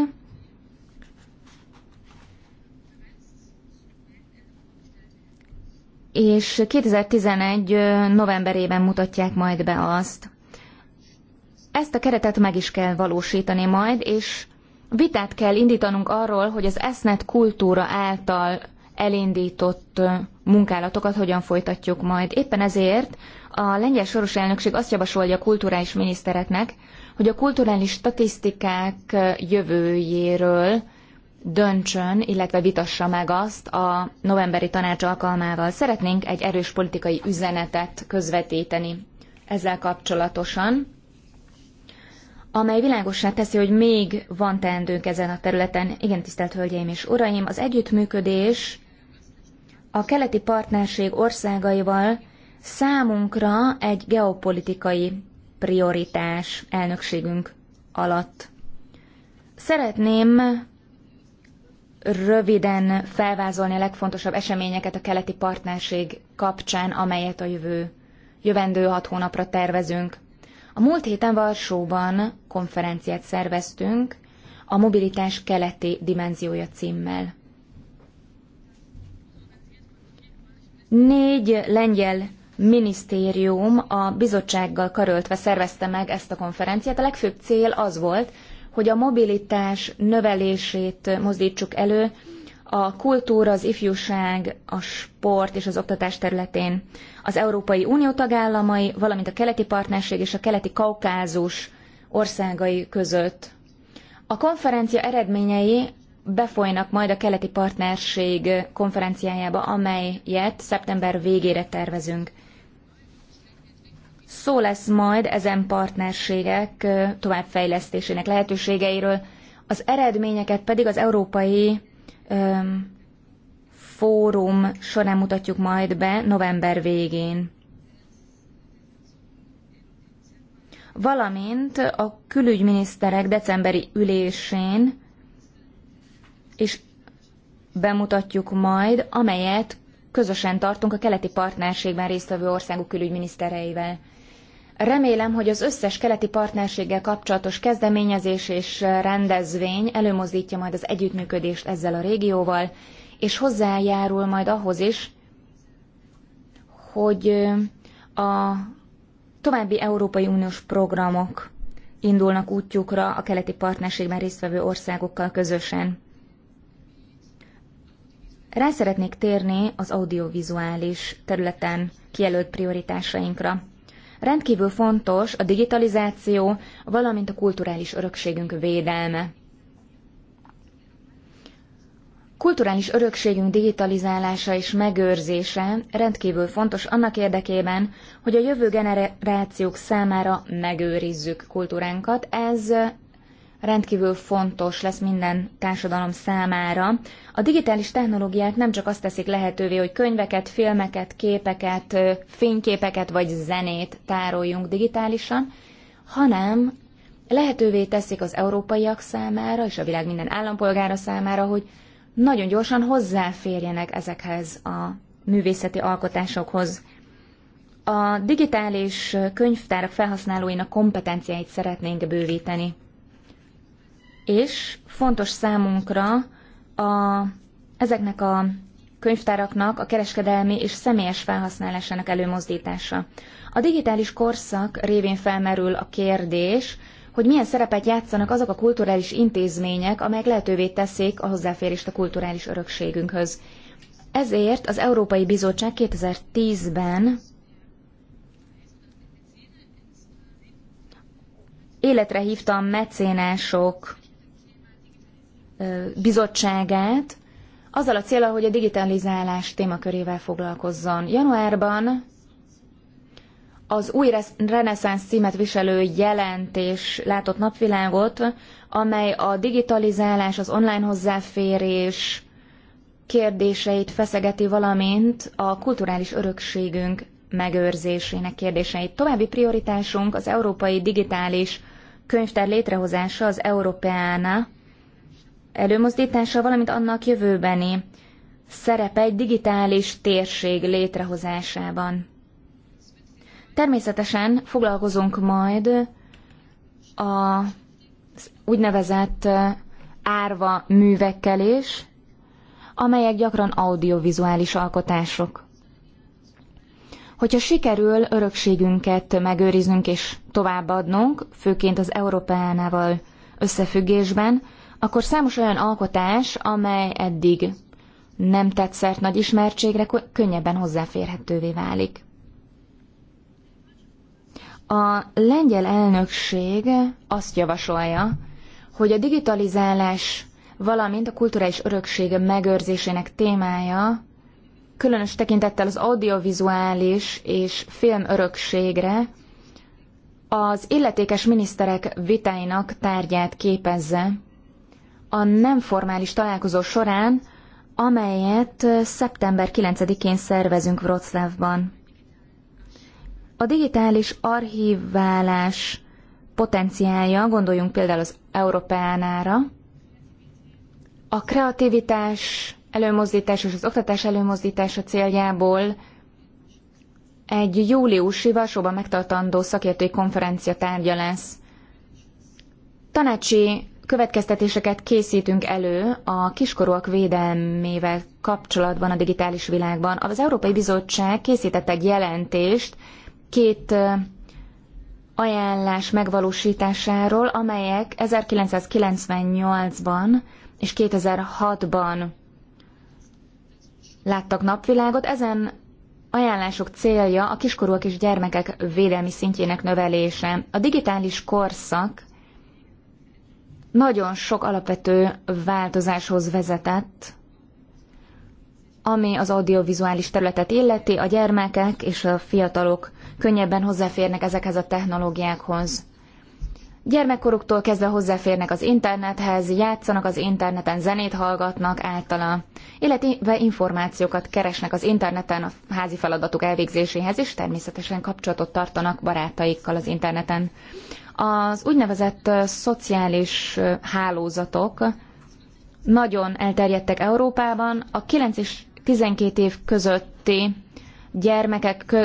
és 2011 novemberében mutatják majd be azt. Ezt a keretet meg is kell valósítani majd, és vitát kell indítanunk arról, hogy az esznet kultúra által elindított munkálatokat hogyan folytatjuk majd. Éppen ezért a lengyel soros elnökség azt javasolja a kulturális minisztereknek, hogy a kulturális statisztikák jövőjéről döntsön, illetve vitassa meg azt a novemberi tanács alkalmával. Szeretnénk egy erős politikai üzenetet közvetíteni ezzel kapcsolatosan, amely világossá teszi, hogy még van teendőnk ezen a területen. Igen, tisztelt Hölgyeim és Uraim, az együttműködés a keleti partnerség országaival számunkra egy geopolitikai prioritás elnökségünk alatt. Szeretném röviden felvázolni a legfontosabb eseményeket a keleti partnerség kapcsán, amelyet a jövő, jövendő hat hónapra tervezünk. A múlt héten Varsóban konferenciát szerveztünk a mobilitás keleti dimenziója címmel. Négy lengyel minisztérium a bizottsággal karöltve szervezte meg ezt a konferenciát. A legfőbb cél az volt, hogy a mobilitás növelését mozdítsuk elő a kultúra, az ifjúság, a sport és az oktatás területén. Az Európai Unió tagállamai, valamint a keleti partnerség és a keleti kaukázus országai között. A konferencia eredményei befolynak majd a keleti partnerség konferenciájába, amelyet szeptember végére tervezünk. Szó lesz majd ezen partnerségek továbbfejlesztésének lehetőségeiről, az eredményeket pedig az Európai öm, Fórum során mutatjuk majd be november végén. Valamint a külügyminiszterek decemberi ülésén is bemutatjuk majd, amelyet közösen tartunk a keleti partnerségben résztvevő országok külügyminisztereivel. Remélem, hogy az összes keleti partnerséggel kapcsolatos kezdeményezés és rendezvény előmozdítja majd az együttműködést ezzel a régióval, és hozzájárul majd ahhoz is, hogy a további Európai Uniós programok indulnak útjukra a keleti partnerségben résztvevő országokkal közösen. Rá szeretnék térni az audiovizuális területen kijelölt prioritásainkra. Rendkívül fontos a digitalizáció, valamint a kulturális örökségünk védelme. Kulturális örökségünk digitalizálása és megőrzése rendkívül fontos annak érdekében, hogy a jövő generációk számára megőrizzük kultúránkat. Ez rendkívül fontos lesz minden társadalom számára. A digitális technológiák nem csak azt teszik lehetővé, hogy könyveket, filmeket, képeket, fényképeket vagy zenét tároljunk digitálisan, hanem lehetővé teszik az európaiak számára és a világ minden állampolgára számára, hogy nagyon gyorsan hozzáférjenek ezekhez a művészeti alkotásokhoz. A digitális könyvtárak felhasználóinak kompetenciáit szeretnénk bővíteni és fontos számunkra a, ezeknek a könyvtáraknak a kereskedelmi és személyes felhasználásának előmozdítása. A digitális korszak révén felmerül a kérdés, hogy milyen szerepet játszanak azok a kulturális intézmények, amelyek lehetővé teszik a hozzáférést a kulturális örökségünkhöz. Ezért az Európai Bizottság 2010-ben életre hívta a mecénások bizottságát, azzal a célral, hogy a digitalizálás témakörével foglalkozzon. Januárban az új reneszánsz címet viselő jelentés látott napvilágot, amely a digitalizálás, az online hozzáférés kérdéseit feszegeti, valamint a kulturális örökségünk megőrzésének kérdéseit. További prioritásunk az európai digitális könyvtár létrehozása, az Európeána, előmozdítása, valamint annak jövőbeni szerepe egy digitális térség létrehozásában. Természetesen foglalkozunk majd a úgynevezett árva művekkel is, amelyek gyakran audiovizuális alkotások. Hogyha sikerül örökségünket megőriznünk és továbbadnunk, főként az Európánával összefüggésben, akkor számos olyan alkotás, amely eddig nem tetszert nagy ismertségre, könnyebben hozzáférhetővé válik. A lengyel elnökség azt javasolja, hogy a digitalizálás, valamint a kulturális örökség megőrzésének témája, különös tekintettel az audiovizuális és film örökségre, az illetékes miniszterek vitáinak tárgyát képezze a nem formális találkozó során, amelyet szeptember 9-én szervezünk Wroclawban. A digitális archiválás potenciálja, gondoljunk például az Európeánára, a kreativitás előmozdítás és az oktatás előmozdítása céljából egy júliusi Varsóban megtartandó szakértői konferencia tárgya lesz. Tanácsi következtetéseket készítünk elő a kiskorúak védelmével kapcsolatban a digitális világban. Az Európai Bizottság készített egy jelentést két ajánlás megvalósításáról, amelyek 1998-ban és 2006-ban láttak napvilágot. Ezen ajánlások célja a kiskorúak és gyermekek védelmi szintjének növelése. A digitális korszak nagyon sok alapvető változáshoz vezetett, ami az audiovizuális területet illeti, a gyermekek és a fiatalok könnyebben hozzáférnek ezekhez a technológiákhoz. Gyermekkoruktól kezdve hozzáférnek az internethez, játszanak az interneten, zenét hallgatnak általa, illetve információkat keresnek az interneten a házi feladatuk elvégzéséhez, és természetesen kapcsolatot tartanak barátaikkal az interneten. Az úgynevezett szociális hálózatok nagyon elterjedtek Európában. A 9 és 12 év közötti gyermekek kö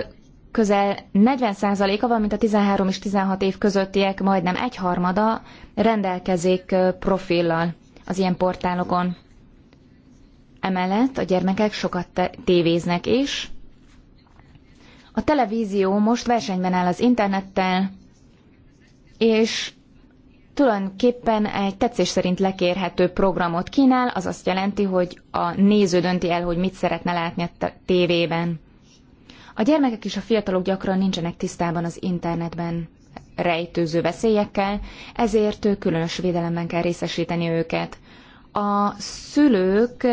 közel 40%-a, valamint a 13 és 16 év közöttiek majdnem egyharmada rendelkezik profillal az ilyen portálokon. Emellett a gyermekek sokat tévéznek is. A televízió most versenyben áll az internettel, és tulajdonképpen egy tetszés szerint lekérhető programot kínál, az azt jelenti, hogy a néző dönti el, hogy mit szeretne látni a tévében. A gyermekek és a fiatalok gyakran nincsenek tisztában az internetben rejtőző veszélyekkel, ezért különös védelemben kell részesíteni őket. A szülők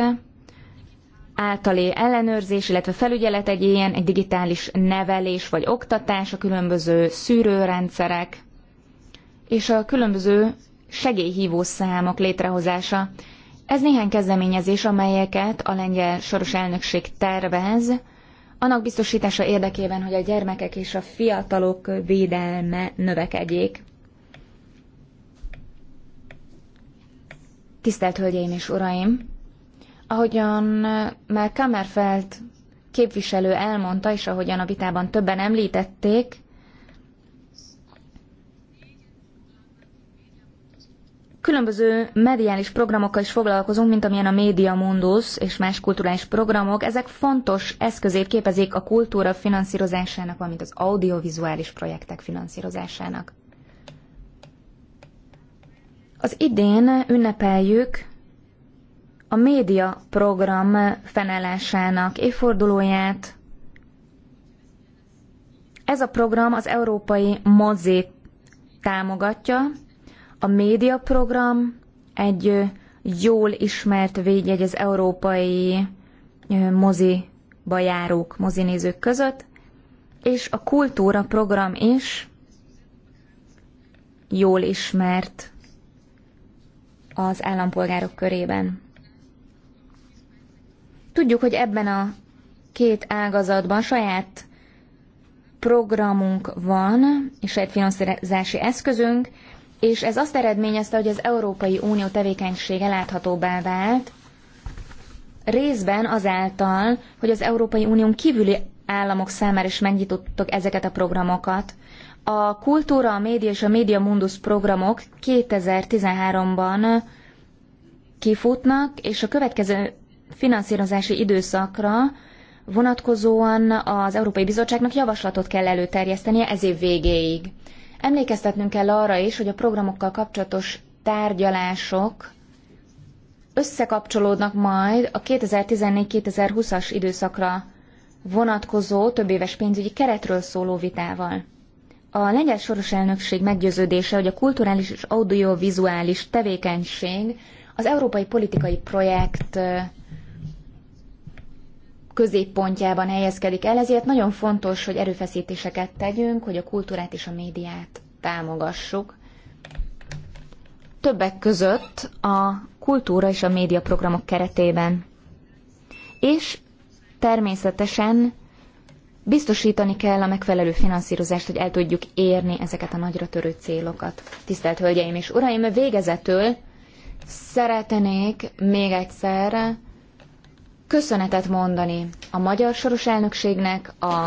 általi ellenőrzés, illetve felügyelet egy ilyen, egy digitális nevelés vagy oktatás, a különböző szűrőrendszerek, és a különböző segélyhívó számok létrehozása. Ez néhány kezdeményezés, amelyeket a lengyel soros elnökség tervez, annak biztosítása érdekében, hogy a gyermekek és a fiatalok védelme növekedjék. Tisztelt Hölgyeim és Uraim! Ahogyan már Kammerfeld képviselő elmondta, és ahogyan a vitában többen említették, Különböző mediális programokkal is foglalkozunk, mint amilyen a Média Mundus és más kulturális programok. Ezek fontos eszközét képezik a kultúra finanszírozásának, valamint az audiovizuális projektek finanszírozásának. Az idén ünnepeljük a média program fenállásának évfordulóját. Ez a program az európai mozit támogatja, a médiaprogram egy jól ismert védjegy az európai moziba járók, mozinézők között, és a kultúra program is jól ismert az állampolgárok körében. Tudjuk, hogy ebben a két ágazatban saját programunk van, és egy finanszírozási eszközünk, és ez azt eredményezte, hogy az Európai Unió tevékenysége láthatóbbá vált, részben azáltal, hogy az Európai Unión kívüli államok számára is megnyitottak ezeket a programokat. A Kultúra, a Média és a Média Mundus programok 2013-ban kifutnak, és a következő finanszírozási időszakra vonatkozóan az Európai Bizottságnak javaslatot kell előterjesztenie ez év végéig. Emlékeztetnünk kell arra is, hogy a programokkal kapcsolatos tárgyalások összekapcsolódnak majd a 2014-2020-as időszakra vonatkozó többéves pénzügyi keretről szóló vitával. A lengyel soros elnökség meggyőződése, hogy a kulturális és audiovizuális tevékenység az európai politikai projekt középpontjában helyezkedik el, ezért nagyon fontos, hogy erőfeszítéseket tegyünk, hogy a kultúrát és a médiát támogassuk. Többek között a kultúra és a média programok keretében. És természetesen biztosítani kell a megfelelő finanszírozást, hogy el tudjuk érni ezeket a nagyra törő célokat. Tisztelt Hölgyeim és Uraim, végezetül szeretnék még egyszer köszönetet mondani a magyar soros elnökségnek a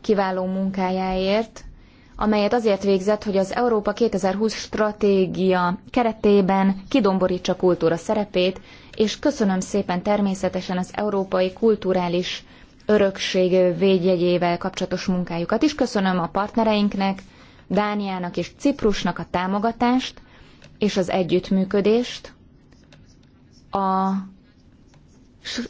kiváló munkájáért, amelyet azért végzett, hogy az Európa 2020 stratégia keretében kidomborítsa a kultúra szerepét, és köszönöm szépen természetesen az európai kulturális örökség védjegyével kapcsolatos munkájukat is. Köszönöm a partnereinknek, Dániának és Ciprusnak a támogatást és az együttműködést a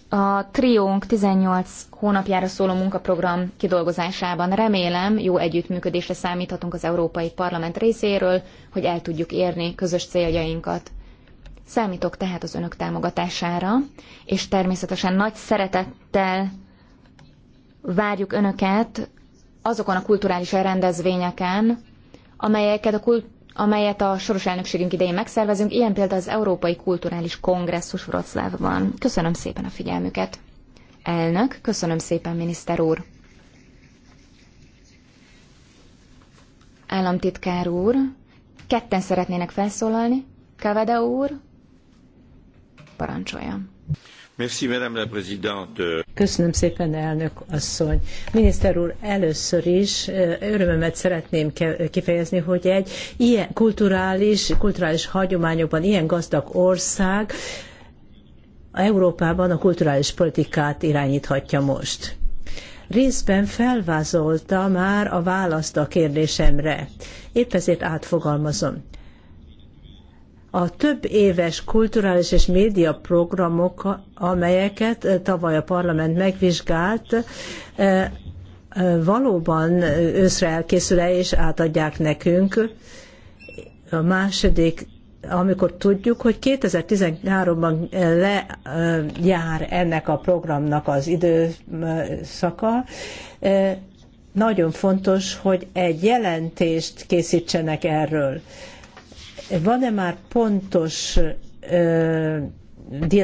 a triónk 18 hónapjára szóló munkaprogram kidolgozásában. Remélem, jó együttműködésre számíthatunk az Európai Parlament részéről, hogy el tudjuk érni közös céljainkat. Számítok tehát az önök támogatására, és természetesen nagy szeretettel várjuk önöket azokon a kulturális rendezvényeken, amelyeket a kult amelyet a soros elnökségünk idején megszervezünk, ilyen például az Európai Kulturális Kongresszus Wroclawban. Köszönöm szépen a figyelmüket. Elnök, köszönöm szépen, miniszter úr. Államtitkár úr, ketten szeretnének felszólalni. Kavada úr, parancsoljam. Merci, Madame la Présidente. Köszönöm szépen, elnök asszony. Miniszter úr, először is örömömet szeretném kifejezni, hogy egy ilyen kulturális, kulturális hagyományokban ilyen gazdag ország Európában a kulturális politikát irányíthatja most. Részben felvázolta már a választ a kérdésemre. Épp ezért átfogalmazom. A több éves kulturális és média programok, amelyeket eh, tavaly a parlament megvizsgált, eh, eh, valóban őszre elkészül -e és átadják nekünk. A második amikor tudjuk, hogy 2013-ban lejár ennek a programnak az időszaka, nagyon fontos, hogy egy jelentést készítsenek erről. Van-e már pontos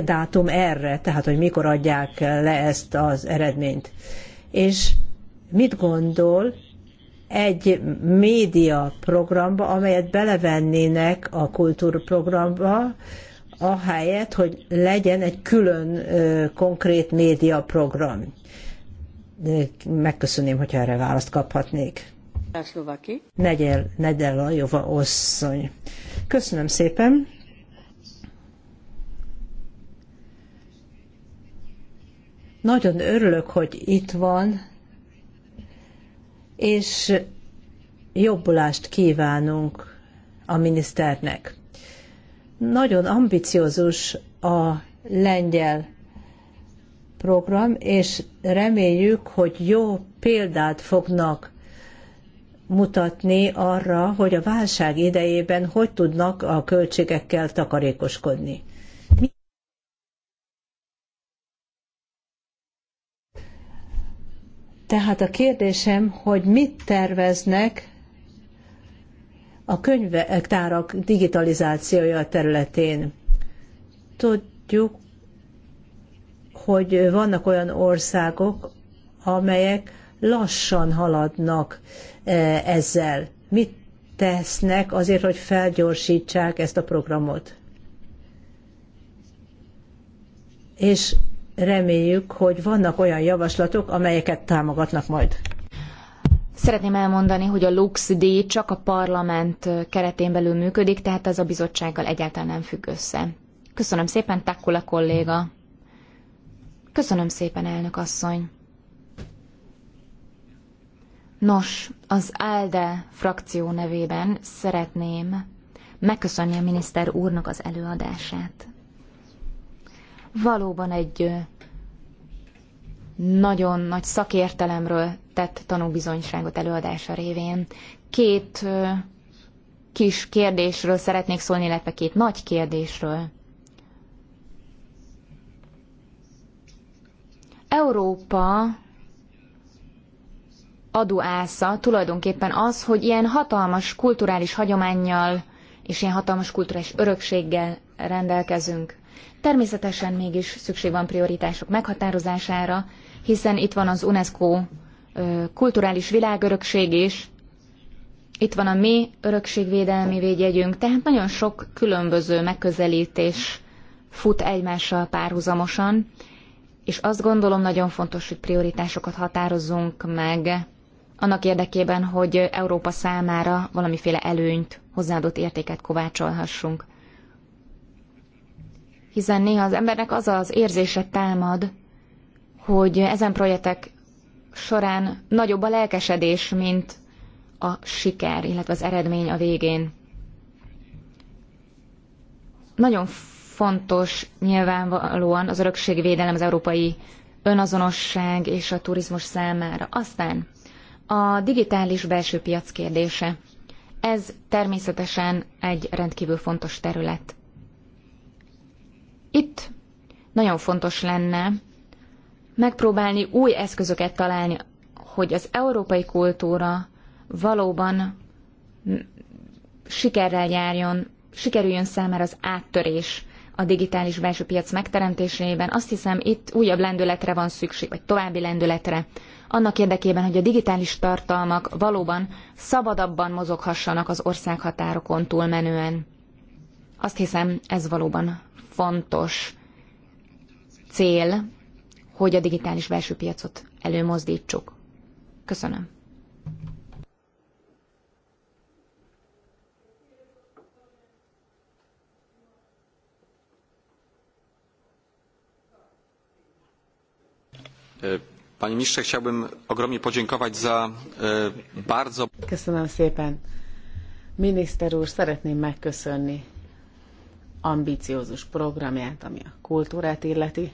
dátum erre, tehát hogy mikor adják le ezt az eredményt? És mit gondol egy média programba, amelyet belevennének a kultúrprogramba, ahelyett, hogy legyen egy külön ö, konkrét média program. Megköszönném, hogyha erre választ kaphatnék. Negyel, Nedela Jova asszony. Köszönöm szépen. Nagyon örülök, hogy itt van, és jobbulást kívánunk a miniszternek. Nagyon ambiciózus a lengyel program, és reméljük, hogy jó példát fognak mutatni arra, hogy a válság idejében hogy tudnak a költségekkel takarékoskodni. Tehát a kérdésem, hogy mit terveznek a könyvtárak eh, digitalizációja területén. Tudjuk, hogy vannak olyan országok, amelyek lassan haladnak E, ezzel? Mit tesznek azért, hogy felgyorsítsák ezt a programot? És reméljük, hogy vannak olyan javaslatok, amelyeket támogatnak majd. Szeretném elmondani, hogy a LuxD csak a parlament keretén belül működik, tehát ez a bizottsággal egyáltalán nem függ össze. Köszönöm szépen, Takula kolléga. Köszönöm szépen, elnök asszony. Nos, az ALDE frakció nevében szeretném megköszönni a miniszter úrnak az előadását. Valóban egy nagyon nagy szakértelemről tett tanúbizonyságot előadása révén. Két kis kérdésről szeretnék szólni, illetve két nagy kérdésről. Európa adóásza tulajdonképpen az, hogy ilyen hatalmas kulturális hagyományjal és ilyen hatalmas kulturális örökséggel rendelkezünk. Természetesen mégis szükség van prioritások meghatározására, hiszen itt van az UNESCO kulturális világörökség is, itt van a mi örökségvédelmi védjegyünk, tehát nagyon sok különböző megközelítés fut egymással párhuzamosan, és azt gondolom nagyon fontos, hogy prioritásokat határozzunk meg annak érdekében, hogy Európa számára valamiféle előnyt, hozzáadott értéket kovácsolhassunk. Hiszen néha az embernek az az érzése támad, hogy ezen projektek során nagyobb a lelkesedés, mint a siker, illetve az eredmény a végén. Nagyon fontos nyilvánvalóan az örökségvédelem az európai önazonosság és a turizmus számára. Aztán a digitális belső piac kérdése. Ez természetesen egy rendkívül fontos terület. Itt nagyon fontos lenne megpróbálni új eszközöket találni, hogy az európai kultúra valóban sikerrel járjon, sikerüljön számára az áttörés a digitális belső piac megteremtésében. Azt hiszem, itt újabb lendületre van szükség, vagy további lendületre annak érdekében, hogy a digitális tartalmak valóban szabadabban mozoghassanak az országhatárokon túlmenően. Azt hiszem, ez valóban fontos cél, hogy a digitális belső piacot előmozdítsuk. Köszönöm. Uh Panie ministrze, chciałbym ogromnie podziękować za e, bardzo... Köszönöm szépen. Miniszter úr, szeretném megköszönni ambiciózus programját, ami a kultúrát illeti.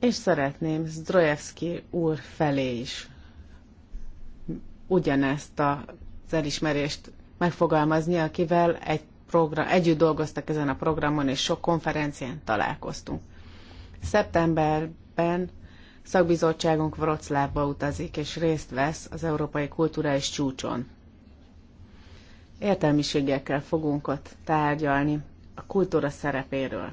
És szeretném Zdrojewski úr felé is ugyanezt az elismerést megfogalmazni, akivel egy program, együtt dolgoztak ezen a programon, és sok konferencián találkoztunk. Szeptemberben szakbizottságunk Wroclawba utazik, és részt vesz az Európai Kulturális Csúcson. Értelmiségekkel fogunk ott tárgyalni a kultúra szerepéről.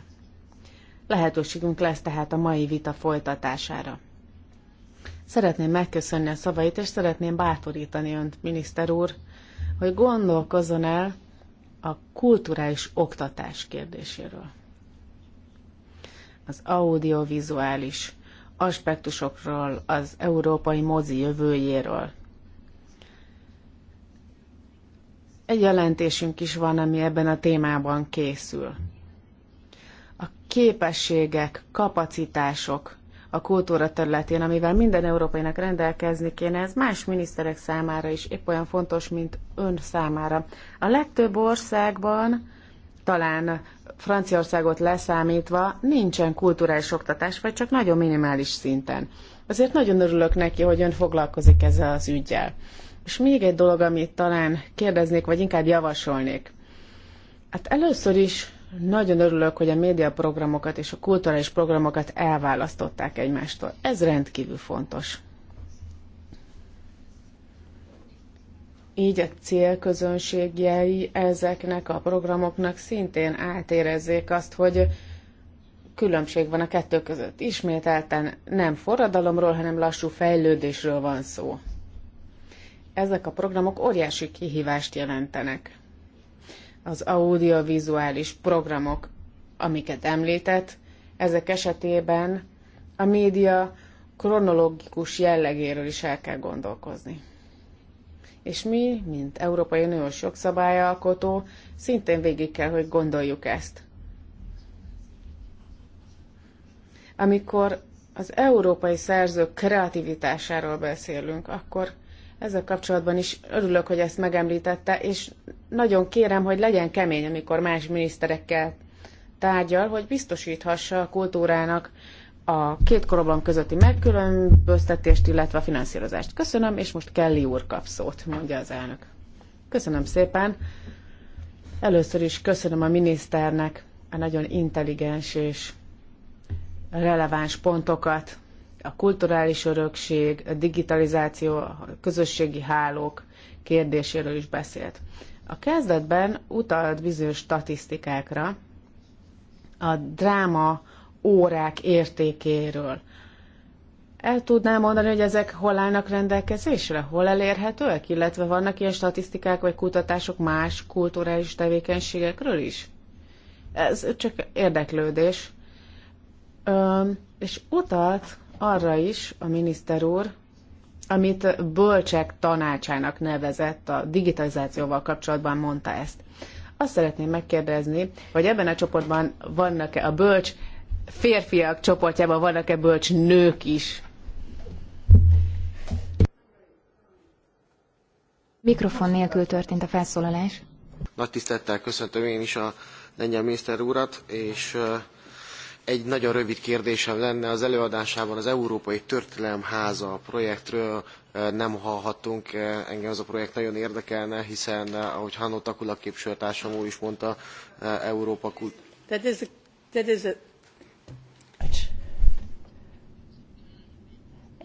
Lehetőségünk lesz tehát a mai vita folytatására. Szeretném megköszönni a szavait, és szeretném bátorítani önt, miniszter úr, hogy gondolkozzon el a kulturális oktatás kérdéséről. Az audiovizuális aspektusokról, az európai mozi jövőjéről. Egy jelentésünk is van, ami ebben a témában készül. A képességek, kapacitások a kultúra területén, amivel minden európainak rendelkezni kéne, ez más miniszterek számára is épp olyan fontos, mint ön számára. A legtöbb országban, talán Franciaországot leszámítva, nincsen kulturális oktatás, vagy csak nagyon minimális szinten. Azért nagyon örülök neki, hogy ön foglalkozik ezzel az ügyel. És még egy dolog, amit talán kérdeznék, vagy inkább javasolnék. Hát először is nagyon örülök, hogy a médiaprogramokat és a kulturális programokat elválasztották egymástól. Ez rendkívül fontos. Így a célközönségjei ezeknek a programoknak szintén átérezzék azt, hogy különbség van a kettő között. Ismételten nem forradalomról, hanem lassú fejlődésről van szó. Ezek a programok óriási kihívást jelentenek az audiovizuális programok, amiket említett, ezek esetében a média kronológikus jellegéről is el kell gondolkozni. És mi, mint Európai Uniós jogszabályalkotó, szintén végig kell, hogy gondoljuk ezt. Amikor az európai szerzők kreativitásáról beszélünk, akkor ezzel kapcsolatban is örülök, hogy ezt megemlítette, és nagyon kérem, hogy legyen kemény, amikor más miniszterekkel tárgyal, hogy biztosíthassa a kultúrának a két korban közötti megkülönböztetést, illetve a finanszírozást. Köszönöm, és most Kelly úr kap szót, mondja az elnök. Köszönöm szépen. Először is köszönöm a miniszternek a nagyon intelligens és releváns pontokat, a kulturális örökség, a digitalizáció, a közösségi hálók kérdéséről is beszélt. A kezdetben utalt bizonyos statisztikákra, a dráma órák értékéről. El tudnám mondani, hogy ezek hol állnak rendelkezésre, hol elérhetőek, illetve vannak ilyen statisztikák vagy kutatások más kulturális tevékenységekről is? Ez csak érdeklődés. Ö, és utalt arra is a miniszter úr, amit bölcsek tanácsának nevezett a digitalizációval kapcsolatban mondta ezt. Azt szeretném megkérdezni, hogy ebben a csoportban vannak-e a bölcs férfiak csoportjában vannak-e bölcs nők is? Mikrofon nélkül történt a felszólalás. Nagy tisztettel köszöntöm én is a lengyel miniszter úrat, és egy nagyon rövid kérdésem lenne, az előadásában az Európai Történelemháza projektről nem hallhattunk. Engem az a projekt nagyon érdekelne, hiszen, ahogy Hanno Takula képviselőtársam úr is mondta, Európa kult...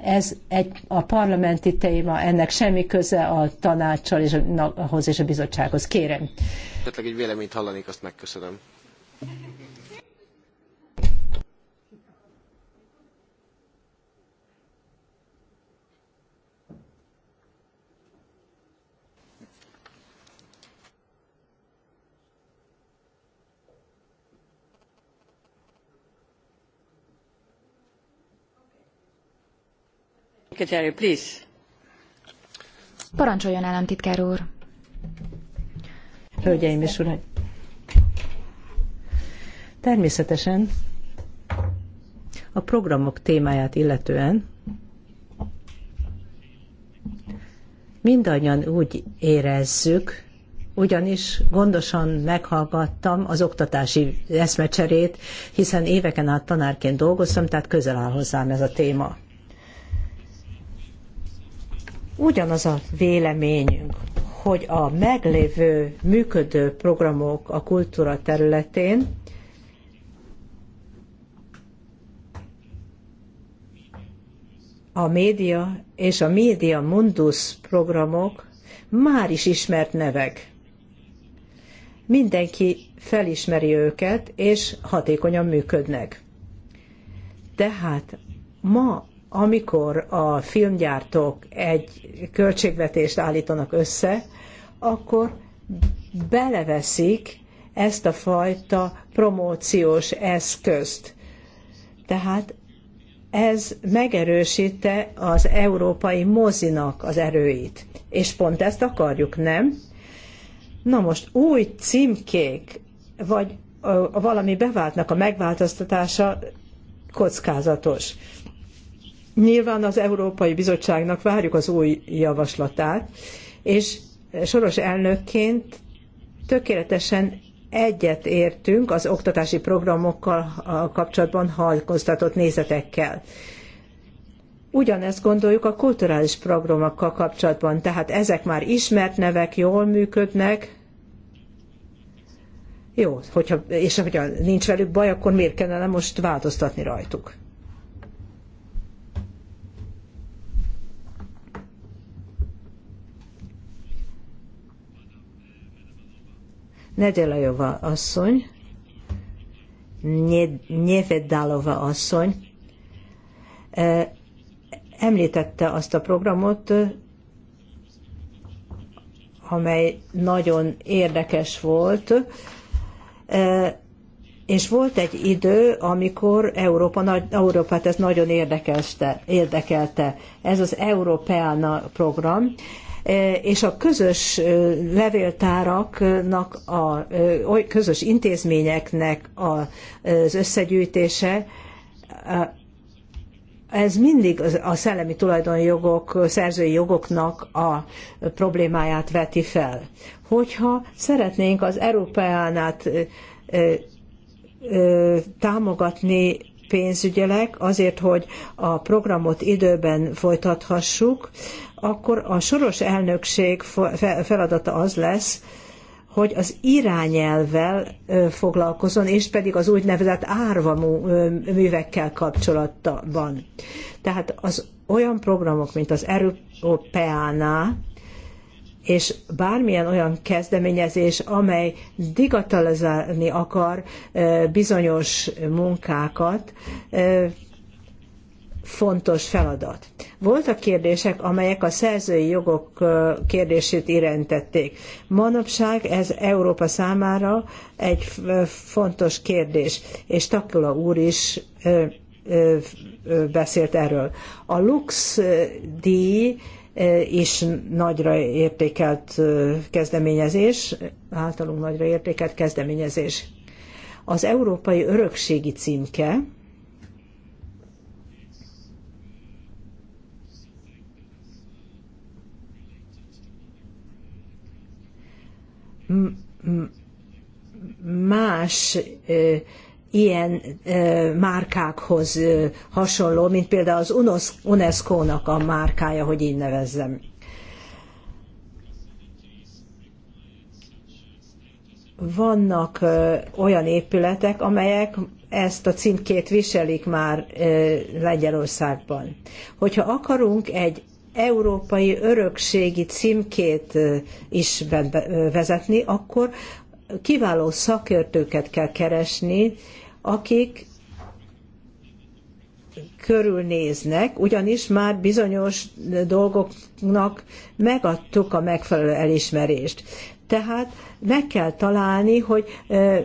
Ez egy, a parlamenti téma, ennek semmi köze a tanácssal és a, és a bizottsághoz. Kérem. Esetleg egy véleményt hallanék, azt megköszönöm. Parancsoljon, államtitkár úr. Hölgyeim és uraim! Természetesen a programok témáját illetően mindannyian úgy érezzük, ugyanis gondosan meghallgattam az oktatási eszmecserét, hiszen éveken át tanárként dolgoztam, tehát közel áll hozzám ez a téma. Ugyanaz a véleményünk, hogy a meglévő működő programok a kultúra területén a média és a média mundus programok már is ismert nevek. Mindenki felismeri őket, és hatékonyan működnek. Tehát ma amikor a filmgyártók egy költségvetést állítanak össze, akkor beleveszik ezt a fajta promóciós eszközt. Tehát ez megerősíte az európai mozinak az erőit. És pont ezt akarjuk, nem? Na most új címkék, vagy valami beváltnak a megváltoztatása kockázatos. Nyilván az Európai Bizottságnak várjuk az új javaslatát, és soros elnökként tökéletesen egyet értünk az oktatási programokkal kapcsolatban hallkoztatott nézetekkel. Ugyanezt gondoljuk a kulturális programokkal kapcsolatban, tehát ezek már ismert nevek, jól működnek. Jó, hogyha, és hogyha nincs velük baj, akkor miért kellene most változtatni rajtuk? Nedelajova asszony, Nyevedalova asszony e, említette azt a programot, e, amely nagyon érdekes volt, e, és volt egy idő, amikor Európa, Európát ez nagyon érdekelte. Ez az európeana program, E, és a közös e, levéltáraknak, a e, közös intézményeknek az összegyűjtése ez mindig a szellemi tulajdonjogok, szerzői jogoknak a problémáját veti fel. Hogyha szeretnénk az Európeánát támogatni pénzügyileg azért, hogy a programot időben folytathassuk, akkor a soros elnökség feladata az lesz, hogy az irányelvvel foglalkozon, és pedig az úgynevezett árva művekkel kapcsolatban. Tehát az olyan programok, mint az Európeánál, és bármilyen olyan kezdeményezés, amely digitalizálni akar bizonyos munkákat, fontos feladat. Voltak kérdések, amelyek a szerzői jogok kérdését irentették. Manapság ez Európa számára egy fontos kérdés, és Takula úr is beszélt erről. A Lux díj és nagyra értékelt kezdeményezés, általunk nagyra értékelt kezdeményezés. Az Európai Örökségi címke, más ilyen márkákhoz hasonló, mint például az UNESCO-nak a márkája, hogy így nevezzem. Vannak olyan épületek, amelyek ezt a címkét viselik már Lengyelországban. Hogyha akarunk egy európai örökségi címkét is vezetni, akkor kiváló szakértőket kell keresni, akik körülnéznek, ugyanis már bizonyos dolgoknak megadtuk a megfelelő elismerést. Tehát meg kell találni, hogy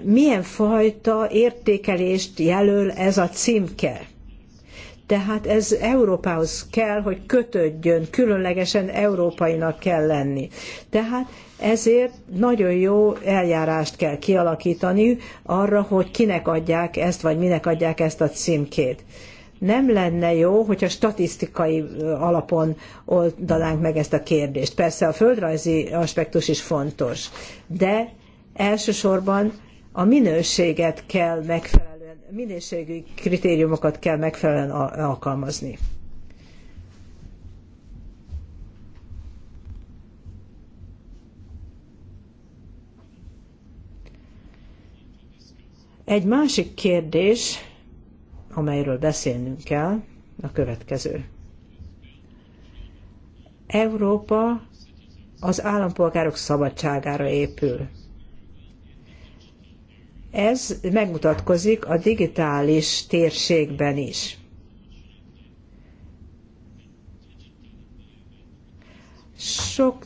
milyen fajta értékelést jelöl ez a címke. Tehát ez Európához kell, hogy kötődjön, különlegesen európainak kell lenni. Tehát ezért nagyon jó eljárást kell kialakítani arra, hogy kinek adják ezt, vagy minek adják ezt a címkét. Nem lenne jó, hogyha statisztikai alapon oldanánk meg ezt a kérdést. Persze a földrajzi aspektus is fontos, de elsősorban a minőséget kell megfelelni minőségi kritériumokat kell megfelelően alkalmazni. Egy másik kérdés, amelyről beszélnünk kell, a következő. Európa az állampolgárok szabadságára épül. Ez megmutatkozik a digitális térségben is. Sok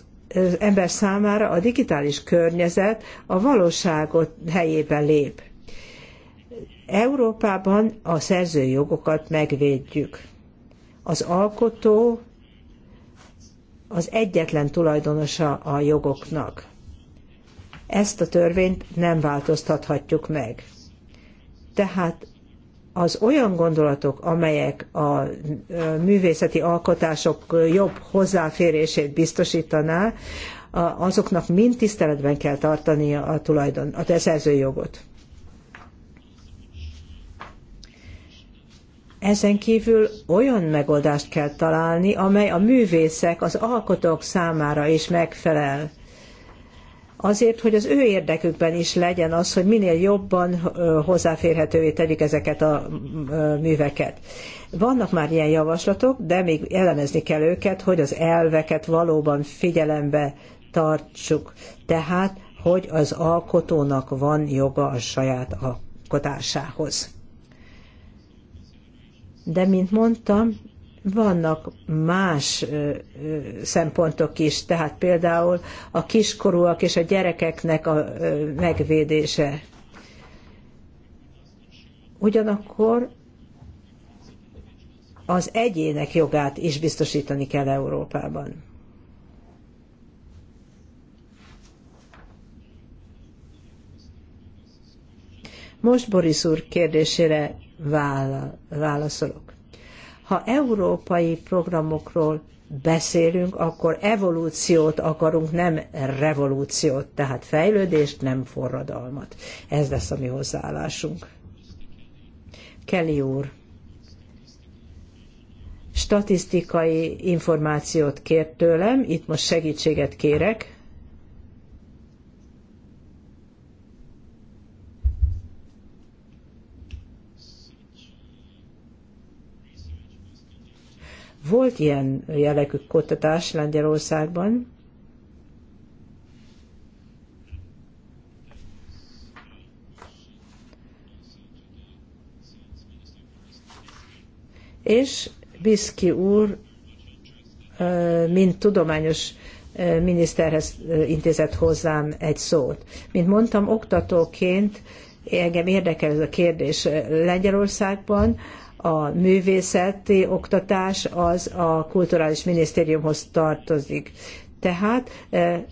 ember számára a digitális környezet a valóságot helyébe lép. Európában a szerzői jogokat megvédjük. Az alkotó az egyetlen tulajdonosa a jogoknak. Ezt a törvényt nem változtathatjuk meg. Tehát az olyan gondolatok, amelyek a művészeti alkotások jobb hozzáférését biztosítaná, azoknak mind tiszteletben kell tartani a tulajdon, a jogot. Ezen kívül olyan megoldást kell találni, amely a művészek, az alkotók számára is megfelel azért, hogy az ő érdekükben is legyen az, hogy minél jobban hozzáférhetővé tegyük ezeket a műveket. Vannak már ilyen javaslatok, de még elemezni kell őket, hogy az elveket valóban figyelembe tartsuk. Tehát, hogy az alkotónak van joga a saját alkotásához. De, mint mondtam, vannak más szempontok is, tehát például a kiskorúak és a gyerekeknek a megvédése. Ugyanakkor az egyének jogát is biztosítani kell Európában. Most Boris úr kérdésére válaszolok. Ha európai programokról beszélünk, akkor evolúciót akarunk, nem revolúciót, tehát fejlődést, nem forradalmat. Ez lesz a mi hozzáállásunk. Kelly úr, statisztikai információt kért tőlem, itt most segítséget kérek. Volt ilyen jellegű kutatás Lengyelországban, és Biszki úr, mint tudományos miniszterhez intézett hozzám egy szót. Mint mondtam, oktatóként engem érdekel ez a kérdés Lengyelországban, a művészeti oktatás az a kulturális minisztériumhoz tartozik. Tehát e,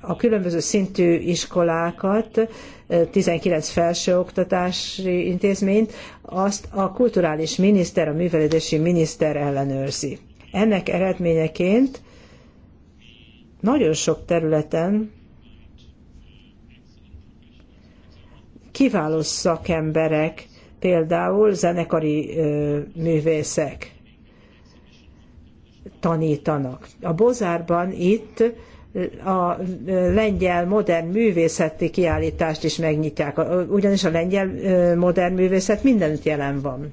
a különböző szintű iskolákat, 19 e, felsőoktatási intézményt, azt a kulturális miniszter, a művelődési miniszter ellenőrzi. Ennek eredményeként nagyon sok területen kiváló szakemberek például zenekari művészek tanítanak. A Bozárban itt a lengyel modern művészeti kiállítást is megnyitják, ugyanis a lengyel modern művészet mindenütt jelen van.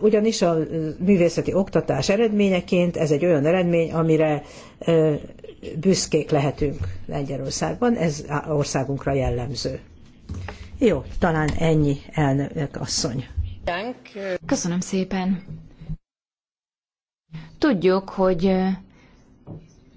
Ugyanis a művészeti oktatás eredményeként ez egy olyan eredmény, amire büszkék lehetünk Lengyelországban, ez országunkra jellemző. Jó, talán ennyi, elnök asszony. Köszönöm szépen. Tudjuk, hogy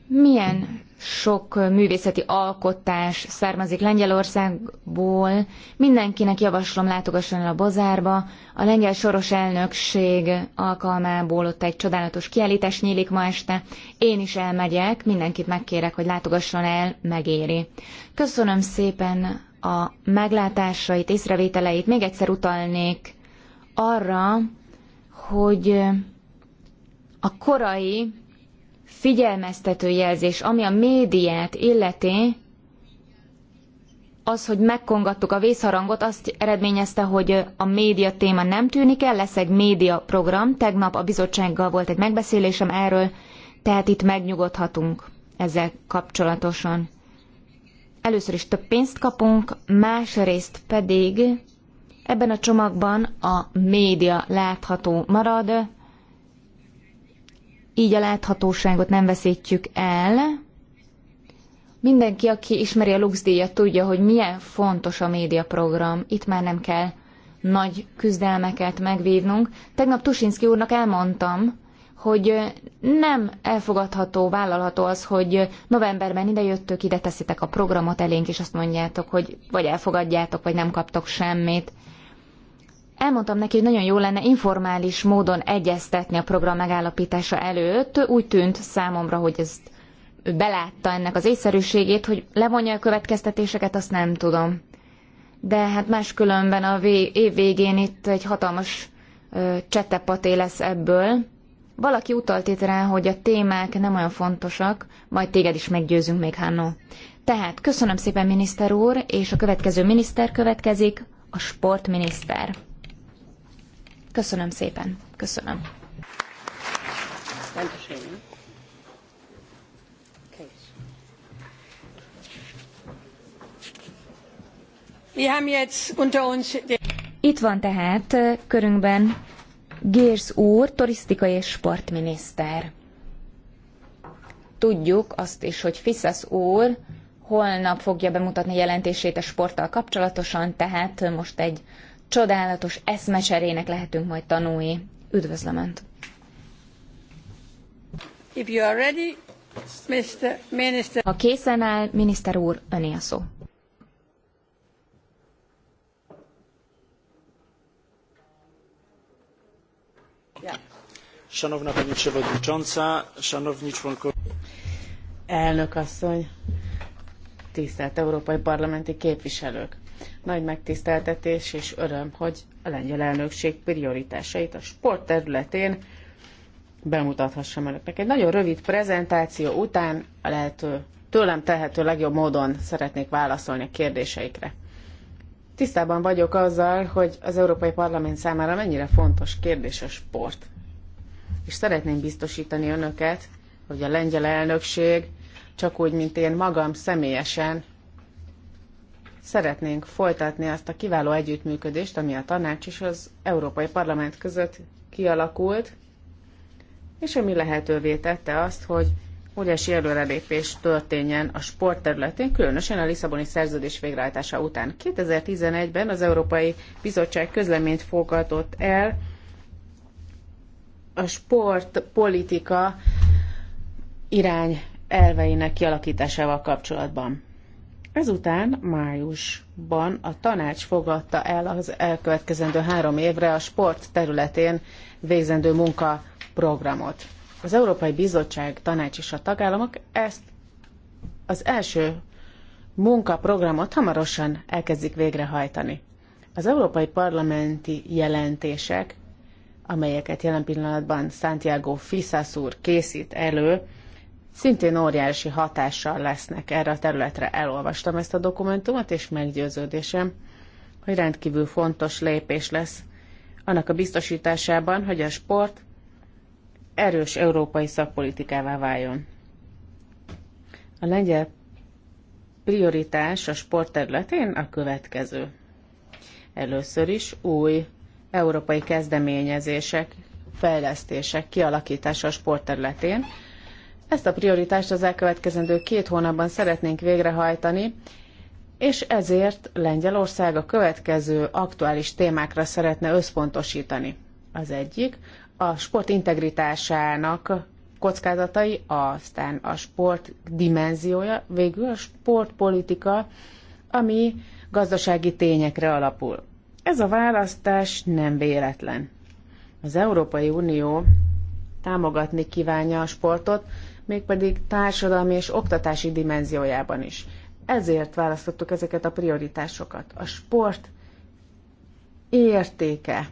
milyen sok művészeti alkotás származik Lengyelországból. Mindenkinek javaslom látogasson el a Bozárba. A lengyel soros elnökség alkalmából ott egy csodálatos kiállítás nyílik ma este. Én is elmegyek, mindenkit megkérek, hogy látogasson el, megéri. Köszönöm szépen a meglátásait, észrevételeit, még egyszer utalnék arra, hogy a korai figyelmeztető jelzés, ami a médiát illeti, az, hogy megkongattuk a vészharangot, azt eredményezte, hogy a média téma nem tűnik el, lesz egy média program. Tegnap a bizottsággal volt egy megbeszélésem erről, tehát itt megnyugodhatunk ezzel kapcsolatosan először is több pénzt kapunk, másrészt pedig ebben a csomagban a média látható marad, így a láthatóságot nem veszítjük el. Mindenki, aki ismeri a Luxdíjat, tudja, hogy milyen fontos a médiaprogram. Itt már nem kell nagy küzdelmeket megvívnunk. Tegnap Tusinski úrnak elmondtam, hogy nem elfogadható, vállalható az, hogy novemberben ide jöttök, ide teszitek a programot elénk, és azt mondjátok, hogy vagy elfogadjátok, vagy nem kaptok semmit. Elmondtam neki, hogy nagyon jó lenne informális módon egyeztetni a program megállapítása előtt. Úgy tűnt számomra, hogy ez ő belátta ennek az észszerűségét, hogy levonja a következtetéseket, azt nem tudom. De hát máskülönben a vé- év végén itt egy hatalmas ö, csetepaté lesz ebből valaki utalt itt rá, hogy a témák nem olyan fontosak, majd téged is meggyőzünk még, Hannó. Tehát köszönöm szépen, miniszter úr, és a következő miniszter következik, a sportminiszter. Köszönöm szépen. Köszönöm. Itt van tehát körünkben Gérsz úr, turisztikai és sportminiszter. Tudjuk azt is, hogy Fiszesz úr holnap fogja bemutatni jelentését a sporttal kapcsolatosan, tehát most egy csodálatos eszmecserének lehetünk majd tanulni. Üdvözlöm Önt! If you are ready, Mr. Minister... Ha készen áll, miniszter úr, öné a szó. Szanowna Pani Przewodnicząca, Szanowni Członkowie. Elnök asszony, tisztelt európai parlamenti képviselők! Nagy megtiszteltetés és öröm, hogy a lengyel elnökség prioritásait a sport területén bemutathassam önöknek. Egy nagyon rövid prezentáció után a lehető tőlem tehető legjobb módon szeretnék válaszolni a kérdéseikre. Tisztában vagyok azzal, hogy az Európai Parlament számára mennyire fontos kérdés a sport és szeretném biztosítani önöket, hogy a lengyel elnökség, csak úgy, mint én magam személyesen, szeretnénk folytatni azt a kiváló együttműködést, ami a tanács és az Európai Parlament között kialakult, és ami lehetővé tette azt, hogy óriási előrelépés történjen a sport területén, különösen a Lisszaboni szerződés végrehajtása után. 2011-ben az Európai Bizottság közleményt fogadott el a sportpolitika irány elveinek kialakításával kapcsolatban. Ezután májusban a tanács fogadta el az elkövetkezendő három évre a sport területén végzendő munkaprogramot. Az Európai Bizottság, tanács és a tagállamok ezt az első munkaprogramot hamarosan elkezdik végrehajtani. Az európai parlamenti jelentések amelyeket jelen pillanatban Santiago Fisas úr készít elő, szintén óriási hatással lesznek erre a területre. Elolvastam ezt a dokumentumot, és meggyőződésem, hogy rendkívül fontos lépés lesz annak a biztosításában, hogy a sport erős európai szakpolitikává váljon. A lengyel prioritás a sport területén a következő. Először is új európai kezdeményezések, fejlesztések kialakítása a sportterületén. Ezt a prioritást az elkövetkezendő két hónapban szeretnénk végrehajtani, és ezért Lengyelország a következő aktuális témákra szeretne összpontosítani. Az egyik a sport integritásának kockázatai, aztán a sport dimenziója, végül a sportpolitika, ami gazdasági tényekre alapul. Ez a választás nem véletlen. Az Európai Unió támogatni kívánja a sportot, mégpedig társadalmi és oktatási dimenziójában is. Ezért választottuk ezeket a prioritásokat. A sport értéke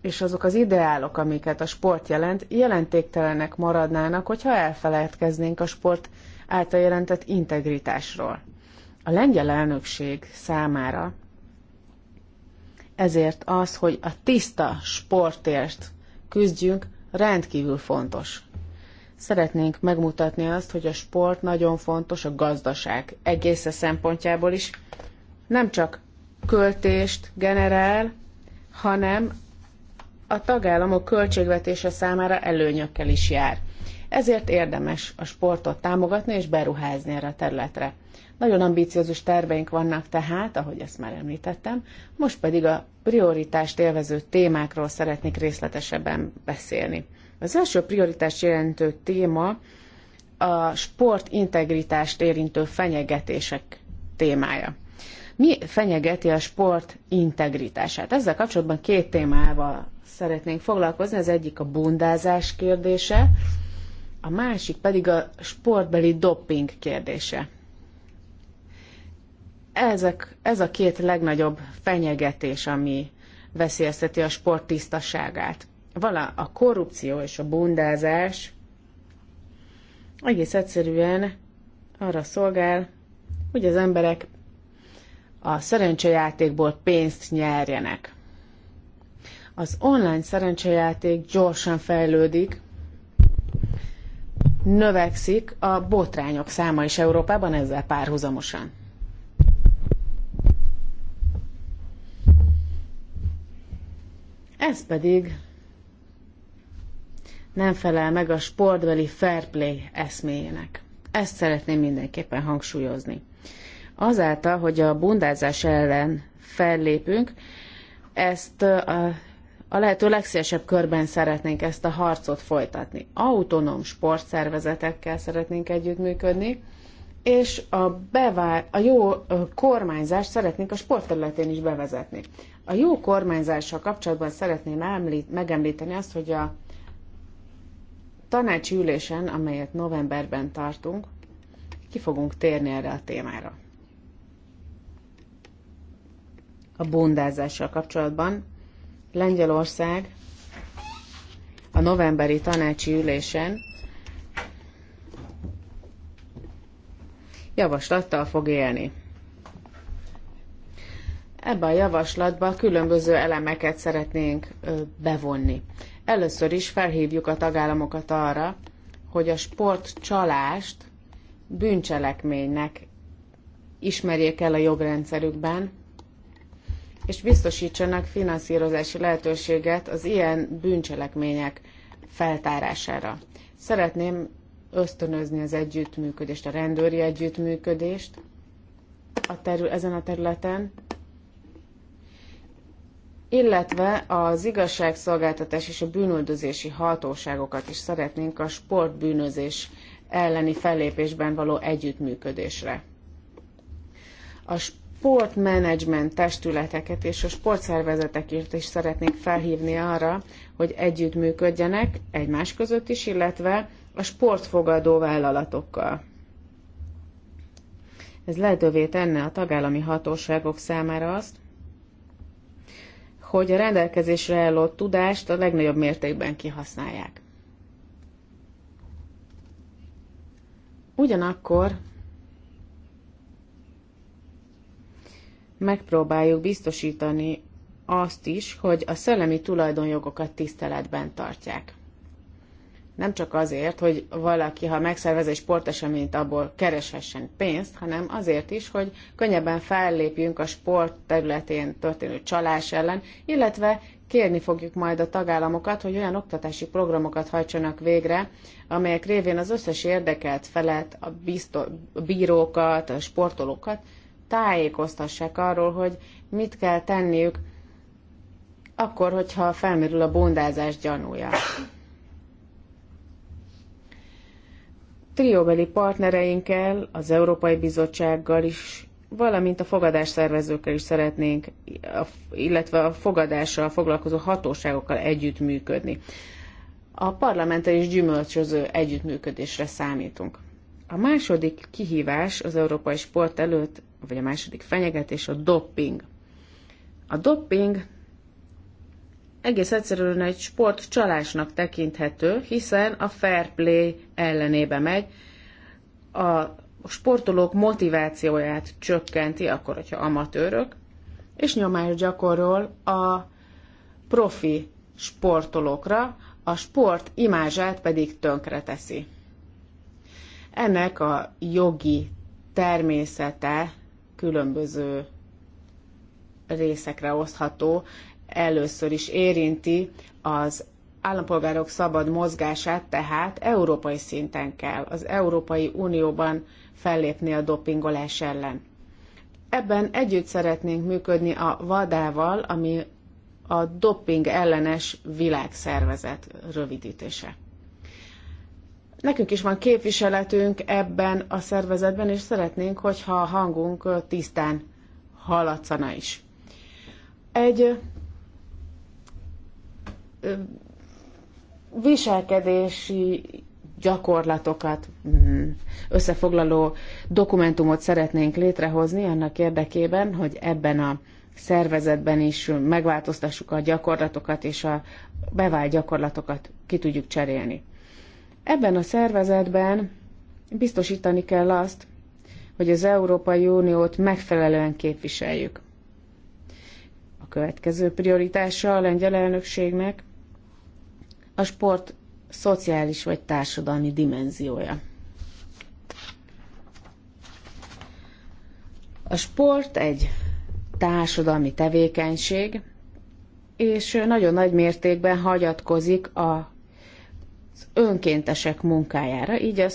és azok az ideálok, amiket a sport jelent, jelentéktelenek maradnának, hogyha elfelejtkeznénk a sport által jelentett integritásról. A lengyel elnökség számára ezért az, hogy a tiszta sportért küzdjünk, rendkívül fontos. Szeretnénk megmutatni azt, hogy a sport nagyon fontos a gazdaság a szempontjából is. Nem csak költést generál, hanem a tagállamok költségvetése számára előnyökkel is jár. Ezért érdemes a sportot támogatni és beruházni erre a területre. Nagyon ambíciózus terveink vannak tehát, ahogy ezt már említettem, most pedig a prioritást élvező témákról szeretnék részletesebben beszélni. Az első prioritást jelentő téma a sport integritást érintő fenyegetések témája. Mi fenyegeti a sport integritását? Ezzel kapcsolatban két témával szeretnénk foglalkozni. Az egyik a bundázás kérdése, a másik pedig a sportbeli dopping kérdése. Ezek, ez a két legnagyobb fenyegetés, ami veszélyezteti a sport tisztaságát. Vala a korrupció és a bundázás egész egyszerűen arra szolgál, hogy az emberek a szerencsejátékból pénzt nyerjenek. Az online szerencsejáték gyorsan fejlődik, növekszik a botrányok száma is Európában ezzel párhuzamosan. Ez pedig nem felel meg a sportbeli fair play eszméjének. Ezt szeretném mindenképpen hangsúlyozni. Azáltal, hogy a bundázás ellen fellépünk, ezt a a lehető legszélesebb körben szeretnénk ezt a harcot folytatni. Autonóm sportszervezetekkel szeretnénk együttműködni, és a, bevár, a jó kormányzást szeretnénk a sportterületén is bevezetni. A jó kormányzással kapcsolatban szeretném említ, megemlíteni azt, hogy a tanácsi ülésen, amelyet novemberben tartunk, ki fogunk térni erre a témára. A bundázással kapcsolatban Lengyelország a novemberi tanácsi ülésen javaslattal fog élni. Ebben a javaslatban különböző elemeket szeretnénk bevonni. Először is felhívjuk a tagállamokat arra, hogy a sportcsalást bűncselekménynek ismerjék el a jogrendszerükben, és biztosítsanak finanszírozási lehetőséget az ilyen bűncselekmények feltárására. Szeretném ösztönözni az együttműködést, a rendőri együttműködést a terül, ezen a területen, illetve az igazságszolgáltatás és a bűnöldözési hatóságokat is szeretnénk a sportbűnözés elleni fellépésben való együttműködésre. A sportmenedzsment testületeket és a sportszervezetekért is szeretnék felhívni arra, hogy együttműködjenek egymás között is, illetve a sportfogadó vállalatokkal. Ez lehetővé tenne a tagállami hatóságok számára azt, hogy a rendelkezésre álló tudást a legnagyobb mértékben kihasználják. Ugyanakkor megpróbáljuk biztosítani azt is, hogy a szellemi tulajdonjogokat tiszteletben tartják. Nem csak azért, hogy valaki, ha megszervez egy sporteseményt, abból kereshessen pénzt, hanem azért is, hogy könnyebben fellépjünk a sport területén történő csalás ellen, illetve kérni fogjuk majd a tagállamokat, hogy olyan oktatási programokat hajtsanak végre, amelyek révén az összes érdekelt felet, a, biztos, a bírókat, a sportolókat tájékoztassák arról, hogy mit kell tenniük akkor, hogyha felmerül a bondázás gyanúja. Trióbeli partnereinkkel, az Európai Bizottsággal is, valamint a fogadásszervezőkkel is szeretnénk, illetve a fogadással foglalkozó hatóságokkal együttműködni. A parlamenttel is gyümölcsöző együttműködésre számítunk. A második kihívás az európai sport előtt vagy a második fenyegetés a dopping. A dopping egész egyszerűen egy sport csalásnak tekinthető, hiszen a fair play ellenébe megy. A sportolók motivációját csökkenti, akkor, hogyha amatőrök, és nyomást gyakorol a profi sportolókra, a sport imázsát pedig tönkreteszi. Ennek a jogi természete különböző részekre osztható. Először is érinti az állampolgárok szabad mozgását, tehát európai szinten kell az Európai Unióban fellépni a dopingolás ellen. Ebben együtt szeretnénk működni a vadával, ami a doping ellenes világszervezet rövidítése. Nekünk is van képviseletünk ebben a szervezetben, és szeretnénk, hogyha a hangunk tisztán hallatszana is. Egy viselkedési gyakorlatokat hmm, összefoglaló dokumentumot szeretnénk létrehozni annak érdekében, hogy ebben a szervezetben is megváltoztassuk a gyakorlatokat és a bevált gyakorlatokat ki tudjuk cserélni. Ebben a szervezetben biztosítani kell azt, hogy az Európai Uniót megfelelően képviseljük. A következő prioritása a lengyel elnökségnek a sport szociális vagy társadalmi dimenziója. A sport egy társadalmi tevékenység, és nagyon nagy mértékben hagyatkozik a önkéntesek munkájára, így a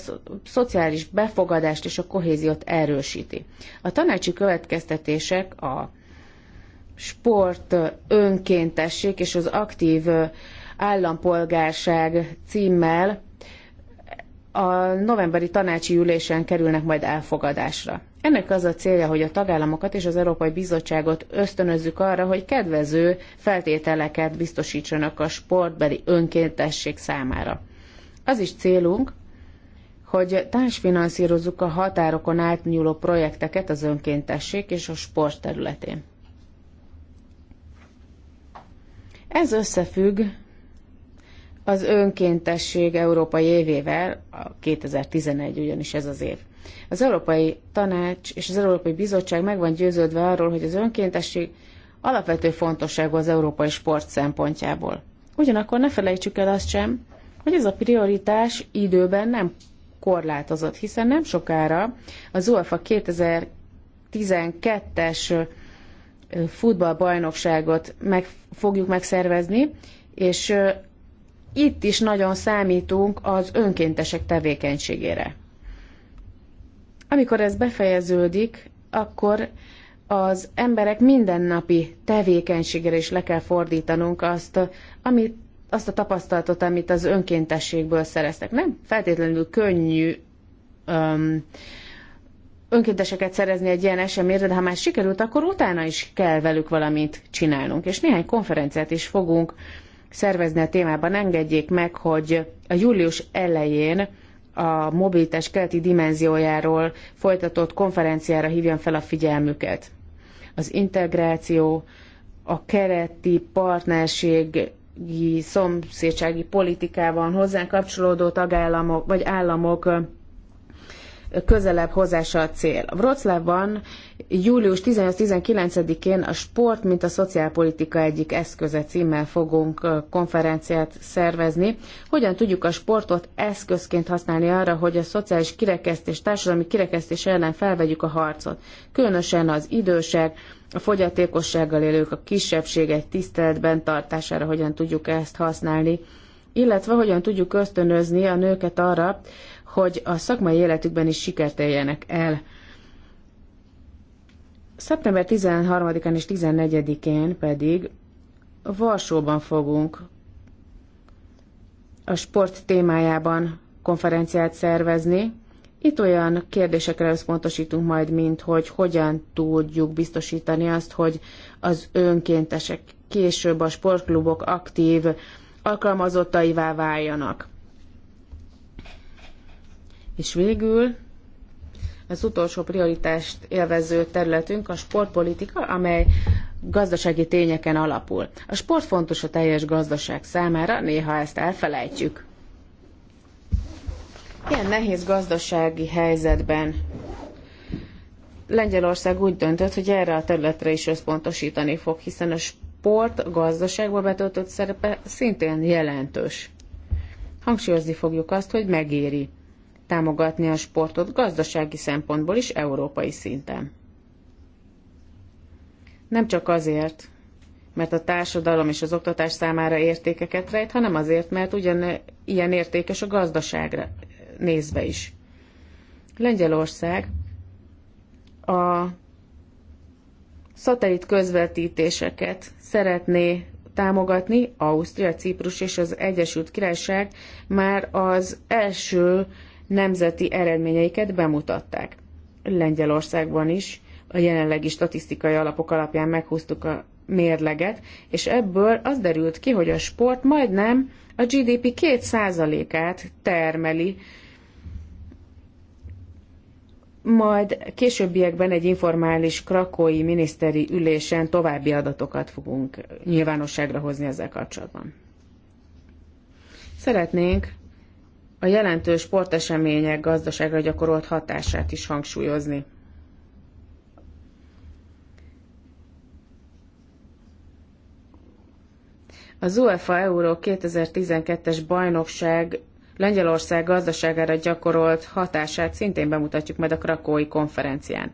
szociális befogadást és a kohéziót erősíti. A tanácsi következtetések a sport, önkéntesség és az aktív állampolgárság címmel a novemberi tanácsi ülésen kerülnek majd elfogadásra. Ennek az a célja, hogy a tagállamokat és az Európai Bizottságot ösztönözzük arra, hogy kedvező feltételeket biztosítsanak a sportbeli önkéntesség számára. Az is célunk, hogy társfinanszírozzuk a határokon átnyúló projekteket az önkéntesség és a sport területén. Ez összefügg az önkéntesség Európai évével, a 2011 ugyanis ez az év. Az Európai Tanács és az Európai Bizottság meg van győződve arról, hogy az önkéntesség alapvető fontosságú az európai sport szempontjából. Ugyanakkor ne felejtsük el azt sem, hogy ez a prioritás időben nem korlátozott, hiszen nem sokára az UEFA 2012-es futballbajnokságot meg fogjuk megszervezni, és itt is nagyon számítunk az önkéntesek tevékenységére. Amikor ez befejeződik, akkor az emberek mindennapi tevékenységre is le kell fordítanunk azt, amit azt a tapasztalatot, amit az önkéntességből szereztek. Nem feltétlenül könnyű öm, önkénteseket szerezni egy ilyen eseményre, de ha már sikerült, akkor utána is kell velük valamit csinálnunk. És néhány konferenciát is fogunk szervezni a témában. Engedjék meg, hogy a július elején a mobilitás keleti dimenziójáról folytatott konferenciára hívjam fel a figyelmüket. Az integráció, a kereti partnerség szomszédsági politikában hozzánk kapcsolódó tagállamok vagy államok közelebb hozása a cél. Wroclawban július 18-19-én a Sport, mint a szociálpolitika egyik eszköze címmel fogunk konferenciát szervezni. Hogyan tudjuk a sportot eszközként használni arra, hogy a szociális kirekesztés, társadalmi kirekesztés ellen felvegyük a harcot? Különösen az idősek, a fogyatékossággal élők, a kisebbségek tiszteletben tartására hogyan tudjuk ezt használni, illetve hogyan tudjuk ösztönözni a nőket arra, hogy a szakmai életükben is sikert éljenek el. Szeptember 13-án és 14-én pedig Varsóban fogunk a sport témájában konferenciát szervezni, itt olyan kérdésekre összpontosítunk majd, mint hogy hogyan tudjuk biztosítani azt, hogy az önkéntesek később a sportklubok aktív alkalmazottaivá váljanak. És végül az utolsó prioritást élvező területünk a sportpolitika, amely gazdasági tényeken alapul. A sport fontos a teljes gazdaság számára, néha ezt elfelejtjük. Ilyen nehéz gazdasági helyzetben Lengyelország úgy döntött, hogy erre a területre is összpontosítani fog, hiszen a sport a gazdaságba betöltött szerepe szintén jelentős. Hangsúlyozni fogjuk azt, hogy megéri támogatni a sportot gazdasági szempontból is európai szinten. Nem csak azért, mert a társadalom és az oktatás számára értékeket rejt, hanem azért, mert ugyan ilyen értékes a gazdaságra nézve is. Lengyelország a szatellit közvetítéseket szeretné támogatni, Ausztria, Ciprus és az Egyesült Királyság már az első nemzeti eredményeiket bemutatták. Lengyelországban is a jelenlegi statisztikai alapok alapján meghúztuk a mérleget, és ebből az derült ki, hogy a sport majdnem a GDP 2%-át termeli majd későbbiekben egy informális krakói miniszteri ülésen további adatokat fogunk nyilvánosságra hozni ezzel kapcsolatban. Szeretnénk a jelentős sportesemények gazdaságra gyakorolt hatását is hangsúlyozni. Az UEFA Euró 2012-es bajnokság Lengyelország gazdaságára gyakorolt hatását szintén bemutatjuk majd a Krakói konferencián.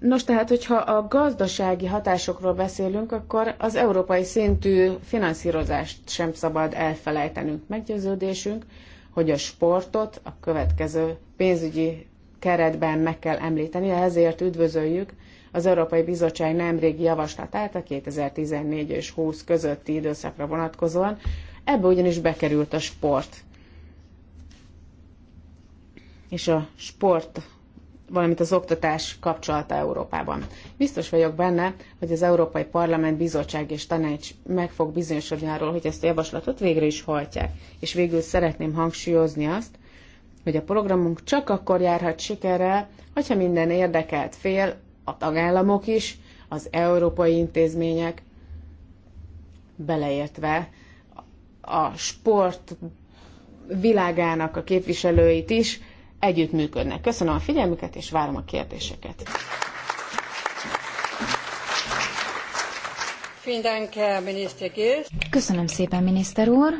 Nos, tehát, hogyha a gazdasági hatásokról beszélünk, akkor az európai szintű finanszírozást sem szabad elfelejtenünk. Meggyőződésünk, hogy a sportot a következő pénzügyi keretben meg kell említeni, ezért üdvözöljük az Európai Bizottság nemrégi javaslatát a 2014 és 20 közötti időszakra vonatkozóan. Ebbe ugyanis bekerült a sport és a sport, valamint az oktatás kapcsolata Európában. Biztos vagyok benne, hogy az Európai Parlament, Bizottság és Tanács meg fog bizonyosodni arról, hogy ezt a javaslatot végre is hajtják. És végül szeretném hangsúlyozni azt, hogy a programunk csak akkor járhat sikerrel, hogyha minden érdekelt fél, a tagállamok is, az európai intézmények, beleértve a sport világának a képviselőit is együttműködnek. Köszönöm a figyelmüket, és várom a kérdéseket. Köszönöm szépen, miniszter úr.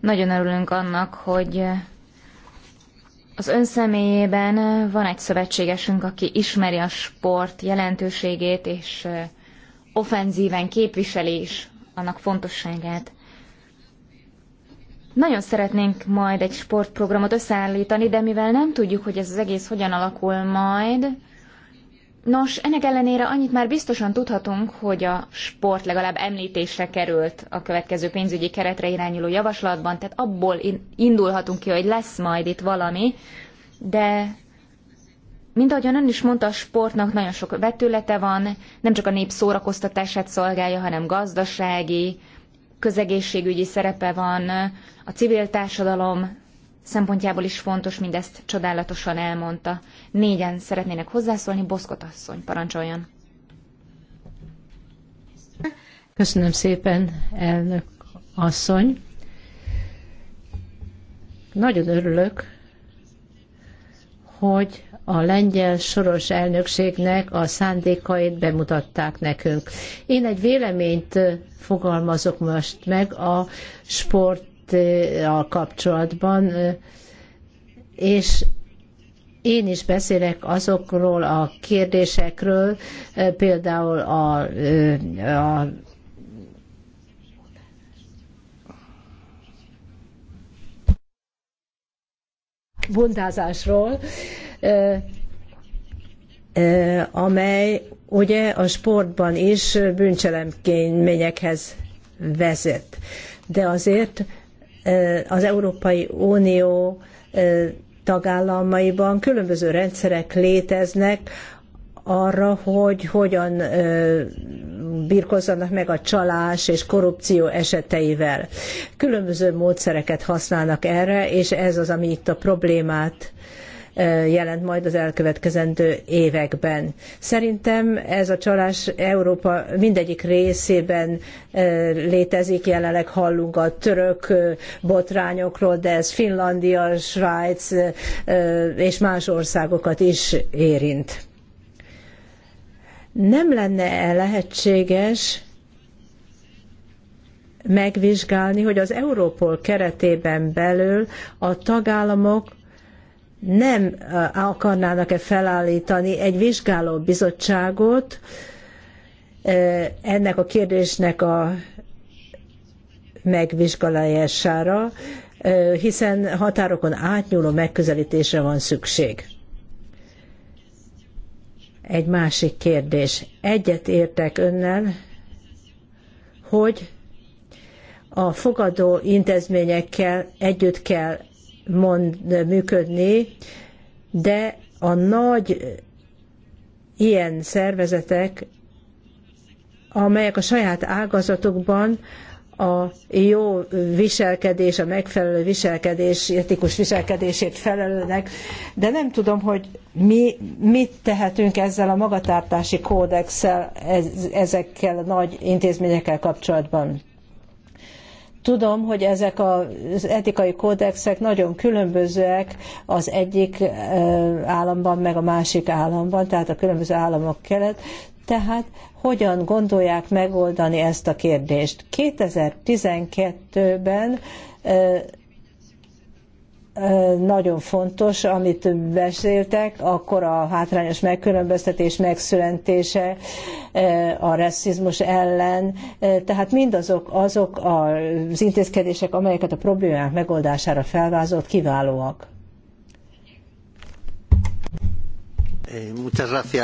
Nagyon örülünk annak, hogy az ön személyében van egy szövetségesünk, aki ismeri a sport jelentőségét, és offenzíven képviseli is annak fontosságát. Nagyon szeretnénk majd egy sportprogramot összeállítani, de mivel nem tudjuk, hogy ez az egész hogyan alakul majd, nos, ennek ellenére annyit már biztosan tudhatunk, hogy a sport legalább említésre került a következő pénzügyi keretre irányuló javaslatban, tehát abból indulhatunk ki, hogy lesz majd itt valami, de mint ahogyan ön is mondta, a sportnak nagyon sok vetülete van, nem csak a nép szórakoztatását szolgálja, hanem gazdasági, közegészségügyi szerepe van, a civil társadalom szempontjából is fontos, mindezt csodálatosan elmondta. Négyen szeretnének hozzászólni, Boszkot asszony, parancsoljon. Köszönöm szépen, elnök asszony. Nagyon örülök, hogy a lengyel soros elnökségnek a szándékait bemutatták nekünk. Én egy véleményt fogalmazok most meg a sporttal kapcsolatban, és én is beszélek azokról a kérdésekről, például a, a bundázásról, amely ugye a sportban is bűncselekményekhez vezet. De azért az Európai Unió tagállamaiban különböző rendszerek léteznek arra, hogy hogyan birkozzanak meg a csalás és korrupció eseteivel. Különböző módszereket használnak erre, és ez az, ami itt a problémát jelent majd az elkövetkezendő években. Szerintem ez a csalás Európa mindegyik részében létezik, jelenleg hallunk a török botrányokról, de ez Finlandia, Svájc és más országokat is érint. Nem lenne -e lehetséges megvizsgálni, hogy az Európol keretében belül a tagállamok nem akarnának-e felállítani egy vizsgáló bizottságot ennek a kérdésnek a megvizsgálására, hiszen határokon átnyúló megközelítésre van szükség. Egy másik kérdés. Egyet értek önnel, hogy a fogadó intézményekkel együtt kell mond, működni, de a nagy eh, ilyen szervezetek, amelyek a saját ágazatukban a jó viselkedés, a megfelelő viselkedés, etikus viselkedését felelőnek, de nem tudom, hogy mi mit tehetünk ezzel a magatartási kódexsel, ezekkel a nagy intézményekkel kapcsolatban. Tudom, hogy ezek az etikai kódexek nagyon különbözőek az egyik államban, meg a másik államban, tehát a különböző államok kelet. Tehát hogyan gondolják megoldani ezt a kérdést? 2012-ben nagyon fontos, amit beszéltek, akkor a hátrányos megkülönböztetés megszülentése, a rasszizmus ellen, tehát mindazok azok az intézkedések, amelyeket a problémák megoldására felvázolt, kiválóak.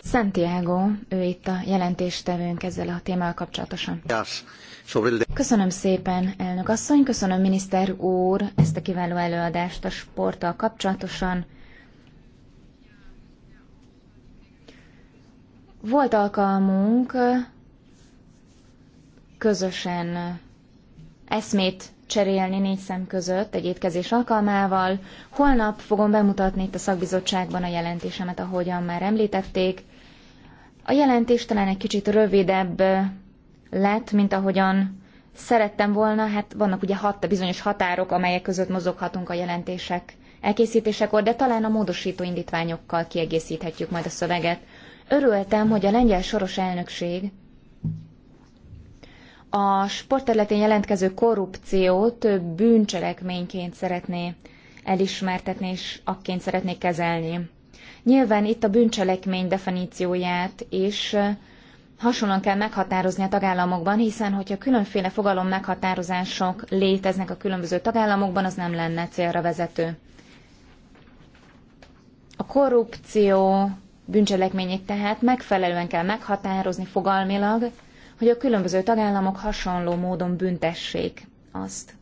Santiago, ő itt a jelentéstevőnk ezzel a témával kapcsolatosan. Köszönöm szépen, elnök asszony, köszönöm miniszter úr ezt a kiváló előadást a sporttal kapcsolatosan. Volt alkalmunk közösen eszmét cserélni négy szem között egy étkezés alkalmával. Holnap fogom bemutatni itt a szakbizottságban a jelentésemet, ahogyan már említették. A jelentés talán egy kicsit rövidebb lett, mint ahogyan szerettem volna. Hát vannak ugye hat, bizonyos határok, amelyek között mozoghatunk a jelentések elkészítésekor, de talán a módosító indítványokkal kiegészíthetjük majd a szöveget. Örültem, hogy a lengyel soros elnökség a sportterületén jelentkező több bűncselekményként szeretné elismertetni, és akként szeretné kezelni. Nyilván itt a bűncselekmény definícióját is hasonlóan kell meghatározni a tagállamokban, hiszen hogyha különféle fogalom meghatározások léteznek a különböző tagállamokban, az nem lenne célra vezető. A korrupció bűncselekményét tehát megfelelően kell meghatározni fogalmilag, hogy a különböző tagállamok hasonló módon büntessék azt.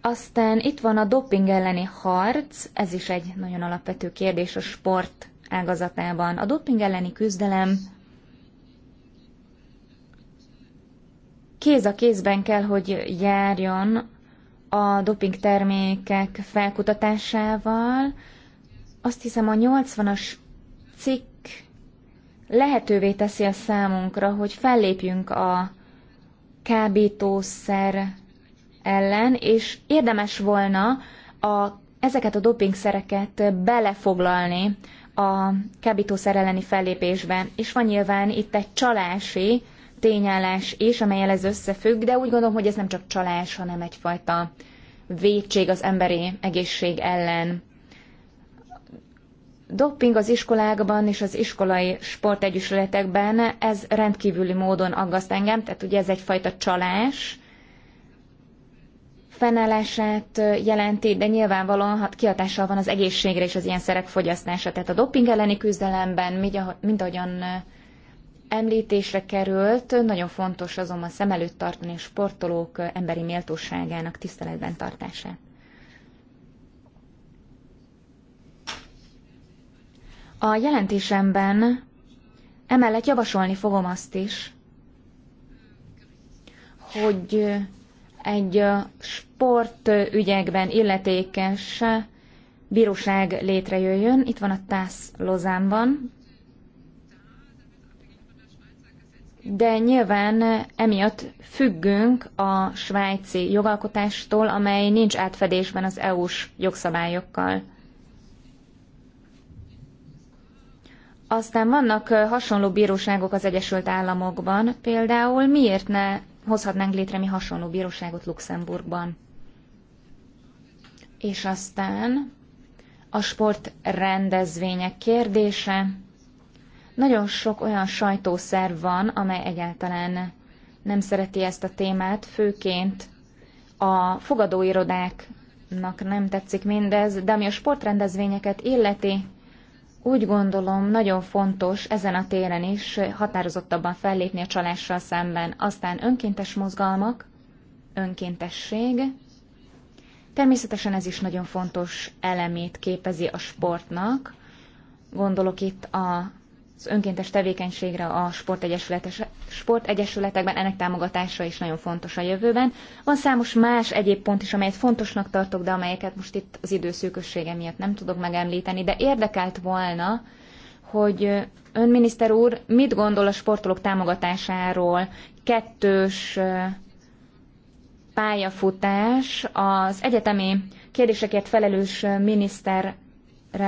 Aztán itt van a doping elleni harc, ez is egy nagyon alapvető kérdés a sport ágazatában. A doping elleni küzdelem kéz a kézben kell, hogy járjon a doping termékek felkutatásával. Azt hiszem a 80-as cikk lehetővé teszi a számunkra, hogy fellépjünk a kábítószer ellen, és érdemes volna a, ezeket a dopingszereket belefoglalni a kábítószer elleni fellépésbe. És van nyilván itt egy csalási tényállás is, amelyel ez összefügg, de úgy gondolom, hogy ez nem csak csalás, hanem egyfajta védség az emberi egészség ellen. Dopping az iskolákban és az iskolai sportegyesületekben, ez rendkívüli módon aggaszt engem, tehát ugye ez egyfajta csalás, fennállását jelenti, de nyilvánvalóan kihatással van az egészségre és az ilyen szerek fogyasztása. Tehát a doping elleni küzdelemben, mint ahogyan említésre került, nagyon fontos azonban szem előtt tartani a sportolók emberi méltóságának tiszteletben tartását. A jelentésemben emellett javasolni fogom azt is, hogy egy sportügyekben illetékes bíróság létrejöjjön. Itt van a TASZ Lozánban. De nyilván emiatt függünk a svájci jogalkotástól, amely nincs átfedésben az EU-s jogszabályokkal. Aztán vannak hasonló bíróságok az Egyesült Államokban, például miért ne hozhatnánk létre mi hasonló bíróságot Luxemburgban. És aztán a sportrendezvények kérdése. Nagyon sok olyan sajtószerv van, amely egyáltalán nem szereti ezt a témát, főként a fogadóirodáknak nem tetszik mindez, de ami a sportrendezvényeket illeti, úgy gondolom, nagyon fontos ezen a téren is határozottabban fellépni a csalással szemben. Aztán önkéntes mozgalmak, önkéntesség. Természetesen ez is nagyon fontos elemét képezi a sportnak. Gondolok itt a az önkéntes tevékenységre a sportegyesületekben, ennek támogatása is nagyon fontos a jövőben. Van számos más egyéb pont is, amelyet fontosnak tartok, de amelyeket most itt az időszűkössége miatt nem tudok megemlíteni, de érdekelt volna, hogy ön miniszter úr mit gondol a sportolók támogatásáról, kettős pályafutás, az egyetemi kérdésekért felelős miniszter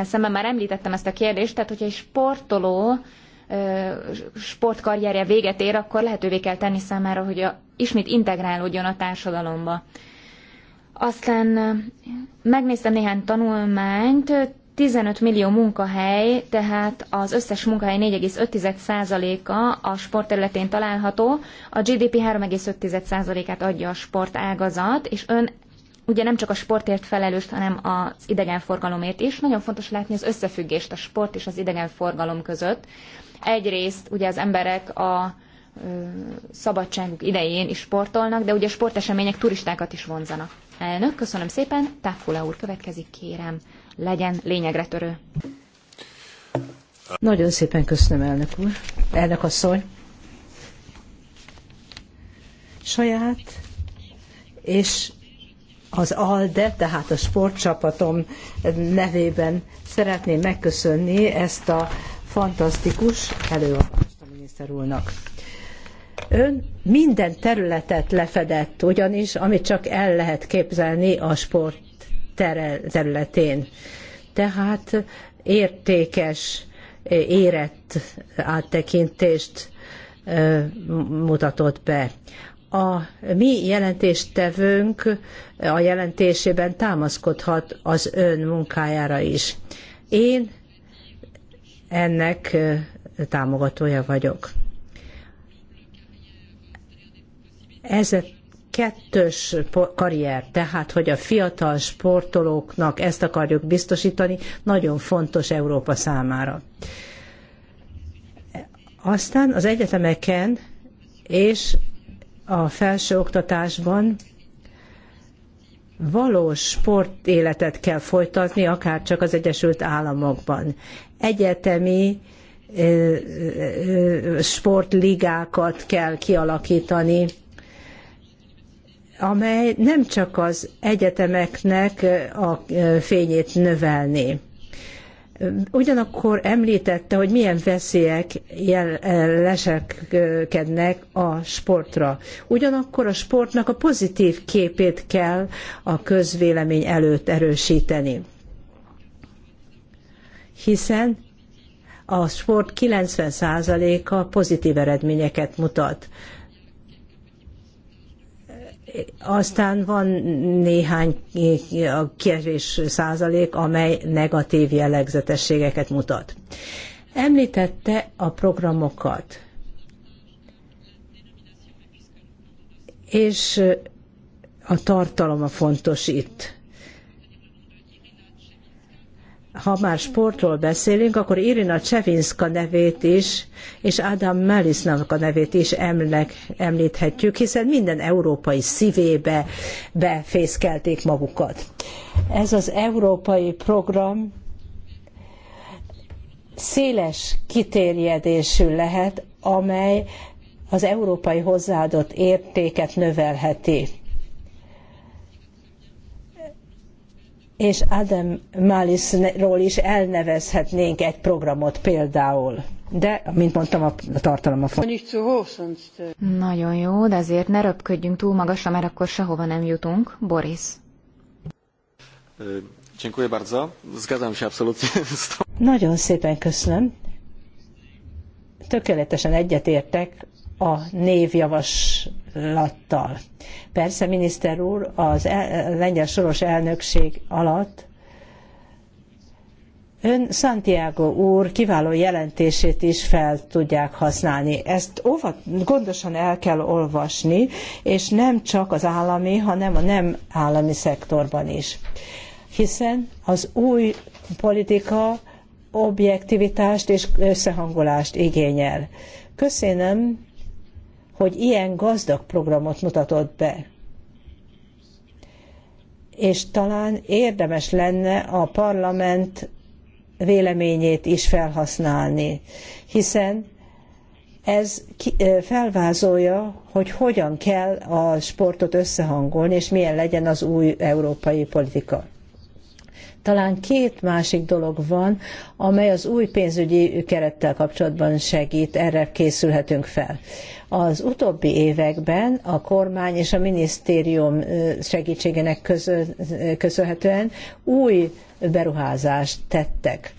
szemben már említettem ezt a kérdést, tehát hogyha egy sportoló sportkarrierje véget ér, akkor lehetővé kell tenni számára, hogy a, ismét integrálódjon a társadalomba. Aztán megnéztem néhány tanulmányt, 15 millió munkahely, tehát az összes munkahely 4,5%-a a sport területén található, a GDP 3,5%-át adja a sportágazat, és ön ugye nem csak a sportért felelős, hanem az idegenforgalomért is. Nagyon fontos látni az összefüggést a sport és az idegenforgalom között. Egyrészt ugye az emberek a ö, szabadságuk idején is sportolnak, de ugye sportesemények turistákat is vonzanak. Elnök, köszönöm szépen, Táfula úr következik, kérem, legyen lényegre törő. Nagyon szépen köszönöm, elnök úr, elnök asszony. Saját és az ALDE, tehát a sportcsapatom nevében szeretném megköszönni ezt a fantasztikus előadást a miniszter úrnak. Ön minden területet lefedett, ugyanis, amit csak el lehet képzelni a sport területén. Tehát értékes, érett áttekintést mutatott be a mi jelentéstevőnk a jelentésében támaszkodhat az ön munkájára is. Én ennek támogatója vagyok. Ez a kettős karrier, tehát hogy a fiatal sportolóknak ezt akarjuk biztosítani, nagyon fontos Európa számára. Aztán az egyetemeken és a felsőoktatásban valós sportéletet kell folytatni, akár csak az Egyesült Államokban. Egyetemi sportligákat kell kialakítani, amely nem csak az egyetemeknek a fényét növelni. Ugyanakkor említette, hogy milyen veszélyek eh, leselkednek a sportra. Ugyanakkor a sportnak a pozitív képét kell a közvélemény előtt erősíteni. Hiszen a sport 90%-a pozitív eredményeket mutat. Aztán van néhány eh, kevés százalék, amely negatív jellegzetességeket mutat. Említette a programokat. És eh, a tartalom a fontos itt ha már sportról beszélünk, akkor Irina Csevinska nevét is, és Adam Melisnak a nevét is emlek, említhetjük, hiszen minden európai szívébe befészkelték magukat. Ez az európai program széles kiterjedésű lehet, amely az európai hozzáadott értéket növelheti és Adam Malisról is elnevezhetnénk egy programot például. De, mint mondtam, a tartalom a fontos. Nagyon jó, de azért ne röpködjünk túl magasra, mert akkor sehova nem jutunk. Boris. Dziękuję bardzo. Zgadzam się absolutnie z Nagyon szépen köszönöm. Tökéletesen egyetértek a névjavaslattal. Persze, miniszter úr, az el, lengyel soros elnökség alatt Ön Santiago úr kiváló jelentését is fel tudják használni. Ezt óvat, gondosan el kell olvasni, és nem csak az állami, hanem a nem állami szektorban is. Hiszen az új politika objektivitást és összehangolást igényel. Köszönöm hogy ilyen gazdag programot mutatott be. És talán érdemes lenne a parlament véleményét is felhasználni, hiszen ez felvázolja, hogy hogyan kell a sportot összehangolni, és milyen legyen az új európai politika. Talán két másik dolog van, amely az új pénzügyi kerettel kapcsolatban segít, erre készülhetünk fel. Az utóbbi években a kormány és a minisztérium segítségének köszönhetően új beruházást tettek.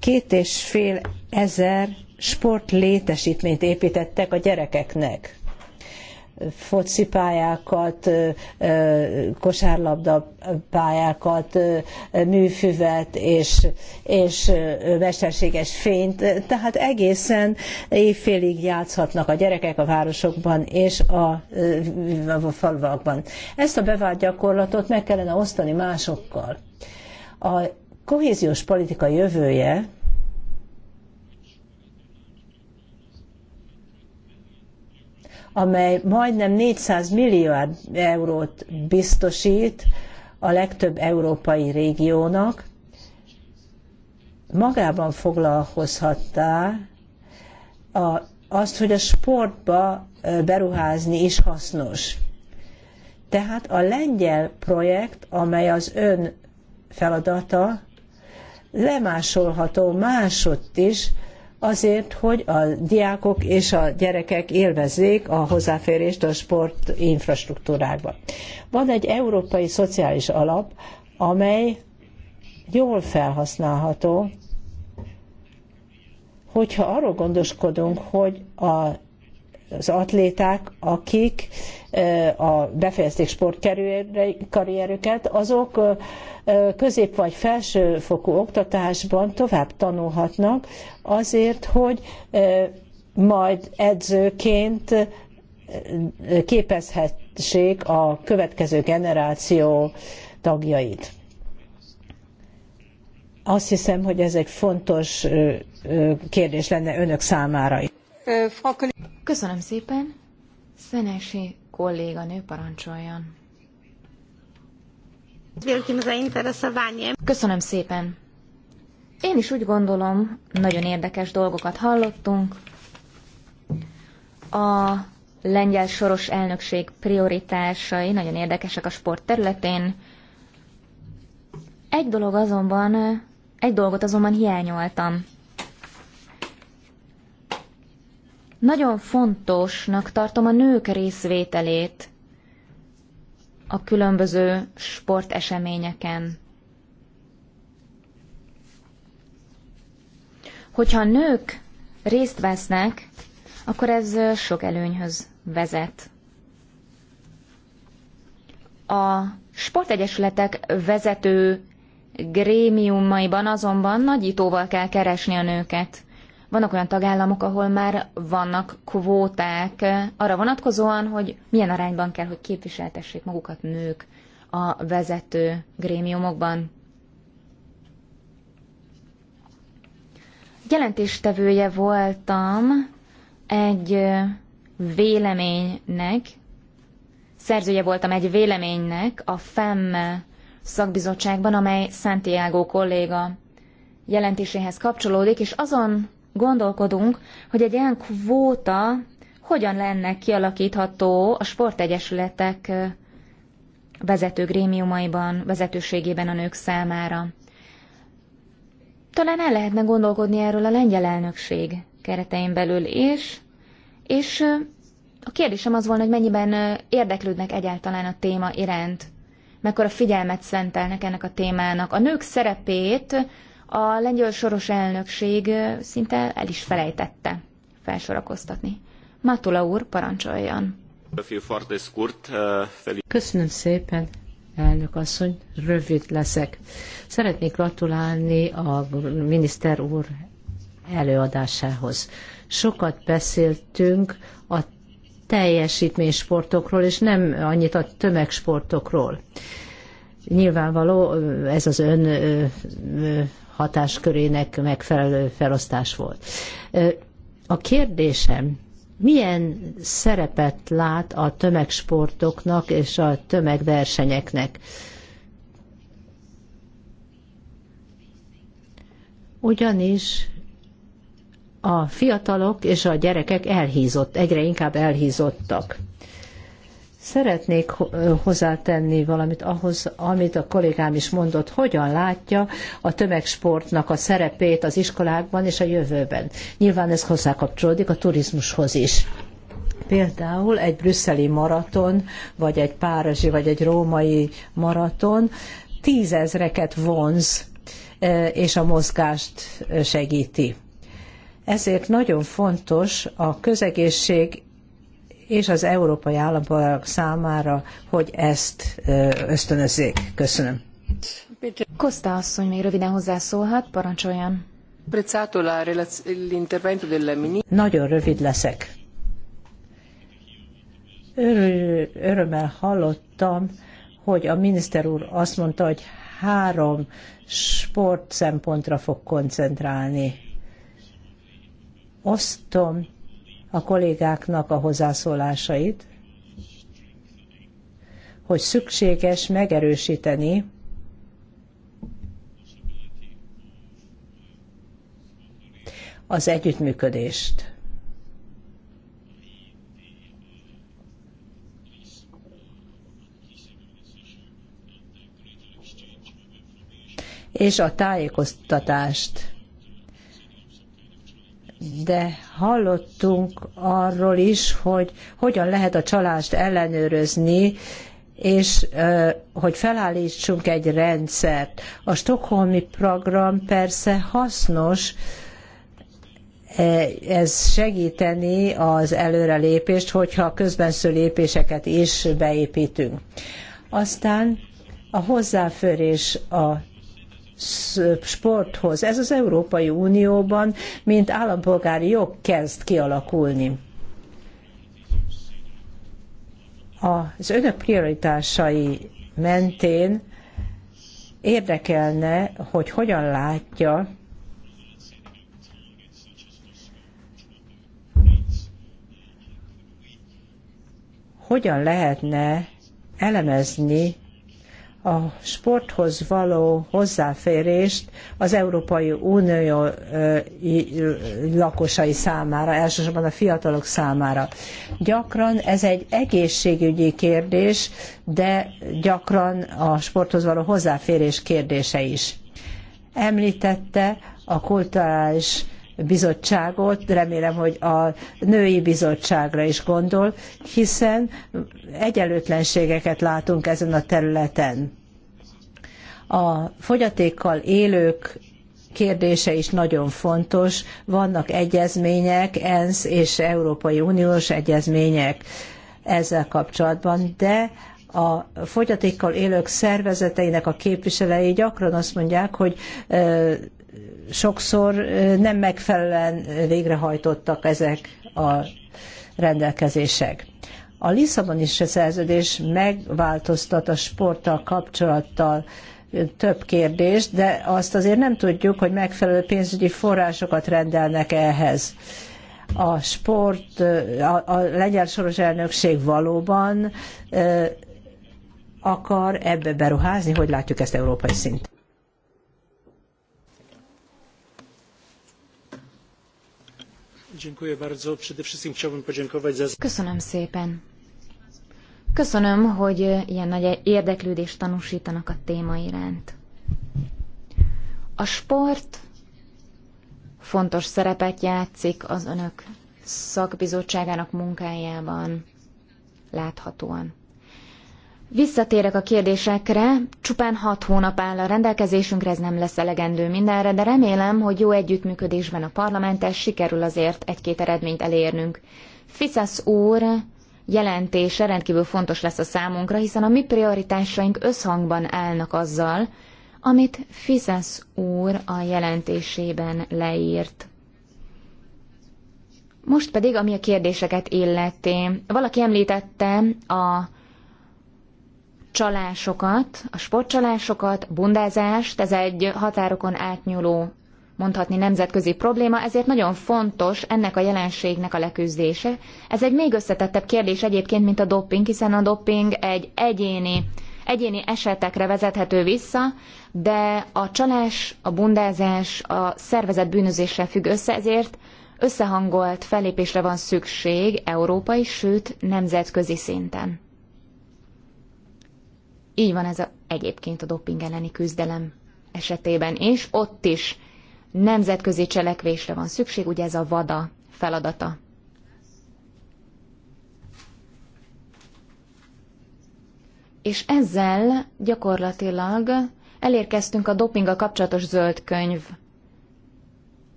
Két és fél ezer sport létesítményt építettek a gyerekeknek focipályákat, kosárlabda pályákat, műfüvet és, és mesterséges fényt. Tehát egészen évfélig játszhatnak a gyerekek a városokban és a, a falvakban. Ezt a bevált gyakorlatot meg kellene osztani másokkal. A kohéziós politika jövője amely majdnem 400 milliárd eurót biztosít a legtöbb európai régiónak, magában foglalkozhatta a, azt, hogy a sportba beruházni is hasznos. Tehát a lengyel projekt, amely az ön feladata, lemásolható másott is, azért, hogy a diákok és a gyerekek élvezzék a hozzáférést a sport infrastruktúrákba. Van egy európai szociális alap, amely jól felhasználható, hogyha arról gondoskodunk, hogy a az atléták, akik eh, a befejezték sportkarrierüket, azok eh, közép- vagy felsőfokú oktatásban tovább tanulhatnak azért, hogy majd edzőként képezhessék a következő generáció tagjait. Azt hiszem, hogy ez egy fontos kérdés lenne önök számára. Köszönöm szépen. Szenesi kolléganő parancsoljon. Köszönöm szépen. Én is úgy gondolom, nagyon érdekes dolgokat hallottunk. A lengyel soros elnökség prioritásai nagyon érdekesek a sport területén. Egy dolog azonban, egy dolgot azonban hiányoltam. Nagyon fontosnak tartom a nők részvételét a különböző sporteseményeken. Hogyha nők részt vesznek, akkor ez sok előnyhöz vezet. A sportegyesületek vezető grémiumaiban azonban nagyítóval kell keresni a nőket. Vannak olyan tagállamok, ahol már vannak kvóták arra vonatkozóan, hogy milyen arányban kell, hogy képviseltessék magukat nők a vezető grémiumokban. Jelentéstevője voltam egy véleménynek, szerzője voltam egy véleménynek a FEM szakbizottságban, amely Santiago kolléga jelentéséhez kapcsolódik, és azon gondolkodunk, hogy egy ilyen kvóta hogyan lenne kialakítható a sportegyesületek vezető grémiumaiban, vezetőségében a nők számára. Talán el lehetne gondolkodni erről a lengyel elnökség keretein belül is, és a kérdésem az volna, hogy mennyiben érdeklődnek egyáltalán a téma iránt, mekkora figyelmet szentelnek ennek a témának. A nők szerepét a lengyel soros elnökség szinte el is felejtette felsorakoztatni. Matula úr, parancsoljon! Köszönöm szépen, elnök asszony, rövid leszek. Szeretnék gratulálni a miniszter úr előadásához. Sokat beszéltünk a teljesítménysportokról, és nem annyit a tömegsportokról. Nyilvánvaló, ez az ön hatáskörének megfelelő felosztás volt. A kérdésem, milyen szerepet lát a tömegsportoknak és a tömegversenyeknek? Ugyanis a fiatalok és a gyerekek elhízott, egyre inkább elhízottak. Szeretnék hozzátenni valamit ahhoz, amit a kollégám is mondott, hogyan látja a tömegsportnak a szerepét az iskolákban és a jövőben. Nyilván ez hozzákapcsolódik a turizmushoz is. Például egy brüsszeli maraton, vagy egy párizsi, vagy egy római maraton tízezreket vonz, és a mozgást segíti. Ezért nagyon fontos a közegészség és az európai állampolgárok számára, hogy ezt ösztönözzék. Köszönöm. Kosta asszony még röviden hozzászólhat, parancsoljon. Nagyon rövid leszek. örömmel hallottam, hogy a miniszter úr azt mondta, hogy három sport szempontra fog koncentrálni. Osztom a kollégáknak a hozzászólásait, hogy szükséges megerősíteni az együttműködést. és a tájékoztatást de hallottunk arról is, hogy hogyan lehet a csalást ellenőrizni, és hogy felállítsunk egy rendszert. A Stockholmi program persze hasznos, e, ez segíteni az előrelépést, hogyha közbenső lépéseket is beépítünk. Aztán a hozzáférés a sporthoz. Ez az Európai Unióban, mint állampolgári jog kezd kialakulni. Az önök prioritásai mentén érdekelne, hogy hogyan látja hogyan lehetne elemezni a sporthoz való hozzáférést az Európai Unió lakosai számára, elsősorban a fiatalok számára. Gyakran ez egy egészségügyi kérdés, de gyakran a sporthoz való hozzáférés kérdése is. Említette a kulturális bizottságot, remélem, hogy a női bizottságra is gondol, hiszen egyenlőtlenségeket látunk ezen a területen. A fogyatékkal élők kérdése is nagyon fontos. Vannak egyezmények, ENSZ és Európai Uniós egyezmények ezzel kapcsolatban, de a fogyatékkal élők szervezeteinek a képviselői gyakran azt mondják, hogy sokszor nem megfelelően végrehajtottak ezek a rendelkezések. A Lisszaboni szerződés megváltoztat a sporttal kapcsolattal több kérdést, de azt azért nem tudjuk, hogy megfelelő pénzügyi forrásokat rendelnek -e ehhez. A sport, a, a lengyel soros elnökség valóban akar ebbe beruházni, hogy látjuk ezt európai szinten. Köszönöm szépen. Köszönöm, hogy ilyen nagy érdeklődést tanúsítanak a téma iránt. A sport fontos szerepet játszik az önök szakbizottságának munkájában láthatóan. Visszatérek a kérdésekre, csupán hat hónap áll a rendelkezésünkre, ez nem lesz elegendő mindenre, de remélem, hogy jó együttműködésben a parlamenttel sikerül azért egy-két eredményt elérnünk. Fiszesz úr jelentése rendkívül fontos lesz a számunkra, hiszen a mi prioritásaink összhangban állnak azzal, amit Fiszesz úr a jelentésében leírt. Most pedig, ami a kérdéseket illeti. Valaki említette a csalásokat, a sportcsalásokat, bundázást, ez egy határokon átnyúló, mondhatni nemzetközi probléma, ezért nagyon fontos ennek a jelenségnek a leküzdése. Ez egy még összetettebb kérdés egyébként, mint a doping, hiszen a doping egy egyéni, egyéni esetekre vezethető vissza, de a csalás, a bundázás, a szervezet bűnözéssel függ össze, ezért összehangolt fellépésre van szükség európai, sőt nemzetközi szinten. Így van ez a, egyébként a doping elleni küzdelem esetében, és ott is nemzetközi cselekvésre van szükség, ugye ez a vada feladata. És ezzel gyakorlatilag elérkeztünk a dopinga kapcsolatos zöld könyv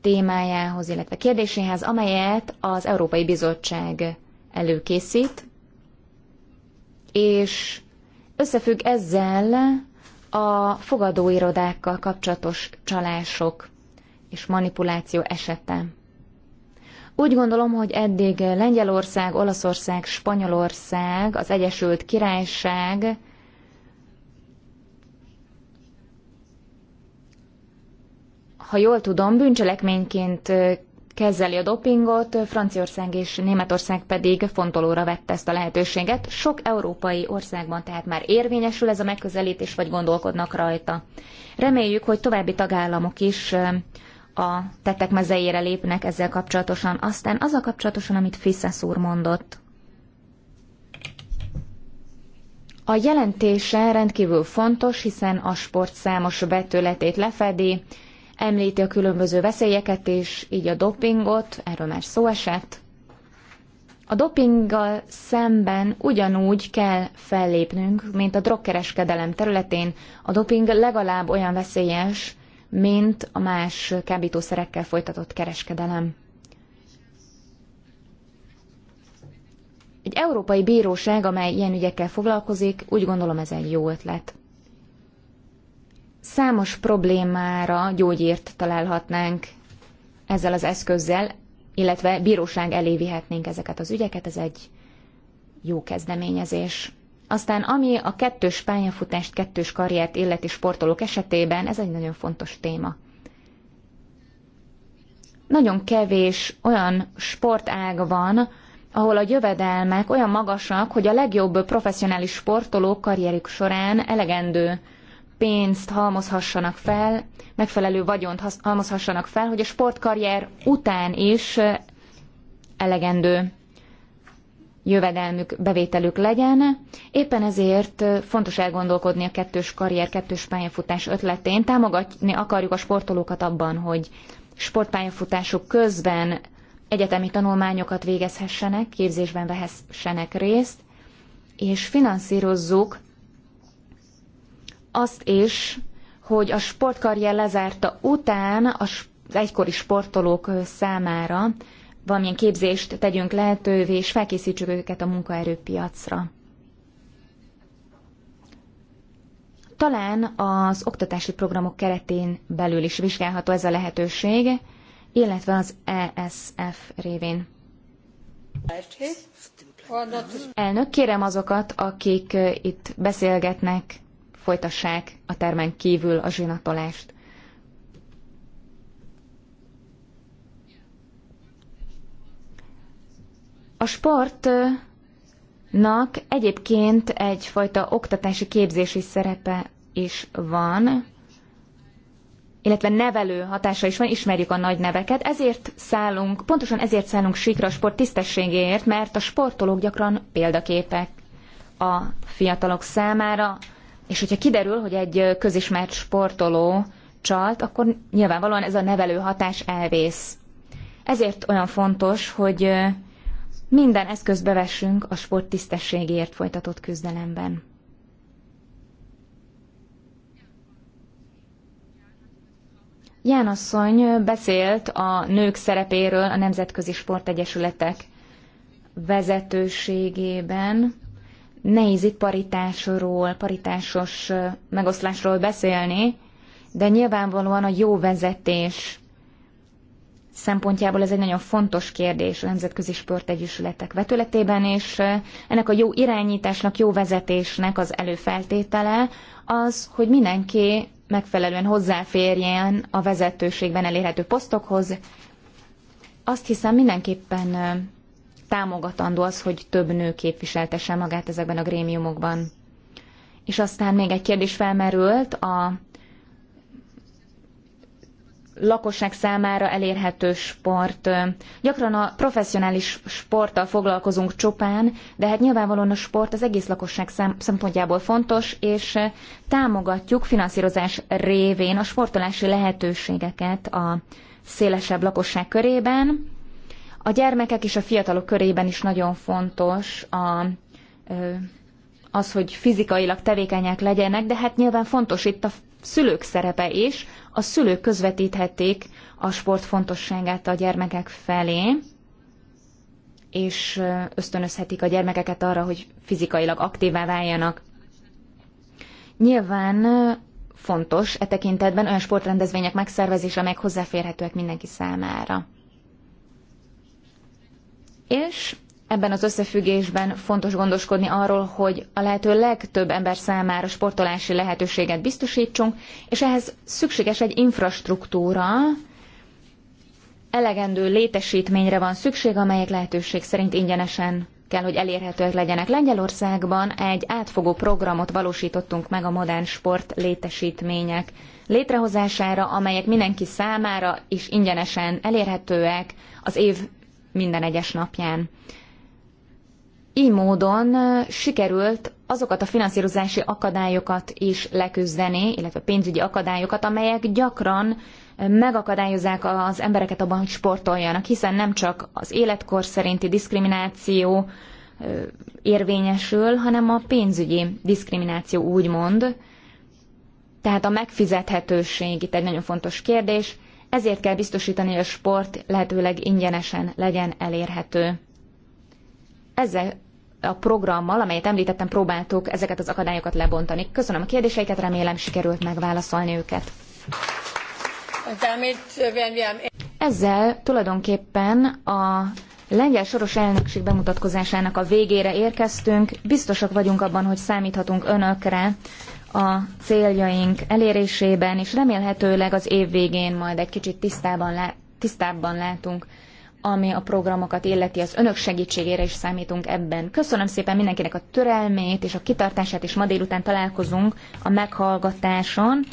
témájához, illetve kérdéséhez, amelyet az Európai Bizottság előkészít, és összefügg ezzel a fogadóirodákkal kapcsolatos csalások és manipuláció esete. Úgy gondolom, hogy eddig Lengyelország, Olaszország, Spanyolország, az Egyesült Királyság ha jól tudom, bűncselekményként kezeli a dopingot, Franciaország és Németország pedig fontolóra vette ezt a lehetőséget. Sok európai országban tehát már érvényesül ez a megközelítés, vagy gondolkodnak rajta. Reméljük, hogy további tagállamok is eh, a tettek mezeire lépnek ezzel kapcsolatosan. Aztán az a kapcsolatosan, amit Fiszesz úr mondott. A jelentése rendkívül fontos, hiszen a sport számos betületét lefedi, említi a különböző veszélyeket és így a dopingot, erről már szó esett. A dopinggal szemben ugyanúgy kell fellépnünk, mint a drogkereskedelem területén. A doping legalább olyan veszélyes, mint a más kábítószerekkel folytatott kereskedelem. Egy európai bíróság, amely ilyen ügyekkel foglalkozik, úgy gondolom ez egy jó ötlet. Számos problémára gyógyírt találhatnánk ezzel az eszközzel, illetve bíróság elé vihetnénk ezeket az ügyeket, ez egy jó kezdeményezés. Aztán ami a kettős pályafutást, kettős karriert illeti sportolók esetében, ez egy nagyon fontos téma. Nagyon kevés olyan sportág van, ahol a jövedelmek olyan magasak, hogy a legjobb professzionális sportolók karrierük során elegendő pénzt halmozhassanak fel, megfelelő vagyont halmozhassanak fel, hogy a sportkarrier után is elegendő jövedelmük, bevételük legyen. Éppen ezért fontos elgondolkodni a kettős karrier, kettős pályafutás ötletén. Támogatni akarjuk a sportolókat abban, hogy sportpályafutásuk közben egyetemi tanulmányokat végezhessenek, képzésben vehessenek részt, és finanszírozzuk azt is, hogy a sportkarrier lezárta után az egykori sportolók számára valamilyen képzést tegyünk lehetővé, és felkészítsük őket a munkaerőpiacra. Talán az oktatási programok keretén belül is vizsgálható ez a lehetőség, illetve az ESF révén. Elnök, kérem azokat, akik itt beszélgetnek, folytassák a termen kívül a zsinatolást. A sportnak egyébként egyfajta oktatási képzési szerepe is van, illetve nevelő hatása is van, ismerjük a nagy neveket, ezért szállunk, pontosan ezért szállunk síkra a sport tisztességéért, mert a sportolók gyakran példaképek a fiatalok számára, és hogyha kiderül, hogy egy közismert sportoló csalt, akkor nyilvánvalóan ez a nevelő hatás elvész. Ezért olyan fontos, hogy minden eszközt bevessünk a sport tisztességért folytatott küzdelemben. Jánasszony beszélt a nők szerepéről a Nemzetközi Sportegyesületek vezetőségében. Nehéz itt paritásról, paritásos megoszlásról beszélni, de nyilvánvalóan a jó vezetés szempontjából ez egy nagyon fontos kérdés a nemzetközi sportegyesületek vetületében, és ennek a jó irányításnak, jó vezetésnek az előfeltétele az, hogy mindenki megfelelően hozzáférjen a vezetőségben elérhető posztokhoz. Azt hiszem mindenképpen támogatandó az, hogy több nő képviseltesse magát ezekben a grémiumokban. És aztán még egy kérdés felmerült, a lakosság számára elérhető sport. Gyakran a professzionális sporttal foglalkozunk csupán, de hát nyilvánvalóan a sport az egész lakosság szempontjából fontos, és támogatjuk finanszírozás révén a sportolási lehetőségeket a szélesebb lakosság körében. A gyermekek és a fiatalok körében is nagyon fontos a, az, hogy fizikailag tevékenyek legyenek, de hát nyilván fontos itt a szülők szerepe is. A szülők közvetíthették a sport fontosságát a gyermekek felé, és ösztönözhetik a gyermekeket arra, hogy fizikailag aktívá váljanak. Nyilván fontos e tekintetben olyan sportrendezvények megszervezése, amelyek hozzáférhetőek mindenki számára. És ebben az összefüggésben fontos gondoskodni arról, hogy a lehető legtöbb ember számára sportolási lehetőséget biztosítsunk, és ehhez szükséges egy infrastruktúra, elegendő létesítményre van szükség, amelyek lehetőség szerint ingyenesen kell, hogy elérhetőek legyenek. Lengyelországban egy átfogó programot valósítottunk meg a modern sport létesítmények létrehozására, amelyek mindenki számára is ingyenesen elérhetőek az év minden egyes napján. Így módon sikerült azokat a finanszírozási akadályokat is leküzdeni, illetve pénzügyi akadályokat, amelyek gyakran megakadályozzák az embereket abban, hogy sportoljanak, hiszen nem csak az életkor szerinti diszkrimináció érvényesül, hanem a pénzügyi diszkrimináció úgymond. Tehát a megfizethetőség itt egy nagyon fontos kérdés ezért kell biztosítani, hogy a sport lehetőleg ingyenesen legyen elérhető. Ezzel a programmal, amelyet említettem, próbáltuk ezeket az akadályokat lebontani. Köszönöm a kérdéseiket, remélem sikerült megválaszolni őket. Ezzel tulajdonképpen a lengyel soros elnökség bemutatkozásának a végére érkeztünk. Biztosak vagyunk abban, hogy számíthatunk önökre a céljaink elérésében, és remélhetőleg az év végén majd egy kicsit tisztában lá- tisztábban látunk, ami a programokat illeti, az önök segítségére is számítunk ebben. Köszönöm szépen mindenkinek a türelmét és a kitartását, és ma délután találkozunk a meghallgatáson.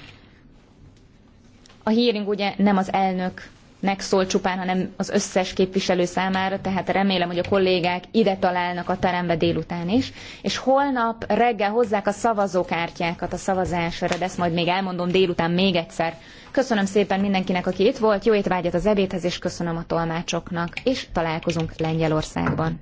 A hearing ugye nem az elnök nek szól csupán, hanem az összes képviselő számára, tehát remélem, hogy a kollégák ide találnak a terembe délután is, és holnap reggel hozzák a szavazókártyákat a szavazásra, de ezt majd még elmondom délután még egyszer. Köszönöm szépen mindenkinek, aki itt volt, jó étvágyat az ebédhez, és köszönöm a tolmácsoknak, és találkozunk Lengyelországban.